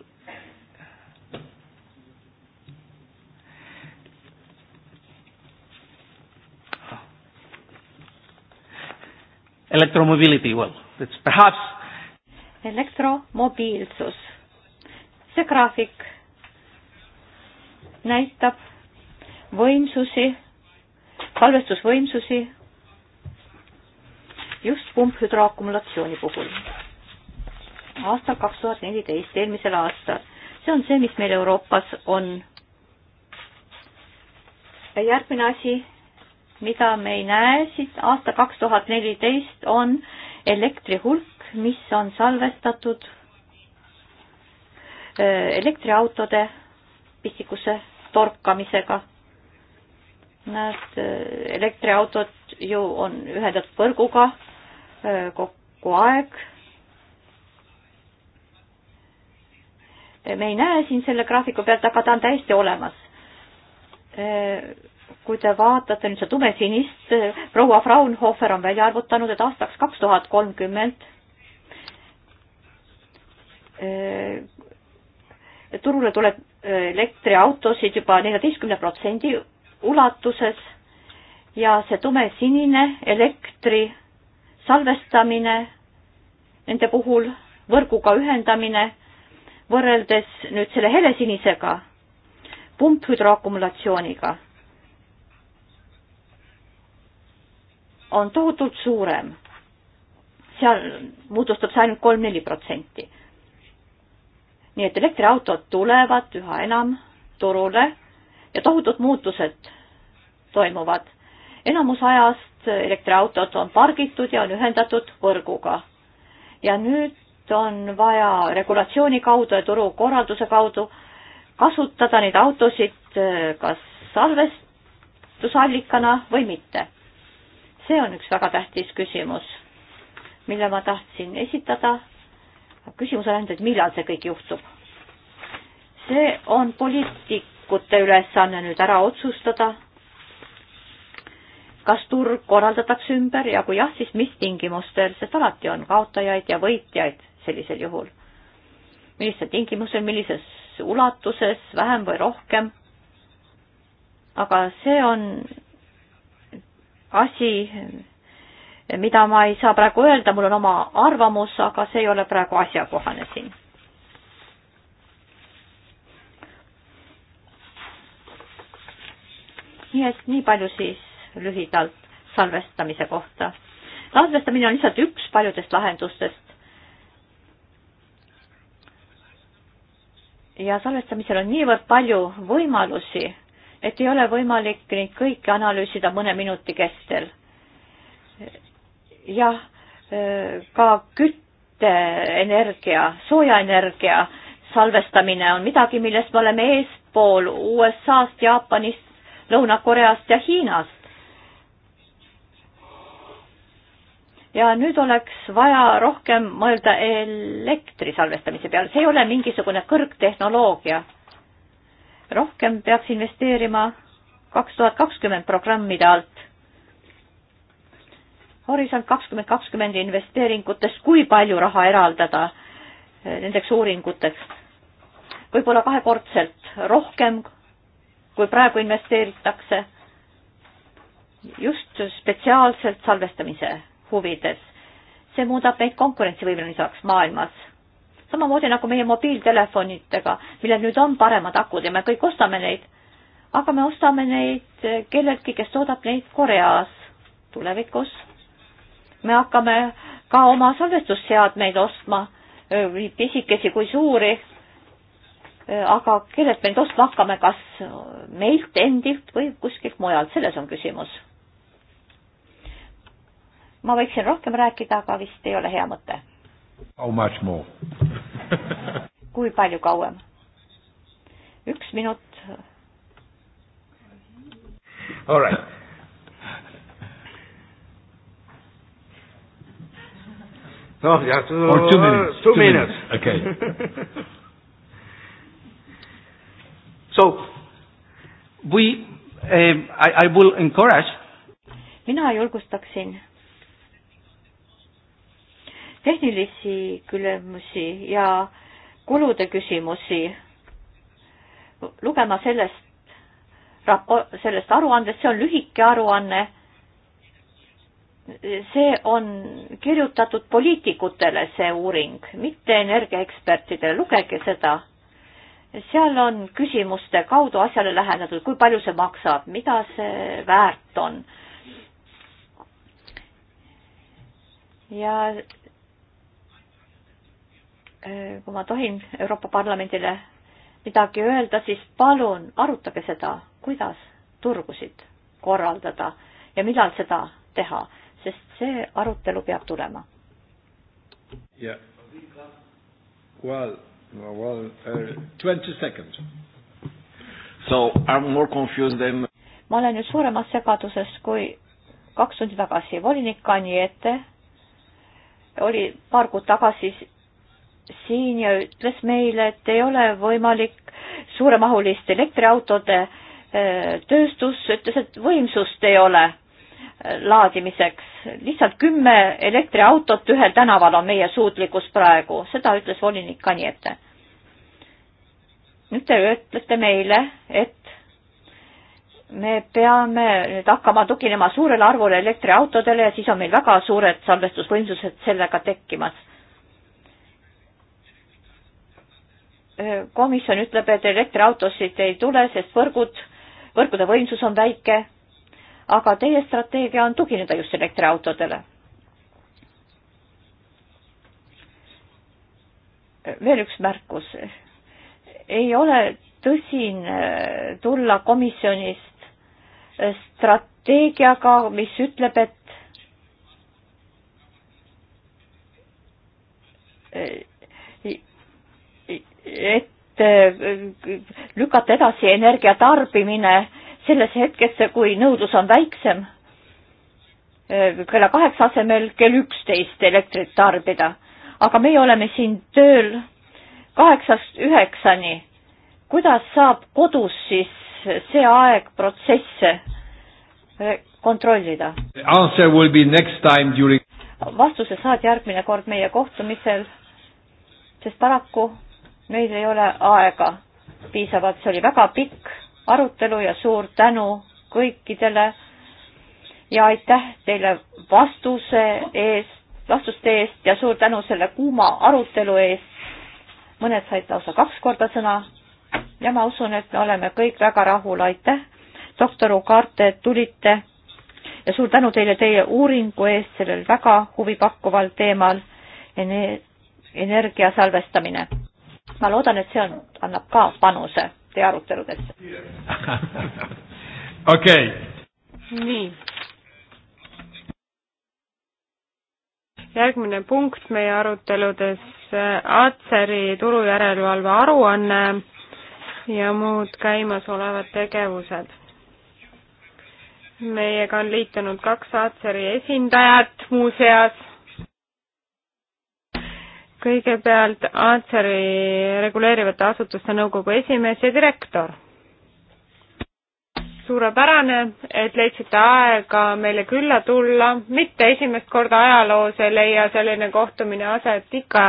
Electromobility, well, it's perhaps. elektromobiilsus. see graafik näitab võimsusi salvestusvõimsusi just pumphüdroakumulatsiooni puhul. aastal kaks tuhat neliteist, eelmisel aastal. see on see, mis meil Euroopas on. järgmine asi, mida me ei näe, siis aasta kaks tuhat neliteist on elektri hulk, mis on salvestatud äh, elektriautode pistikuse torkamisega Nad, eh, elektriautod ju on ühendatud võrguga eh, kogu aeg. me ei näe siin selle graafiku pealt, aga ta on täiesti olemas eh, kui te vaatate nüüd seda tumesinist, proua Fraunhofer on välja arvutanud, et aastaks kaks tuhat kolmkümmend turule tuleb elektriautosid juba neljateistkümne protsendi ulatuses ja see tumesinine elektri salvestamine nende puhul, võrguga ühendamine võrreldes nüüd selle helesinisega pumphüdroakumulatsiooniga on tohutult suurem. seal moodustab see ainult kolm-neli protsenti. nii et elektriautod tulevad üha enam turule ja tohutud muutused toimuvad. enamus ajast elektriautod on pargitud ja on ühendatud võrguga. ja nüüd on vaja regulatsiooni kaudu ja turukorralduse kaudu kasutada neid autosid eh, kas salvestusallikana või mitte. see on üks väga tähtis küsimus, mille ma tahtsin esitada. küsimus on ainult, et millal see kõik juhtub. see on poliitik ühistute ülesanne nüüd ära otsustada, kas turg korraldatakse ümber ja kui jah, siis mis tingimustel, sest alati on kaotajaid ja võitjaid sellisel juhul. millistel tingimusel, millises ulatuses, vähem või rohkem. aga see on asi, mida ma ei saa praegu öelda, mul on oma arvamus, aga see ei ole praegu asjakohane siin nii et nii palju siis lühidalt salvestamise kohta. salvestamine on lihtsalt üks paljudest lahendustest. ja salvestamisel on niivõrd palju võimalusi, et ei ole võimalik neid kõiki analüüsida mõne minuti kestel. jah, e, ka kütteenergia, soojaenergia salvestamine on midagi, millest me oleme eespool USA-st, Jaapanist, Lõuna-Koreast ja Hiinast. ja nüüd oleks vaja rohkem mõelda elektri salvestamise peale, see ei ole mingisugune kõrgtehnoloogia. rohkem peaks investeerima kaks tuhat kakskümmend programmide alt Horisont kakskümmend kakskümmend investeeringutest, kui palju raha eraldada eh, nendeks uuringuteks? võib-olla kahekordselt rohkem kui praegu investeeritakse just spetsiaalselt salvestamise huvides. see muudab meid konkurentsivõimeliseks maailmas. samamoodi nagu meie mobiiltelefonidega, millel nüüd on paremad akud ja me kõik ostame neid, aga me ostame neid kelleltki, kes toodab neid Koreas tulevikus. me hakkame ka oma salvestusseadmeid ostma, nii pisikesi kui suuri Äh, aga kellelt me nüüd ostma hakkame, kas meilt endilt või kuskilt mujalt, selles on küsimus. ma võiksin rohkem rääkida, aga vist ei ole hea mõte. How much more kui palju kauem? üks minut. All right. No, yeah, two, or two minutes. Two, two minutes. minutes. Okay. So we uh, I, I will encourage mina julgustaksin tehnilisi küsimusi ja kulude küsimusi lugema sellest, sellest aruandest, see on lühike aruanne. see on kirjutatud poliitikutele, see uuring, mitte energiaekspertidele, lugege seda seal on küsimuste kaudu asjale lähenetud, kui palju see maksab, mida see väärt on. ja eh, kui ma tohin Euroopa Parlamendile midagi öelda, siis palun arutage seda, kuidas turgusid korraldada ja millal seda teha, sest see arutelu peab tulema. jah yeah., well Well, uh, 20 seconds. So I am more confused than ma olen nüüd suuremas segaduses kui kaks tundi tagasi. volinik Kaniete oli paar kuud tagasi siin ja ütles meile, et ei ole võimalik suuremahulist elektriautode äh, tööstus, ütles, et võimsust ei ole äh, laadimiseks. lihtsalt kümme elektriautot ühel tänaval on meie suutlikkus praegu, seda ütles volinik Kaniete nüüd te ütlete meile, et me peame nüüd hakkama tuginema suurele arvule elektriautodele ja siis on meil väga suured salvestusvõimsused sellega tekkimas. komisjon ütleb, et elektriautosid ei tule, sest võrgud, võrgude võimsus on väike, aga teie strateegia on tugineda just elektriautodele veel üks märkus ei ole tõsine tulla komisjonist strateegiaga, mis ütleb, et et lükata edasi energia tarbimine sellesse hetkesse, kui nõudlus on väiksem kella kaheksa asemel kell üksteist elektrit tarbida. aga meie oleme siin tööl kaheksast üheksani, kuidas saab kodus siis see aeg protsesse eh, kontrollida? During... vastuse saad järgmine kord meie kohtumisel, sest paraku meil ei ole aega piisavalt, see oli väga pikk arutelu ja suur tänu kõikidele ja aitäh teile vastuse eest, vastuste eest ja suur tänu selle kuuma arutelu eest mõned said lausa kaks korda sõna ja ma usun, et me oleme kõik väga rahul, aitäh, doktor Ugarte, et tulite ja suur tänu teile teie uuringu eest sellel väga huvipakkuval teemal energia salvestamine. ma loodan, et see on, annab ka panuse teie aruteludesse. okei. nii. järgmine punkt meie aruteludes Atseri turujärelevalve aruanne ja muud käimasolevad tegevused. meiega on liitunud kaks Atseri esindajat muuseas. kõigepealt Atseri reguleerivate asutuste nõukogu esimees ja direktor suurepärane, et leidsite aega meile külla tulla, mitte esimest korda ajaloos ei leia selline kohtumine aset, ikka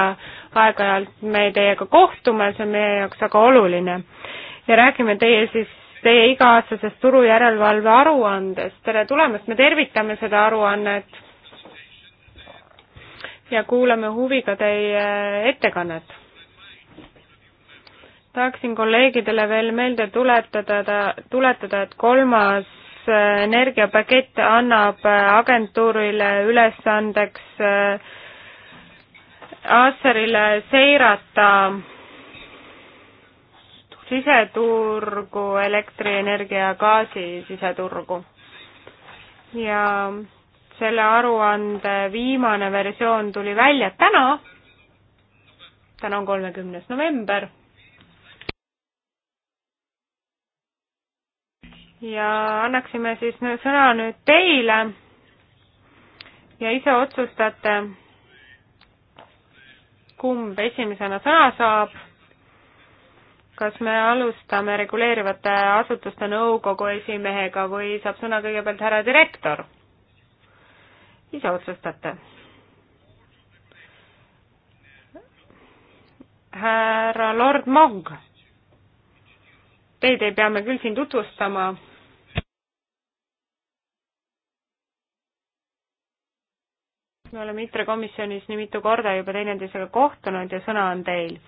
aeg-ajalt me teiega kohtume, see on meie jaoks väga oluline. ja räägime teie siis, teie iga-aastasest turujärelevalve aruandest, tere tulemast, me tervitame seda aruannet ja kuulame huviga teie ettekannet tahaksin kolleegidele veel meelde tuletada, tuletada, et kolmas äh, energiapakett annab äh, agentuurile ülesandeks äh, Asserile seirata siseturgu, elektrienergia ja gaasi siseturgu. ja selle aruande viimane versioon tuli välja täna, täna on kolmekümnes november ja annaksime siis nüüd sõna nüüd teile ja ise otsustate, kumb esimesena sõna saab. kas me alustame reguleerivate asutuste nõukogu esimehega või saab sõna kõigepealt härra direktor? ise otsustate. härra Lord Mogg, teid ei pea me küll siin tutvustama me oleme ITRE komisjonis nii mitu korda juba teineteisega kohtunud ja sõna on teil.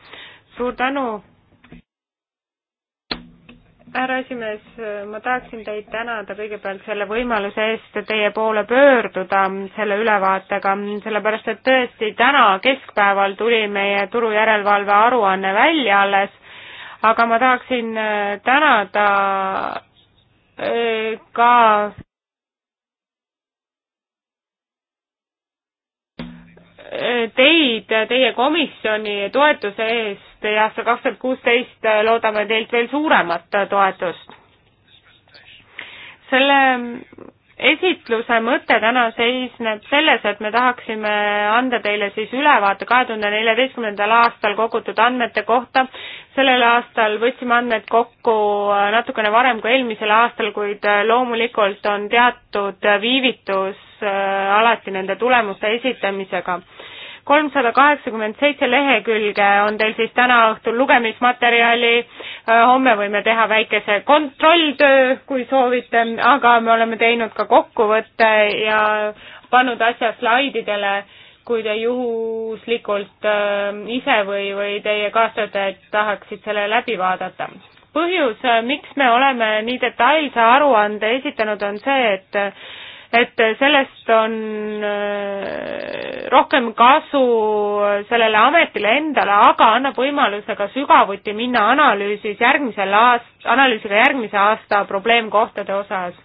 suur tänu, härra esimees, ma tahaksin teid tänada kõigepealt selle võimaluse eest teie poole pöörduda selle ülevaatega, sellepärast et tõesti täna keskpäeval tuli meie turujärelevalve aruanne välja alles, aga ma tahaksin äh, tänada äh, ka teid teie komisjoni toetuse eest ja aastal kaks tuhat kuusteist loodame teilt veel suuremat toetust. selle esitluse mõte täna seisneb selles, et me tahaksime anda teile siis ülevaate kahe tuhande neljateistkümnendal aastal kogutud andmete kohta. sellel aastal võtsime andmed kokku natukene varem kui eelmisel aastal, kuid loomulikult on teatud viivitus äh, alati nende tulemuste esitamisega kolmsada kaheksakümmend seitse lehekülge on teil siis täna õhtul lugemismaterjali, äh, homme võime teha väikese kontrolltöö, kui soovite, aga me oleme teinud ka kokkuvõtte ja pannud asja slaididele, kui te juhuslikult äh, ise või, või teie kaastöötajad tahaksid selle läbi vaadata. põhjus, äh, miks me oleme nii detailse aruande esitanud, on see, et et sellest on äh, rohkem kasu sellele ametile endale, aga annab võimaluse ka sügavuti minna analüüsis järgmisel aast-, analüüsiga järgmise aasta probleemkohtade osas.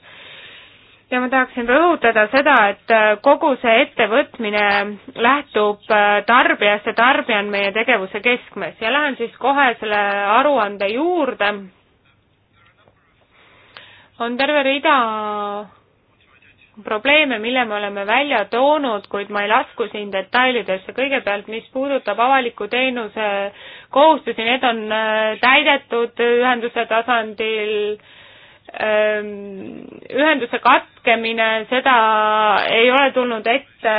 ja ma tahaksin rõhutada seda, et äh, kogu see ettevõtmine lähtub äh, tarbijast ja tarbija on meie tegevuse keskmes ja lähen siis kohe selle aruande juurde. on terve rida probleeme, mille me oleme välja toonud, kuid ma ei lasku siin detailidesse. kõigepealt, mis puudutab avaliku teenuse kohustusi, need on äh, täidetud ühenduse tasandil, ähm, ühenduse katkemine, seda ei ole tulnud ette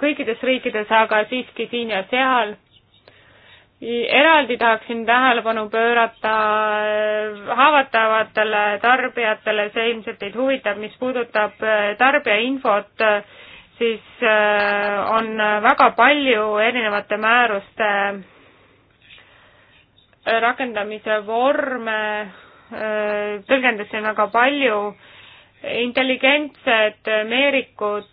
kõikides riikides, aga siiski siin ja seal eraldi tahaksin tähelepanu pöörata äh, haavatavatele tarbijatele, see ilmselt teid huvitab, mis puudutab äh, tarbijainfot, äh, siis on väga palju erinevate määruste rakendamise vorme, tõlgendusi on väga palju, intelligentsed meerikud,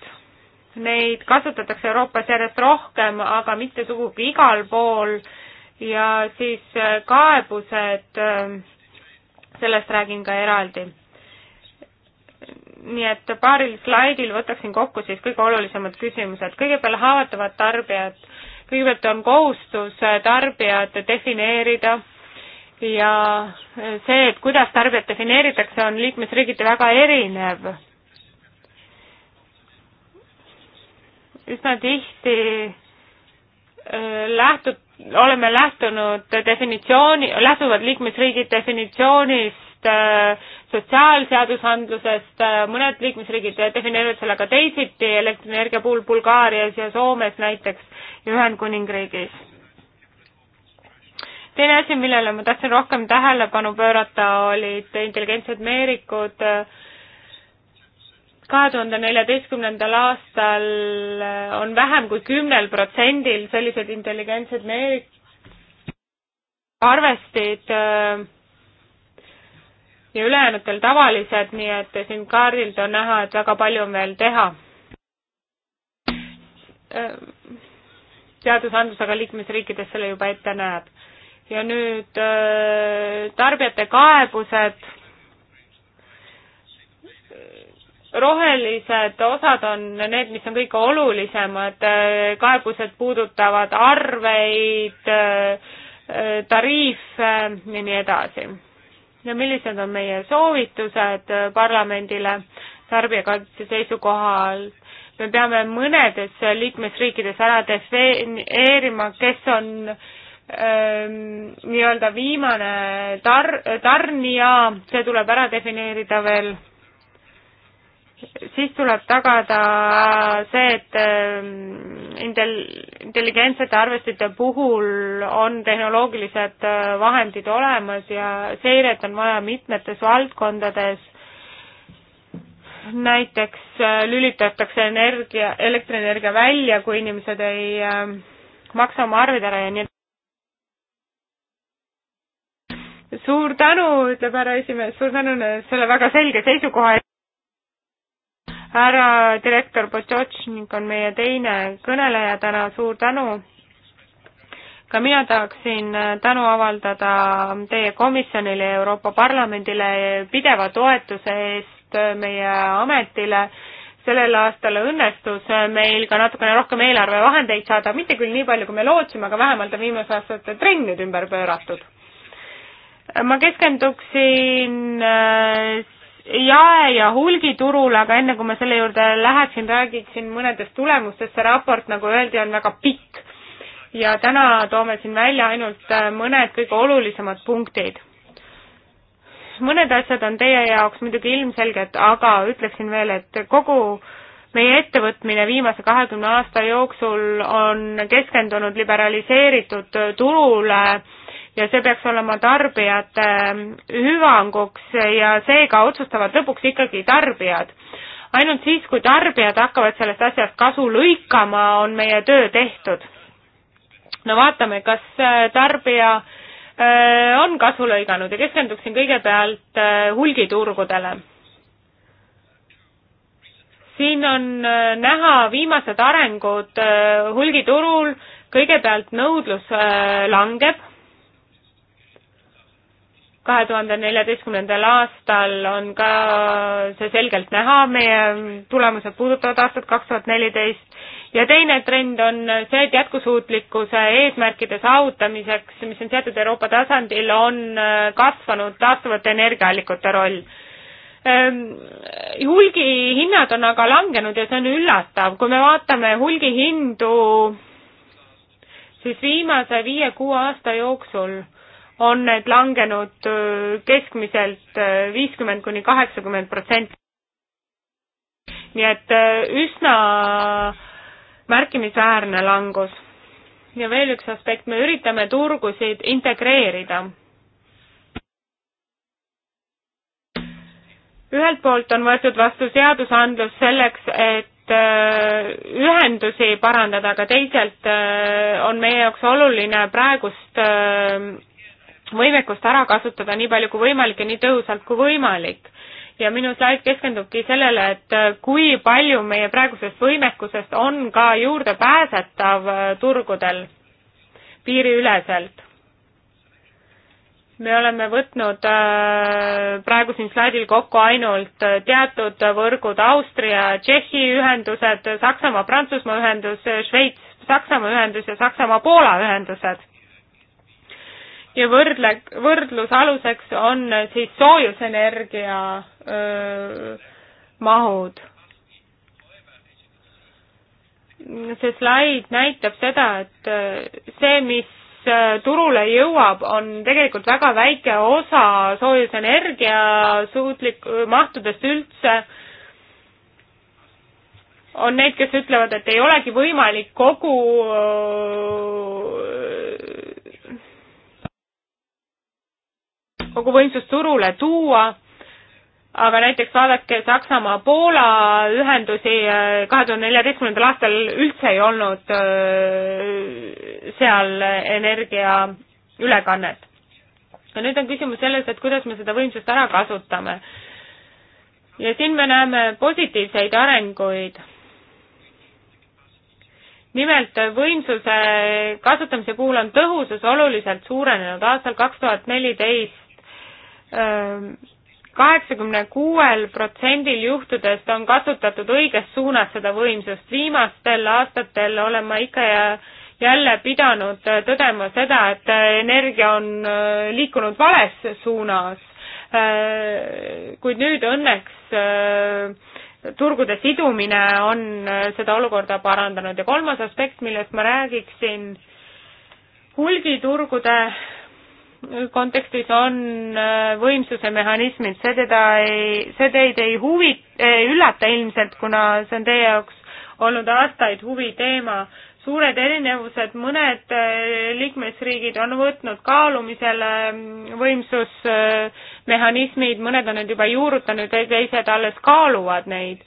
neid kasutatakse Euroopas järjest rohkem, aga mitte sugugi igal pool äh, ja siis äh, kaebused, äh, sellest räägin ka eraldi. nii et paaril slaidil võtaksin kokku siis kõige olulisemad küsimused. kõigepealt haavatavad tarbijad, kõigepealt on kohustus äh, tarbijad defineerida ja see, et kuidas tarbijat defineeritakse, on liikmesriigiti väga erinev. üsna tihti lähtub oleme lähtunud definitsiooni, lähtuvad liikmesriigid definitsioonist äh, sotsiaalseadusandlusest, äh, mõned liikmesriigid defineerivad selle ka teisiti, elektrienergia puhul Bulgaarias ja Soomes näiteks ja Ühendkuningriigis. teine asi, millele ma tahtsin rohkem tähelepanu pöörata, olid intelligentsed meerikud äh, kahe tuhande neljateistkümnendal aastal äh, on vähem kui kümnel protsendil sellised intelligentsed meelik-, arvestid äh, ja ülejäänutel tavalised, nii et siin kaardilt on näha, et väga palju on veel teha. seadusandlus äh, aga liikmesriikides selle juba ette näeb. ja nüüd tarbijate kaebused rohelised osad on need, mis on kõige olulisemad, äh, kaebused puudutavad arveid, äh, tariife ja nii edasi. ja millised on meie soovitused äh, parlamendile tarbijakaitse seisukohal? me peame mõnedes liikmesriikides ära defineerima, kes on ähm, nii-öelda viimane tar-, tarnija, see tuleb ära defineerida veel siis tuleb tagada see, et ähm, intel-, intelligentsete arvestite puhul on tehnoloogilised äh, vahendid olemas ja seiret on vaja mitmetes valdkondades, näiteks äh, lülitatakse energia, elektrienergia välja, kui inimesed ei ähm, maksa oma arved ära ja nii edasi. suur tänu, ütleb härra esimees, suur tänu selle väga selge seisukoha eest härra direktor Potšotšnik on meie teine kõneleja täna, suur tänu! ka mina tahaksin äh, tänu avaldada teie komisjonile ja Euroopa Parlamendile pideva toetuse eest äh, meie ametile sellel aastal õnnestus äh, meil ka natukene rohkem eelarvevahendeid saada, mitte küll nii palju, kui me lootsime, aga vähemalt on viimase aastate trend nüüd ümber pööratud. ma keskenduksin jae- ja hulgiturul, aga enne kui ma selle juurde läheksin, räägiksin mõnedest tulemustest, see raport, nagu öeldi, on väga pikk. ja täna toome siin välja ainult äh, mõned kõige olulisemad punktid. mõned asjad on teie jaoks muidugi ilmselged, aga ütleksin veel, et kogu meie ettevõtmine viimase kahekümne aasta jooksul on keskendunud liberaliseeritud turule äh, ja see peaks olema tarbijate ähm, hüvanguks ja seega otsustavad lõpuks ikkagi tarbijad. ainult siis, kui tarbijad hakkavad sellest asjast kasu lõikama, on meie töö tehtud. no vaatame, kas äh, tarbija äh, on kasu lõiganud ja keskenduksin kõigepealt äh, hulgiturgudele. siin on näha viimased arengud hulgiturul, kõigepealt nõudlus langeb kahe tuhande neljateistkümnendal aastal on ka see selgelt näha, meie tulemused puudutavad aastat kaks tuhat neliteist ja teine trend on see, et jätkusuutlikkuse eesmärkide saavutamiseks, mis on seatud Euroopa tasandil, on kasvanud taastuvate energiaallikute roll. Ehm, hulgihinnad on aga langenud ja see on üllatav, kui me vaatame hulgihindu siis viimase viie-kuue aasta jooksul on need langenud keskmiselt viiskümmend kuni kaheksakümmend protsenti. nii et üsna märkimisväärne langus. ja veel üks aspekt, me üritame turgusid integreerida. ühelt poolt on võetud vastu seadusandlus selleks, et ühendusi parandada, aga teisalt on meie jaoks oluline praegust võimekust ära kasutada nii palju kui võimalik ja nii tõhusalt kui võimalik. ja minu slaid keskendubki sellele, et äh, kui palju meie praegusest võimekusest on ka juurdepääsetav äh, turgudel piiriüleselt. me oleme võtnud äh, praegu siin slaidil kokku ainult teatud võrgud Austria, Tšehhi ühendused, Saksamaa, Prantsusmaa ühendus, Šveits, Saksamaa ühendus ja Saksamaa, Poola ühendused ja võrdle, võrdluse aluseks on siis soojusenergia öö, mahud. see slaid näitab seda, et see, mis turule jõuab, on tegelikult väga väike osa soojusenergia suutlik-, mahtudest üldse on need, kes ütlevad, et ei olegi võimalik kogu kogu võimsust turule tuua, aga näiteks vaadake Saksamaa-Poola ühendusi äh, kahe tuhande neljateistkümnendal aastal üldse ei olnud äh, seal energiaülekannet. ja nüüd on küsimus selles, et kuidas me seda võimsust ära kasutame. ja siin me näeme positiivseid arenguid nimelt võimsuse kasutamise puhul on tõhusus oluliselt suurenenud. aastal kaks tuhat neliteist kaheksakümne kuuel protsendil juhtudest on kasutatud õiges suunas seda võimsust. viimastel aastatel olen ma ikka ja jälle pidanud tõdema seda, et energia on liikunud vales suunas. kuid nüüd õnneks turgude sidumine on seda olukorda parandanud ja kolmas aspekt, millest ma räägiksin, hulgiturgude kontekstis on äh, võimsuse mehhanismid, see teda ei, see teid ei huvi, üllata ilmselt, kuna see on teie jaoks olnud aastaid huviteema. suured erinevused, mõned äh, liikmesriigid on võtnud kaalumisele mm, võimsusmehhanismid, äh, mõned on need juba juurutanud ja teised alles kaaluvad neid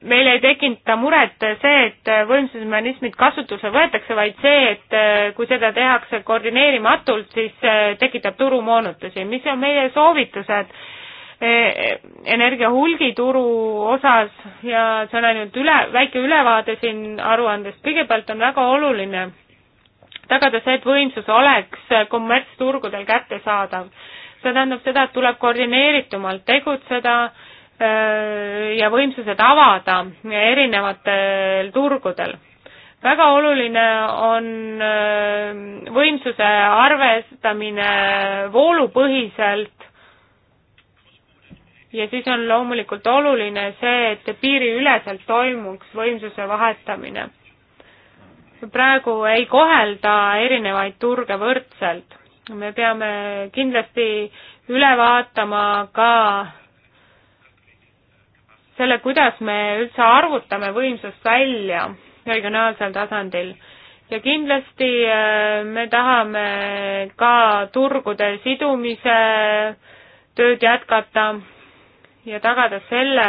meil ei tekita muret see, et võimsusmehhanismid kasutusele võetakse, vaid see, et eh, kui seda tehakse koordineerimatult, siis eh, tekitab turumoonutusi. mis on meie soovitused eh, energiahulgituru osas ja see on ainult üle, väike ülevaade siin aruandest. kõigepealt on väga oluline tagada see, et võimsus oleks kommertsturgudel kättesaadav. see tähendab seda, et tuleb koordineeritumalt tegutseda ja võimsused avada erinevatel turgudel. väga oluline on äh, võimsuse arvestamine voolupõhiselt ja siis on loomulikult oluline see, et piiriüleselt toimuks võimsuse vahetamine. praegu ei kohelda erinevaid turge võrdselt. me peame kindlasti üle vaatama ka selle, kuidas me üldse arvutame võimsust välja regionaalsel tasandil. ja kindlasti äh, me tahame ka turgude sidumise tööd jätkata ja tagada selle,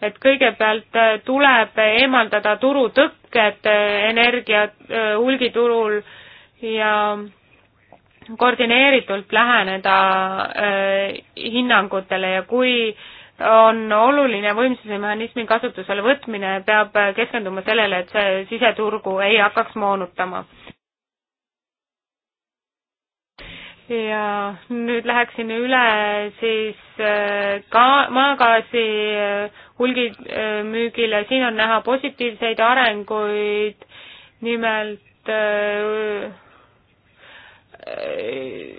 et kõigepealt äh, tuleb eemaldada turutõkked äh, energia hulgiturul ja koordineeritult läheneda äh, hinnangutele ja kui on oluline võimsuse mehhanismi kasutusele võtmine, peab keskenduma sellele, et see siseturgu ei hakkaks moonutama. ja nüüd läheksin üle siis äh, ka maagaasi äh, hulgimüügile, siin on näha positiivseid arenguid, nimelt Äh,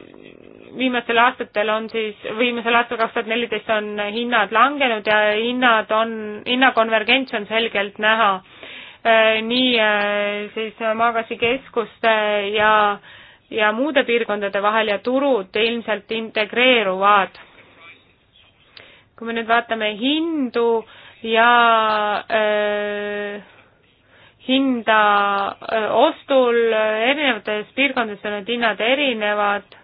viimastel aastatel on siis, viimasel aastal kaks tuhat neliteist on hinnad langenud ja hinnad on, hinnakonvergents on selgelt näha. Äh, nii äh, siis maagaasikeskuste ja, ja muude piirkondade vahel ja turud ilmselt integreeruvad. kui me nüüd vaatame hindu ja öö, hinda ostul, erinevates piirkondades on need hinnad erinevad.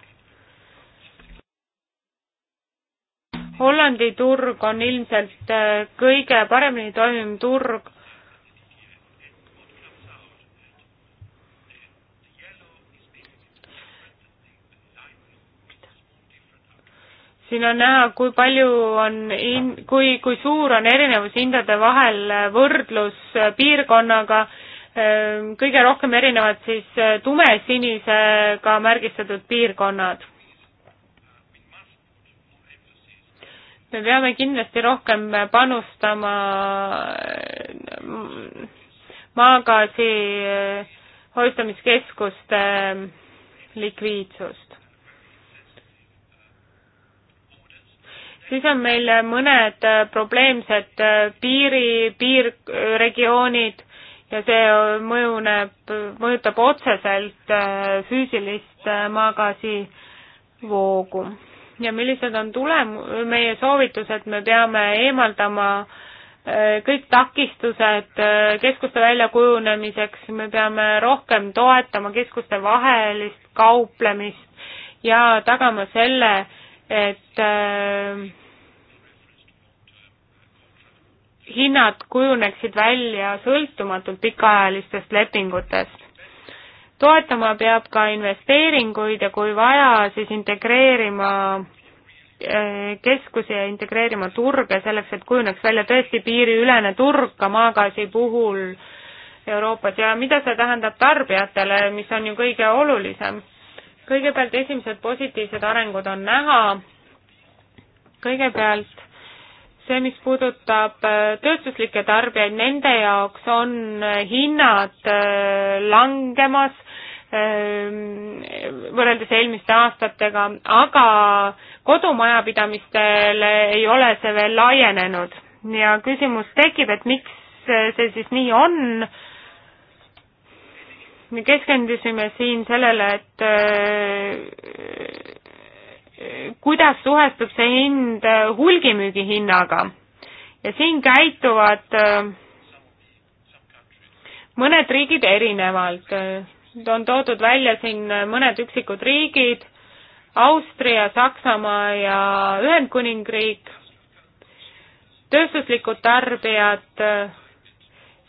Hollandi turg on ilmselt kõige paremini toimiv turg siin on näha, kui palju on, kui, kui suur on erinevus hindade vahel võrdlus piirkonnaga, ehm, kõige rohkem erinevad siis eh, tumesinisega märgistatud piirkonnad. me peame kindlasti rohkem panustama eh, maagaasi eh, hoiustamiskeskuste likviidsus. siis on meil äh, mõned äh, probleemsed äh, piiri, piirregioonid ja see mõjuneb, mõjutab otseselt füüsilist maagaasi voogu. ja millised on tulem-, meie soovitused, me peame eemaldama kõik takistused keskuste väljakujunemiseks, me peame rohkem toetama keskuste vahelist kauplemist ja tagama selle, et äh, hinnad kujuneksid välja sõltumatult pikaajalistest lepingutest. toetama peab ka investeeringuid ja kui vaja, siis integreerima eh, keskusi ja integreerima turge selleks, et kujuneks välja tõesti piiriülene turg ka maagaasi puhul Euroopas ja mida see tähendab tarbijatele, mis on ju kõige olulisem. kõigepealt esimesed positiivsed arengud on näha, kõigepealt see, mis puudutab äh, tööstuslikke tarbijaid, nende jaoks on äh, hinnad äh, langemas ähm, võrreldes eelmiste aastatega, aga kodumajapidamistele ei ole see veel laienenud ja küsimus tekib, et miks see siis nii on. me keskendusime siin sellele, et kuidas suhestub see hind äh, hulgimüügi hinnaga. ja siin käituvad äh, mõned riigid erinevalt. Äh, on toodud välja siin mõned üksikud riigid, Austria, Saksamaa ja Ühendkuningriik, tööstuslikud tarbijad,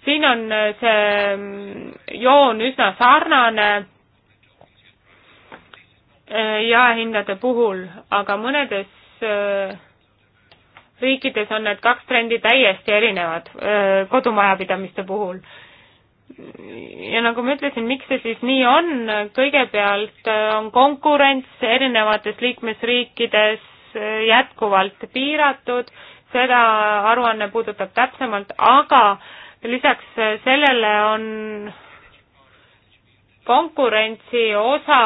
siin on see mm, joon üsna sarnane Äh, jaehindade puhul, aga mõnedes äh, riikides on need kaks trendi täiesti erinevad äh, kodumajapidamiste puhul. ja nagu ma ütlesin, miks see siis nii on, kõigepealt on konkurents erinevates liikmesriikides jätkuvalt piiratud, seda aruanne puudutab täpsemalt, aga lisaks sellele on konkurentsi osa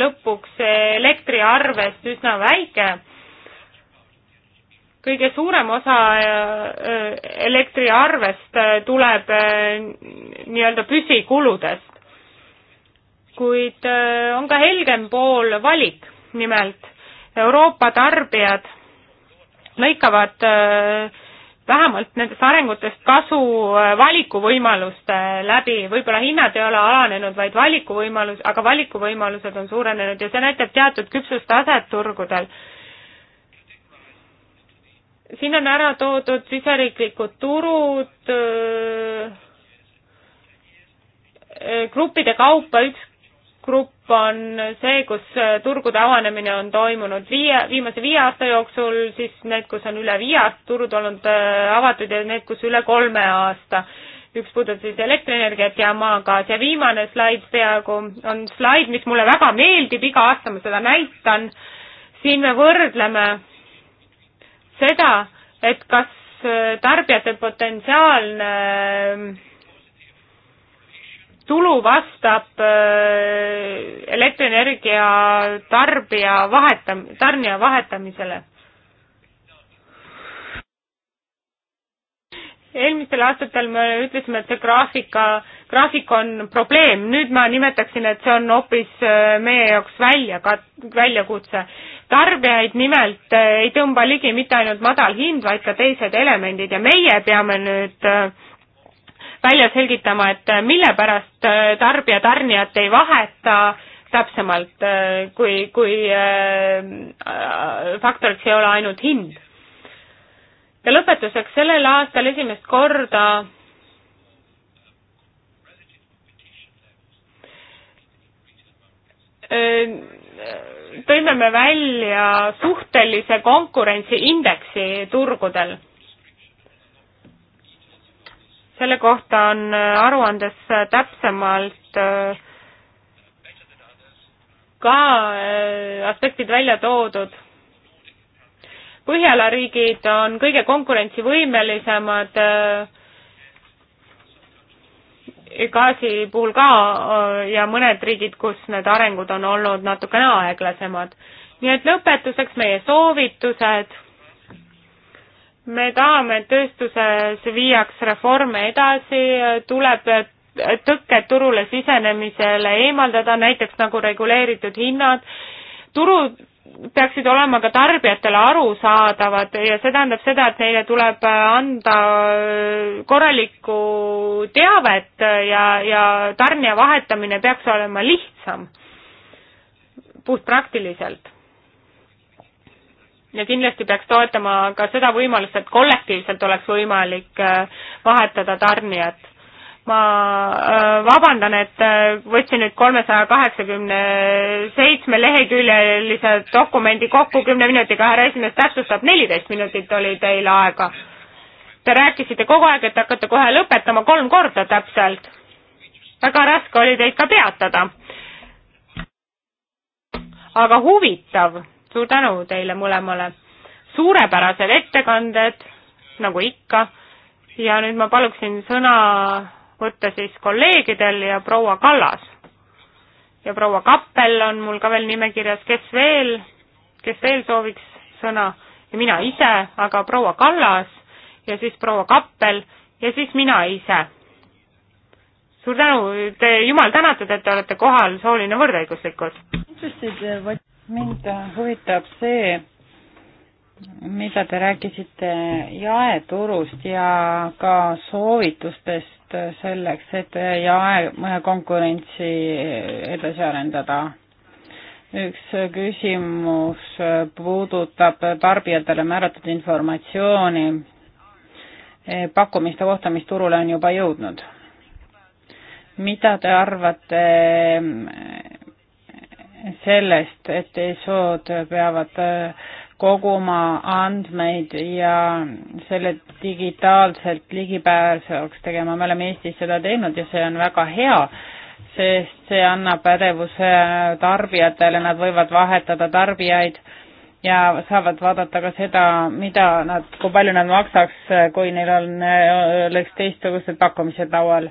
lõpuks elektriarvest üsna väike. kõige suurem osa äh, elektriarvest tuleb äh, nii-öelda püsikuludest, kuid äh, on ka helgem pool valik, nimelt Euroopa tarbijad lõikavad äh, vähemalt nendest arengutest kasu äh, valikuvõimaluste läbi, võib-olla hinnad ei ole alanenud, vaid valikuvõimalus, aga valikuvõimalused on suurenenud ja see näitab teatud küpsustaset turgudel. siin on ära toodud siseriiklikud turud, äh, äh, gruppide kaupa üks grupp on see, kus turgude avanemine on toimunud viie, viimase viie aasta jooksul, siis need, kus on üle viie aasta turud olnud äh, avatud ja need, kus üle kolme aasta. üks puudutab siis elektrienergiat ja maagaas ja viimane slaid peaaegu on slaid, mis mulle väga meeldib, iga aasta ma seda näitan. siin me võrdleme seda, et kas äh, tarbijate potentsiaalne tulu vastab äh, elektrienergia tarbija vahetam-, tarnija vahetamisele. eelmistel aastatel me ütlesime, et see graafika, graafik on probleem, nüüd ma nimetaksin, et see on hoopis äh, meie jaoks välja kat-, väljakutse. tarbijaid nimelt äh, ei tõmba ligi mitte ainult madal hind, vaid ka teised elemendid ja meie peame nüüd äh, välja selgitama, et äh, mille pärast äh, tarbija tarnijat ei vaheta täpsemalt, äh, kui, kui faktoriks ei ole ainult hind. ja lõpetuseks, sellel aastal esimest korda tõime me välja suhtelise konkurentsiindeksi turgudel selle kohta on äh, aruandes äh, täpsemalt äh, ka aspektid välja toodud. Põhjala riigid on kõige konkurentsivõimelisemad gaasi puhul ka ja mõned riigid, kus need arengud on olnud natukene aeglasemad. nii et lõpetuseks meie soovitused me tahame, et tööstuses viiaks reforme edasi, tuleb tõkked turule sisenemisele eemaldada, näiteks nagu reguleeritud hinnad, turud peaksid olema ka tarbijatele arusaadavad ja see tähendab seda, et neile tuleb anda korralikku teavet ja, ja tarnija vahetamine peaks olema lihtsam, puhtpraktiliselt ja kindlasti peaks toetama ka seda võimalust, et kollektiivselt oleks võimalik äh, vahetada tarnijat. ma äh, vabandan, et äh, võtsin nüüd kolmesaja kaheksakümne seitsme leheküljelise dokumendi kokku kümne minutiga, härra esimees täpsustab, neliteist minutit oli teil aega. Te rääkisite kogu aeg, et hakkate kohe lõpetama, kolm korda täpselt. väga raske oli teid ka peatada. aga huvitav suur tänu teile mõlemale. suurepärased ettekanded, nagu ikka, ja nüüd ma paluksin sõna võtta siis kolleegidel ja proua Kallas. ja proua Kappel on mul ka veel nimekirjas, kes veel, kes veel sooviks sõna ja mina ise, aga proua Kallas ja siis proua Kappel ja siis mina ise. suur tänu, te jumal tänatud, et te olete kohal, sooline võrdõiguslikkus mind huvitab see, mida te rääkisite jaeturust ja ka soovitustest selleks, et jaekonkurentsi edasi arendada. üks küsimus puudutab tarbijatele määratud informatsiooni pakkumiste kohta, mis turule on juba jõudnud. mida te arvate sellest, et ESO-d peavad äh, koguma andmeid ja selle digitaalselt ligipääsevaks tegema, me oleme Eestis seda teinud ja see on väga hea, sest see annab pädevuse tarbijatele, nad võivad vahetada tarbijaid ja saavad vaadata ka seda, mida nad, kui palju nad maksaks, kui neil on, äh, oleks teistsugused pakkumised laual,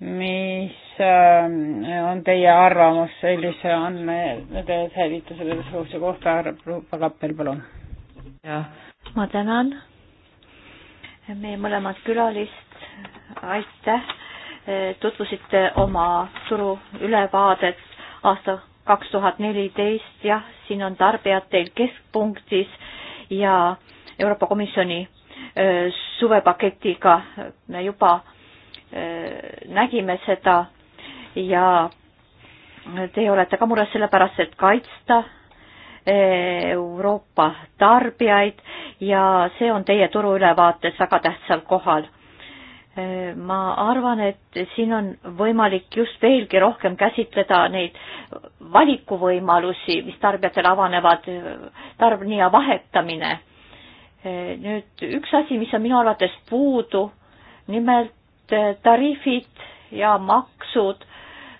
mis Ähm, on teie arvamus sellise andmete säilituse ressursi kohta, härra Kappel, palun? jah, ma tänan meie mõlemat külalist, aitäh, tutvusite oma turuülevaadet aasta kaks tuhat neliteist, jah, siin on tarbijad teil keskpunktis ja Euroopa Komisjoni suvepaketiga me juba nägime seda ja teie olete ka mures selle pärast, et kaitsta e, Euroopa tarbijaid ja see on teie turuülevaates väga tähtsal kohal. E, ma arvan, et siin on võimalik just veelgi rohkem käsitleda neid valikuvõimalusi, mis tarbijatel avanevad, e, tarbija vahetamine. nüüd üks asi, mis on minu arvates puudu, nimelt tariifid ja maksud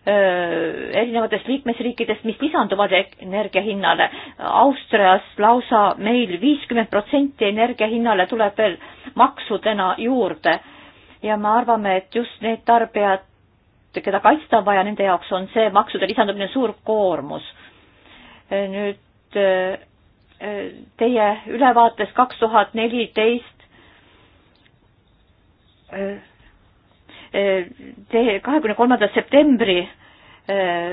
Äh, erinevatest liikmesriikidest, mis lisanduvad e- energia hinnale. Austrias lausa meil viiskümmend protsenti energia hinnale tuleb veel maksudena juurde ja me arvame, et just need tarbijad, keda kaitsta on vaja, nende jaoks on see maksude lisandumine suur koormus. Äh, nüüd äh, teie ülevaates kaks tuhat neliteist kahekümne kolmanda septembri äh,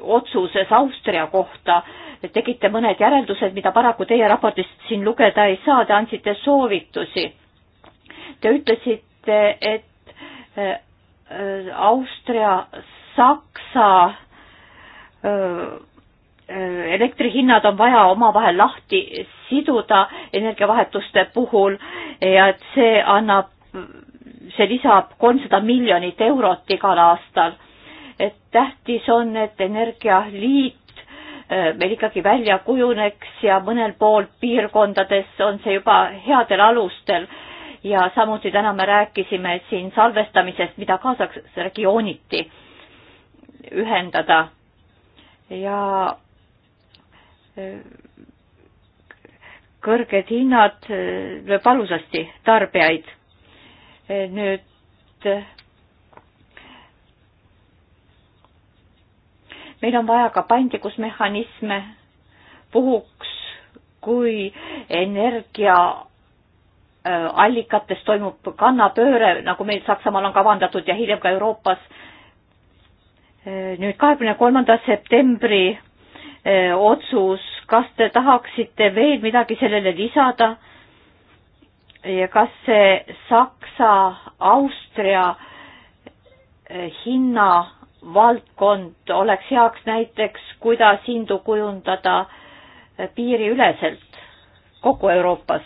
otsuses Austria kohta tegite mõned järeldused, mida paraku teie raportist siin lugeda ei saa, te andsite soovitusi. Te ütlesite, et äh, Austria-Saksa äh, elektrihinnad on vaja omavahel lahti siduda energiavahetuste puhul ja et see annab see lisab kolmsada miljonit eurot igal aastal. et tähtis on, et energialiit äh, meil ikkagi välja kujuneks ja mõnel pool piirkondades on see juba headel alustel ja samuti täna me rääkisime siin salvestamisest, mida ka saaks regiooniti ühendada ja äh, kõrged hinnad äh, lööb valusasti tarbijaid nüüd meil on vaja ka paindlikkusmehhanisme puhuks, kui energiaallikates äh, toimub kannapööre, nagu meil Saksamaal on kavandatud ja hiljem ka Euroopas. Äh, nüüd kahekümne kolmanda septembri äh, otsus, kas te tahaksite veel midagi sellele lisada? ja kas see Saksa, Austria eh, hinnavaldkond oleks heaks näiteks, kuidas hindu kujundada eh, piiriüleselt kogu Euroopas?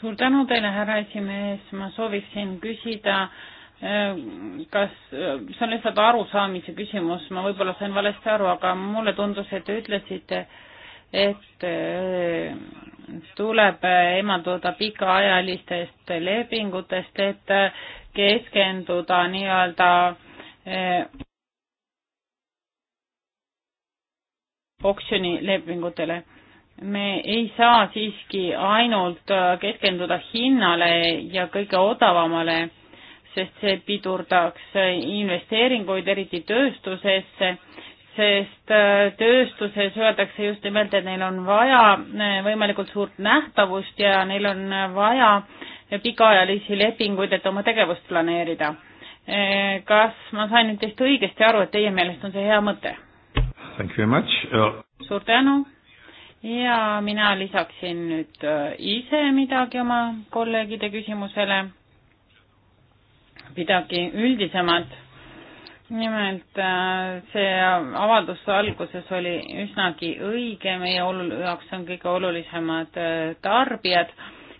suur tänu teile, härra esimees, ma sooviksin küsida eh, kas, see on lihtsalt arusaamise küsimus, ma võib-olla sain valesti aru, aga mulle tundus, et te ütlesite, et tuleb eemalduda pikaajalistest lepingutest, et keskenduda nii-öelda eh, oksjoni lepingutele. me ei saa siiski ainult keskenduda hinnale ja kõige odavamale, sest see pidurdaks investeeringuid, eriti tööstusesse sest äh, tööstuses öeldakse just nimelt, et neil on vaja äh, võimalikult suurt nähtavust ja neil on äh, vaja pikaajalisi lepinguid, et oma tegevust planeerida. kas ma sain nüüd teist õigesti aru, et teie meelest on see hea mõte? suur tänu ja mina lisaksin nüüd ise midagi oma kolleegide küsimusele, midagi üldisemat nimelt äh, see avaldus alguses oli üsnagi õige, meie olul-, jaoks on kõige olulisemad äh, tarbijad,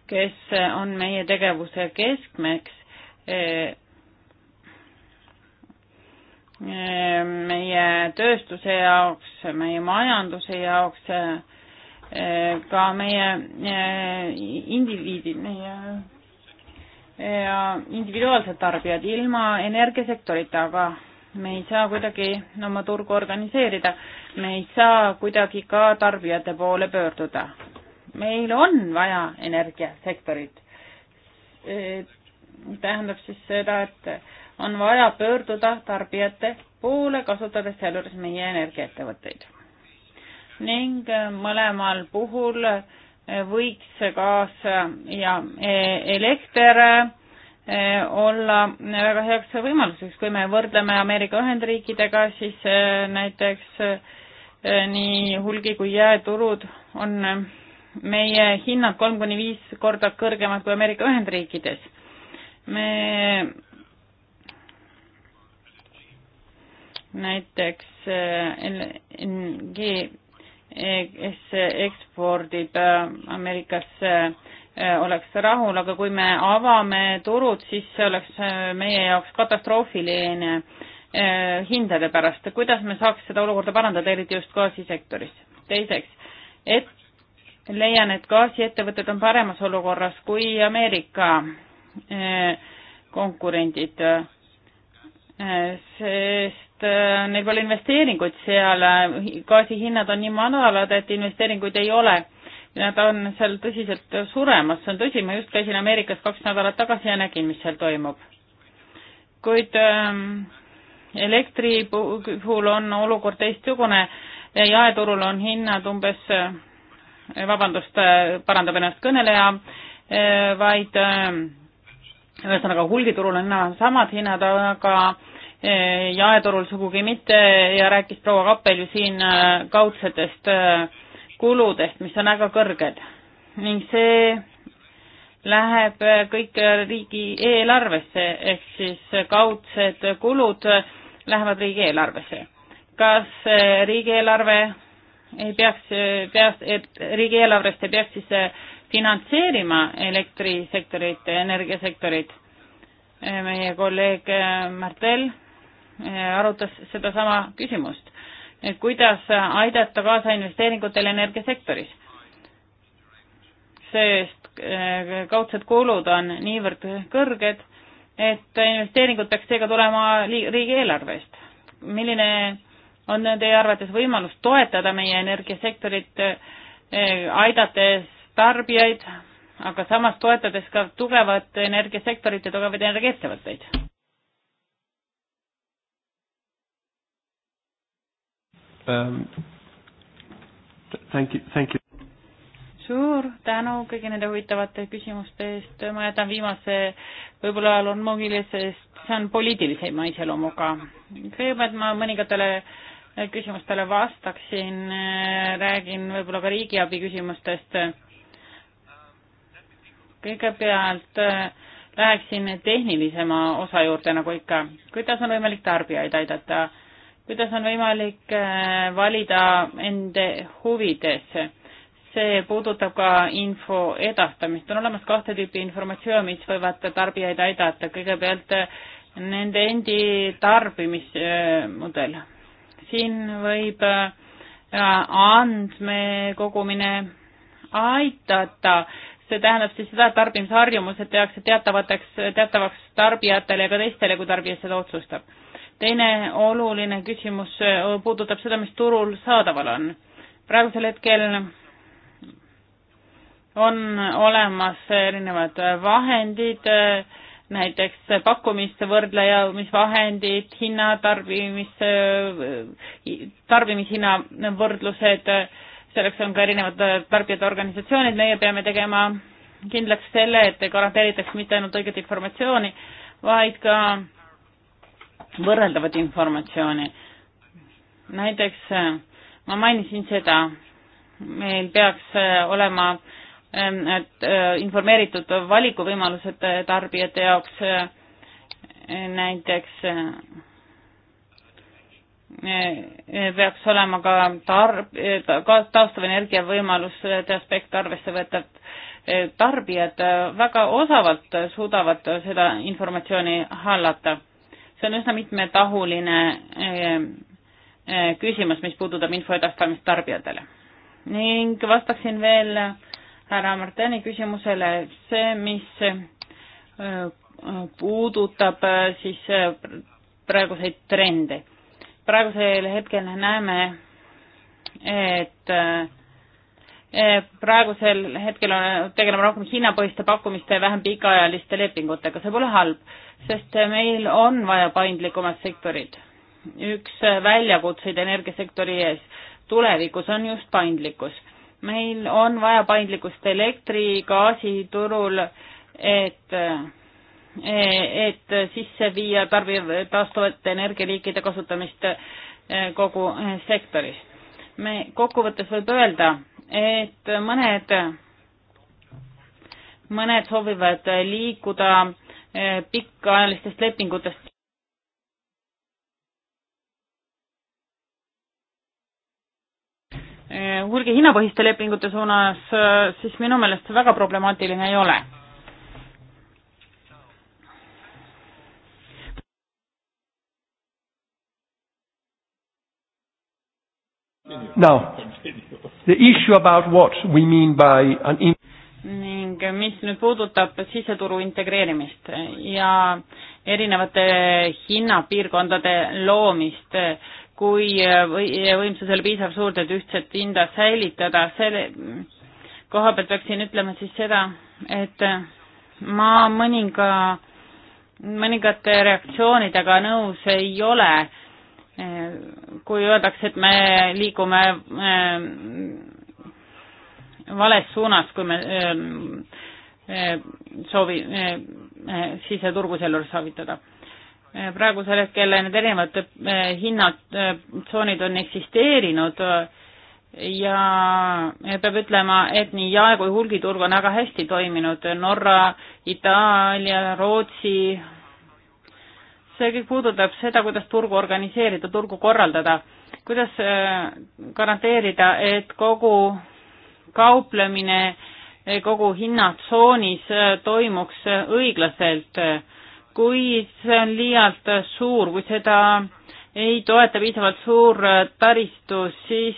kes on meie tegevuse keskmeks. Äh, meie tööstuse jaoks, meie majanduse jaoks, ka meie indiviidid, meie ja individuaalsed tarbijad ilma energiasektorita, aga me ei saa kuidagi oma turgu organiseerida, me ei saa kuidagi ka tarbijate poole pöörduda. meil on vaja energiasektorit. E, tähendab siis seda, et on vaja pöörduda tarbijate poole, kasutades sealjuures meie energiaettevõtteid. ning mõlemal puhul võiks gaas ja e, elekter Eh, olla väga heaks võimaluseks, kui me võrdleme Ameerika Ühendriikidega, siis eh, näiteks eh, nii hulgi kui jääturud on meie hinnad kolm kuni viis korda kõrgemad kui Ameerika Ühendriikides. me näiteks LNG, kes ekspordib Ameerikasse Äh, oleks rahul, aga kui me avame turud, siis see oleks äh, meie jaoks katastroofiline äh, hindade pärast. kuidas me saaks seda olukorda parandada, eriti just gaasisektoris? teiseks, et leian, et gaasiettevõtted on paremas olukorras kui Ameerika konkurendid, sest neil pole investeeringuid seal, gaasi hinnad on nii madalad, et investeeringuid ei ole ja ta on seal tõsiselt suremas, see on tõsi, ma just käisin Ameerikas kaks nädalat tagasi ja nägin, mis seal toimub. kuid ähm, elektri puhul on olukord teistsugune, jaeturul on hinnad umbes, äh, vabandust, äh, parandab ennast kõneleja, äh, vaid ähm, ühesõnaga hulgiturul on enam samad hinnad, aga jaeturul sugugi mitte ja rääkis proua Kappel ju siin kaudsetest äh, kulud ehk mis on väga kõrged ning see läheb kõik riigi eelarvesse ehk siis kaudsed kulud lähevad riigieelarvesse. kas eh, riigieelarve ei peaks, eh, peaks, riigieelarvest ei peaks siis eh, finantseerima elektrisektorit, energiasektorit? meie kolleeg Martel arutas sedasama küsimust nüüd kuidas aidata kaasa investeeringutele energiasektoris? sest äh, kaudsed kulud on niivõrd kõrged, et investeeringud peaks seega tulema riigieelarvest. milline on teie arvates võimalus toetada meie energiasektorit, äh, aidates tarbijaid, aga samas toetades ka tugevat energiasektorit ja tugevaid energiaettevõtteid? um,. Thank you, thank you. suur tänu kõigi nende huvitavate küsimuste eest, ma jätan viimase võib-olla Lon-Mobile, sest see on poliitilisema iseloomuga. kõigepealt ma mõningatele küsimustele vastaksin, räägin võib-olla ka riigiabi küsimustest. kõigepealt äh, läheksin tehnilisema osa juurde, nagu ikka. kuidas on võimalik tarbijaid aidata? kuidas on võimalik äh, valida enda huvides. see puudutab ka info edastamist. on olemas kahte tüüpi informatsioon, mis võivad tarbijaid aidata. kõigepealt äh, nende endi tarbimismudel. Äh, siin võib andmekogumine aidata, see tähendab siis seda, et tarbimisharjumused tehakse teatavateks, teatavaks tarbijatele ja ka teistele, kui tarbija seda otsustab teine oluline küsimus äh, puudutab seda, mis turul saadaval on. praegusel hetkel on olemas erinevad vahendid, äh, näiteks pakkumiste võrdleja, mis vahendid, hinna tarbimis, äh, tarbimishinna võrdlused, selleks on ka erinevad tarbijate organisatsioonid, meie peame tegema kindlaks selle, et garanteeritakse mitte ainult õiget informatsiooni, vaid ka võrreldavat informatsiooni. näiteks äh, ma mainisin seda, meil peaks äh, olema ähm, et äh, informeeritud valikuvõimalused tarbijate jaoks, näiteks peaks olema ka tarb-, ka taastuvenergia võimaluste aspekt arvesse võetav, tarbijad väga osavalt suudavad seda informatsiooni hallata see on üsna mitmetahuline eh, eh, küsimus, mis puudutab info edastamist tarbijatele. ning vastaksin veel härra Martini küsimusele, see, mis eh, puudutab siis praeguseid trende. praegusel hetkel näeme, et äh, Eh, praegusel hetkel on, tegeleme rohkem hinnapõhiste pakkumiste ja vähem pikaajaliste lepingutega, see pole halb, sest meil on vaja paindlikumad sektorid. üks väljakutseid energiasektori ees tulevikus on just paindlikkus. meil on vaja paindlikkust elektri, gaasiturul, et et sisse viia tarbiv, taastuvate energialiikide kasutamist eh, kogu eh, sektoris. me kokkuvõttes võib öelda, et mõned, mõned soovivad liikuda eh, pikaajalistest lepingutest eh, hulgi hinnapõhiste lepingute suunas, eh, siis minu meelest see väga problemaatiline ei ole. no The issue about what we mean by an in- ning mis nüüd puudutab siseturu integreerimist ja erinevate hinnapiirkondade loomist, kui võimsusel piisab suurt, et ühtset hinda säilitada, selle koha pealt peaksin ütlema siis seda, et ma mõninga, mõningate reaktsioonidega nõus ei ole Eh, kui öeldakse, et me liigume eh, vales suunas, kui me eh, soovi, siseturgu selle juures saavutada. praegusel hetkel need erinevad hinnad, tsoonid on eksisteerinud ja peab ütlema, et nii jae- kui hulgiturg on väga hästi toiminud, Norra, Itaalia, Rootsi, see kõik puudutab seda, kuidas turgu organiseerida, turgu korraldada, kuidas äh, garanteerida, et kogu kauplemine, kogu hinnatsoonis äh, toimuks äh, õiglaselt. kui see on liialt suur, kui seda ei toeta piisavalt suur taristu, siis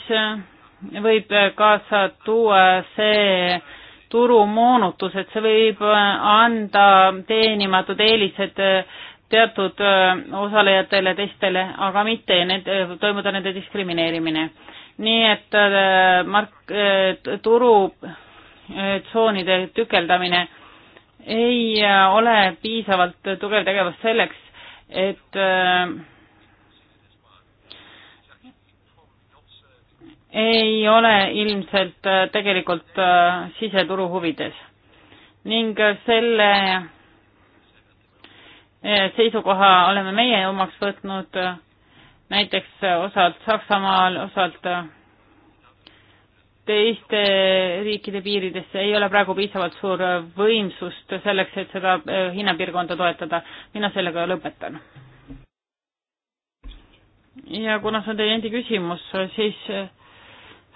võib kaasa tuua see turumoonutus, et see võib anda teenimatud eelised äh, teatud osalejatele, teistele, aga mitte need, toimuda nende diskrimineerimine. nii et mark-, turutsoonide tükeldamine ei ole piisavalt tugev tegevus selleks, et ei ole ilmselt tegelikult siseturu huvides ning selle Eh, seisukoha oleme meie omaks võtnud, eh, näiteks eh, osalt Saksamaal, osalt teiste riikide piiridesse ei ole praegu piisavalt suur võimsust selleks, et seda hinnapiirkonda toetada. mina sellega lõpetan. ja kuna see on teie endi küsimus, siis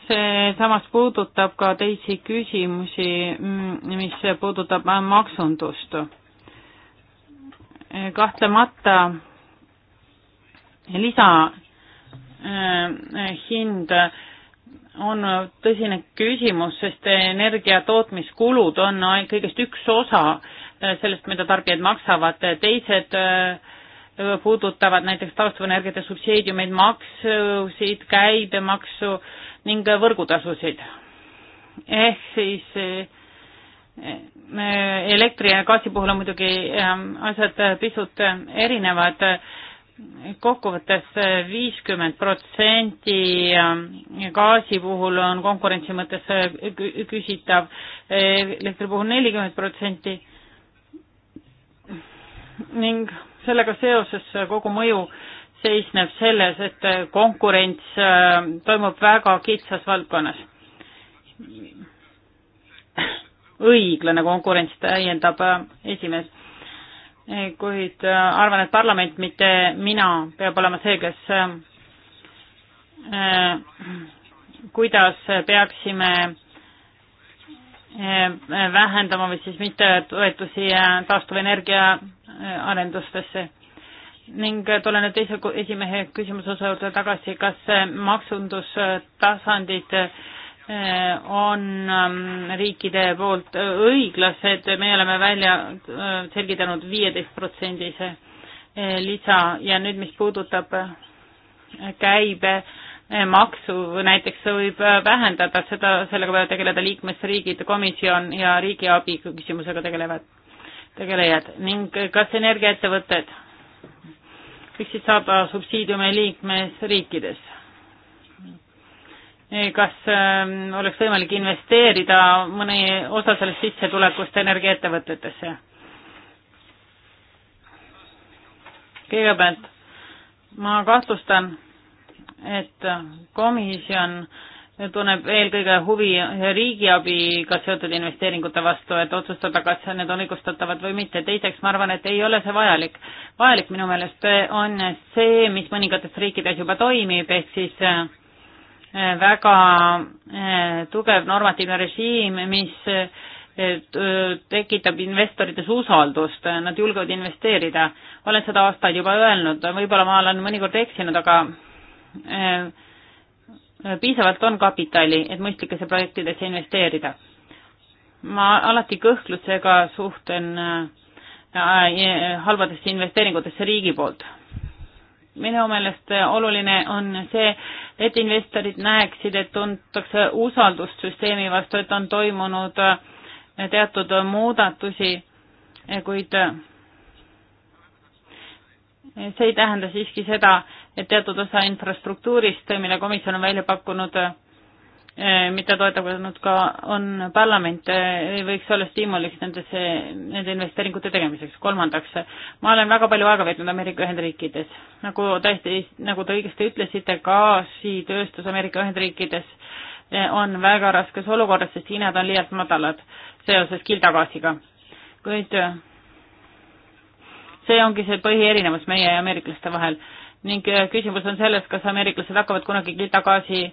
see samas puudutab ka teisi küsimusi, mm, mis puudutab maksundust kahtlemata lisahind äh, on tõsine küsimus, sest energia tootmiskulud on kõigest üks osa äh, sellest, mida tarbijad maksavad, teised äh, puudutavad näiteks taastuvenergiate subsiidiumeid, maksusid, käibemaksu ning võrgutasusid. ehk siis elektri ja gaasi puhul on muidugi ähm, asjad äh, pisut äh, erinevad kokkuvõttes äh, viiskümmend protsenti ähm, gaasi puhul on konkurentsi mõttes küsitav, elektri puhul nelikümmend protsenti ning sellega seoses kogu mõju seisneb selles, et konkurents toimub väga kitsas valdkonnas õiglane konkurents, täiendab äh, esimees. Eh, kuid äh, arvan, et parlament, mitte mina, peab olema see, kes äh, eh, kuidas peaksime eh, vähendama või siis mitte toetusi taastuvenergia arendustesse. ning tulen nüüd teise esimehe küsimuse osa juurde tagasi, kas maksundustasandid Äh, on ähm, riikide poolt äh, õiglased, meie oleme välja äh, selgitanud viieteistprotsendise lisa ja nüüd, mis puudutab käibemaksu, näiteks see võib vähendada seda, sellega võivad tegeleda liikmesriigid, komisjon ja riigiabi küsimusega tegelevad, tegelejad ning kas energiaettevõtted võiksid saada subsiidiume liikmesriikides kas ähm, oleks võimalik investeerida mõni osa sellest sissetulekust energiaettevõtetesse? kõigepealt ma kahtlustan, et komisjon tunneb eelkõige huvi riigiabiga seotud investeeringute vastu, et otsustada, kas need on õigustatavad või mitte. teiseks, ma arvan, et ei ole see vajalik. vajalik minu meelest on see, mis mõningates riikides juba toimib, ehk siis äh, väga eh, tugev normatiivne režiim, mis eh, tekitab investorites usaldust, nad julgevad investeerida. olen seda aastaid juba öelnud, võib-olla ma olen mõnikord eksinud, aga eh, piisavalt on kapitali, et mõistlikesse projektidesse investeerida. ma alati kõhklusega suhtlen halbadesse investeeringutesse riigi poolt. minu meelest oluline on see, et investorid näeksid, et tuntakse usaldust süsteemi vastu, et on toimunud eh, teatud muudatusi, eh, kuid eh, see ei tähenda siiski seda, et teatud osa infrastruktuurist, mille komisjon on välja pakkunud, Eh, mida toetab nüüd ka, on parlament, eh, võiks olla stiimuliks nendesse, nende investeeringute tegemiseks. kolmandaks, ma olen väga palju aega veetnud Ameerika Ühendriikides. nagu täiesti, nagu te õigesti ütlesite, gaasitööstus Ameerika Ühendriikides eh, on väga raskes olukorras, sest hinnad on liialt madalad seoses kildagaasiga. kuid see ongi see põhierinevus meie ja ameeriklaste vahel ning küsimus on selles, kas ameeriklased hakkavad kunagi kildagaasi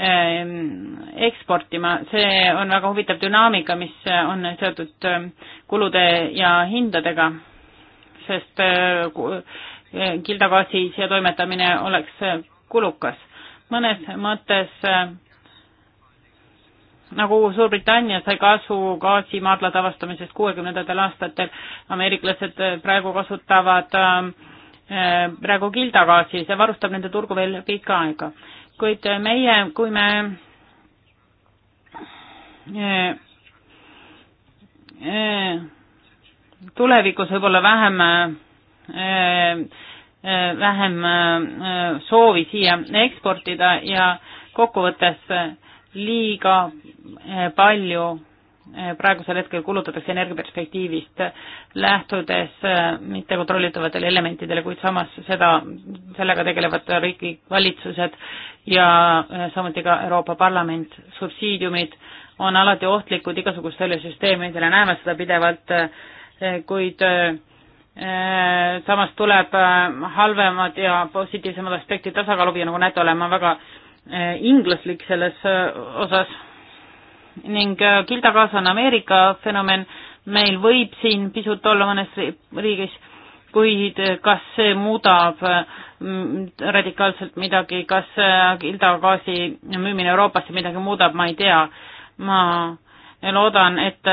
Ähm, eksportima, see on väga huvitav dünaamika, mis on seotud ähm, kulude ja hindadega, sest äh, äh, kildagaasi siia toimetamine oleks äh, kulukas. mõnes mõttes nagu Suurbritannia sai kasu gaasimaadla tavastamisest kuuekümnendatel aastatel, ameeriklased praegu kasutavad ähm, praegu kildagaasi, see varustab nende turgu veel pikka aega kuid meie, kui me eh, eh, tulevikus võib-olla vähem, eh, vähem soovi siia eksportida ja kokkuvõttes liiga palju Eh, praegusel hetkel kulutatakse energiaperspektiivist eh, lähtudes eh, mittekontrollitavatele elementidele, kuid samas seda, sellega tegelevad riigi valitsused ja samuti ka Euroopa Parlament, subsiidiumid on alati ohtlikud igasugustele süsteemidele, näeme seda pidevalt, kuid samas tuleb halvemad ja positiivsemad aspektid tasakaalu viia, nagu näete, olen ma väga inglaslik selles osas ning Gilda äh, Kaasa on Ameerika fenomen, meil võib siin pisut olla mõnes riigis, kuid äh, kas see muudab äh, radikaalselt midagi, kas Gilda gaasi müümine Euroopasse midagi muudab, ma ei tea. ma loodan, et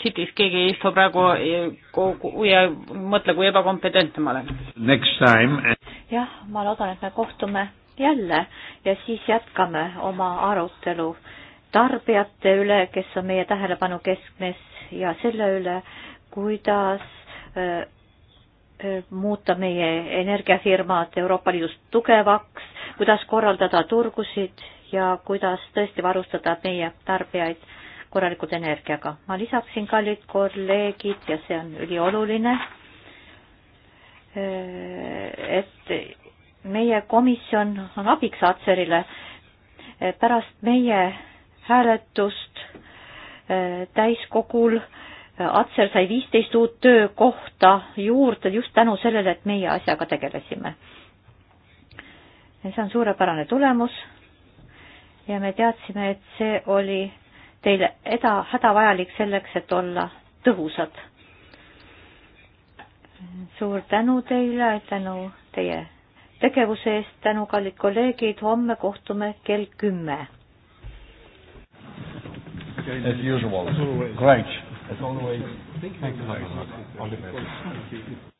City's keegi ei istu praegu ja mõtle, kui ebakompetentne ma olen. jah, ma loodan, et me kohtume jälle ja siis jätkame oma arutelu tarbijate üle, kes on meie tähelepanu keskmes ja selle üle, kuidas äh, äh, muuta meie energiafirmad Euroopa Liidus tugevaks, kuidas korraldada turgusid ja kuidas tõesti varustada meie tarbijaid korralikult energiaga. ma lisaksin, kallid kolleegid, ja see on ülioluline, äh, et meie komisjon on abiks Atserile. pärast meie hääletust täiskogul. Atser sai viisteist uut töökohta juurde just tänu sellele, et meie asjaga tegelesime. see on suurepärane tulemus ja me teadsime, et see oli teile häda, hädavajalik selleks, et olla tõhusad. suur tänu teile, tänu teie tegevuse eest, tänu kallid kolleegid, homme kohtume kell kümme as usual. As always. Great. As always. Thank you. Thanks a lot. All the best.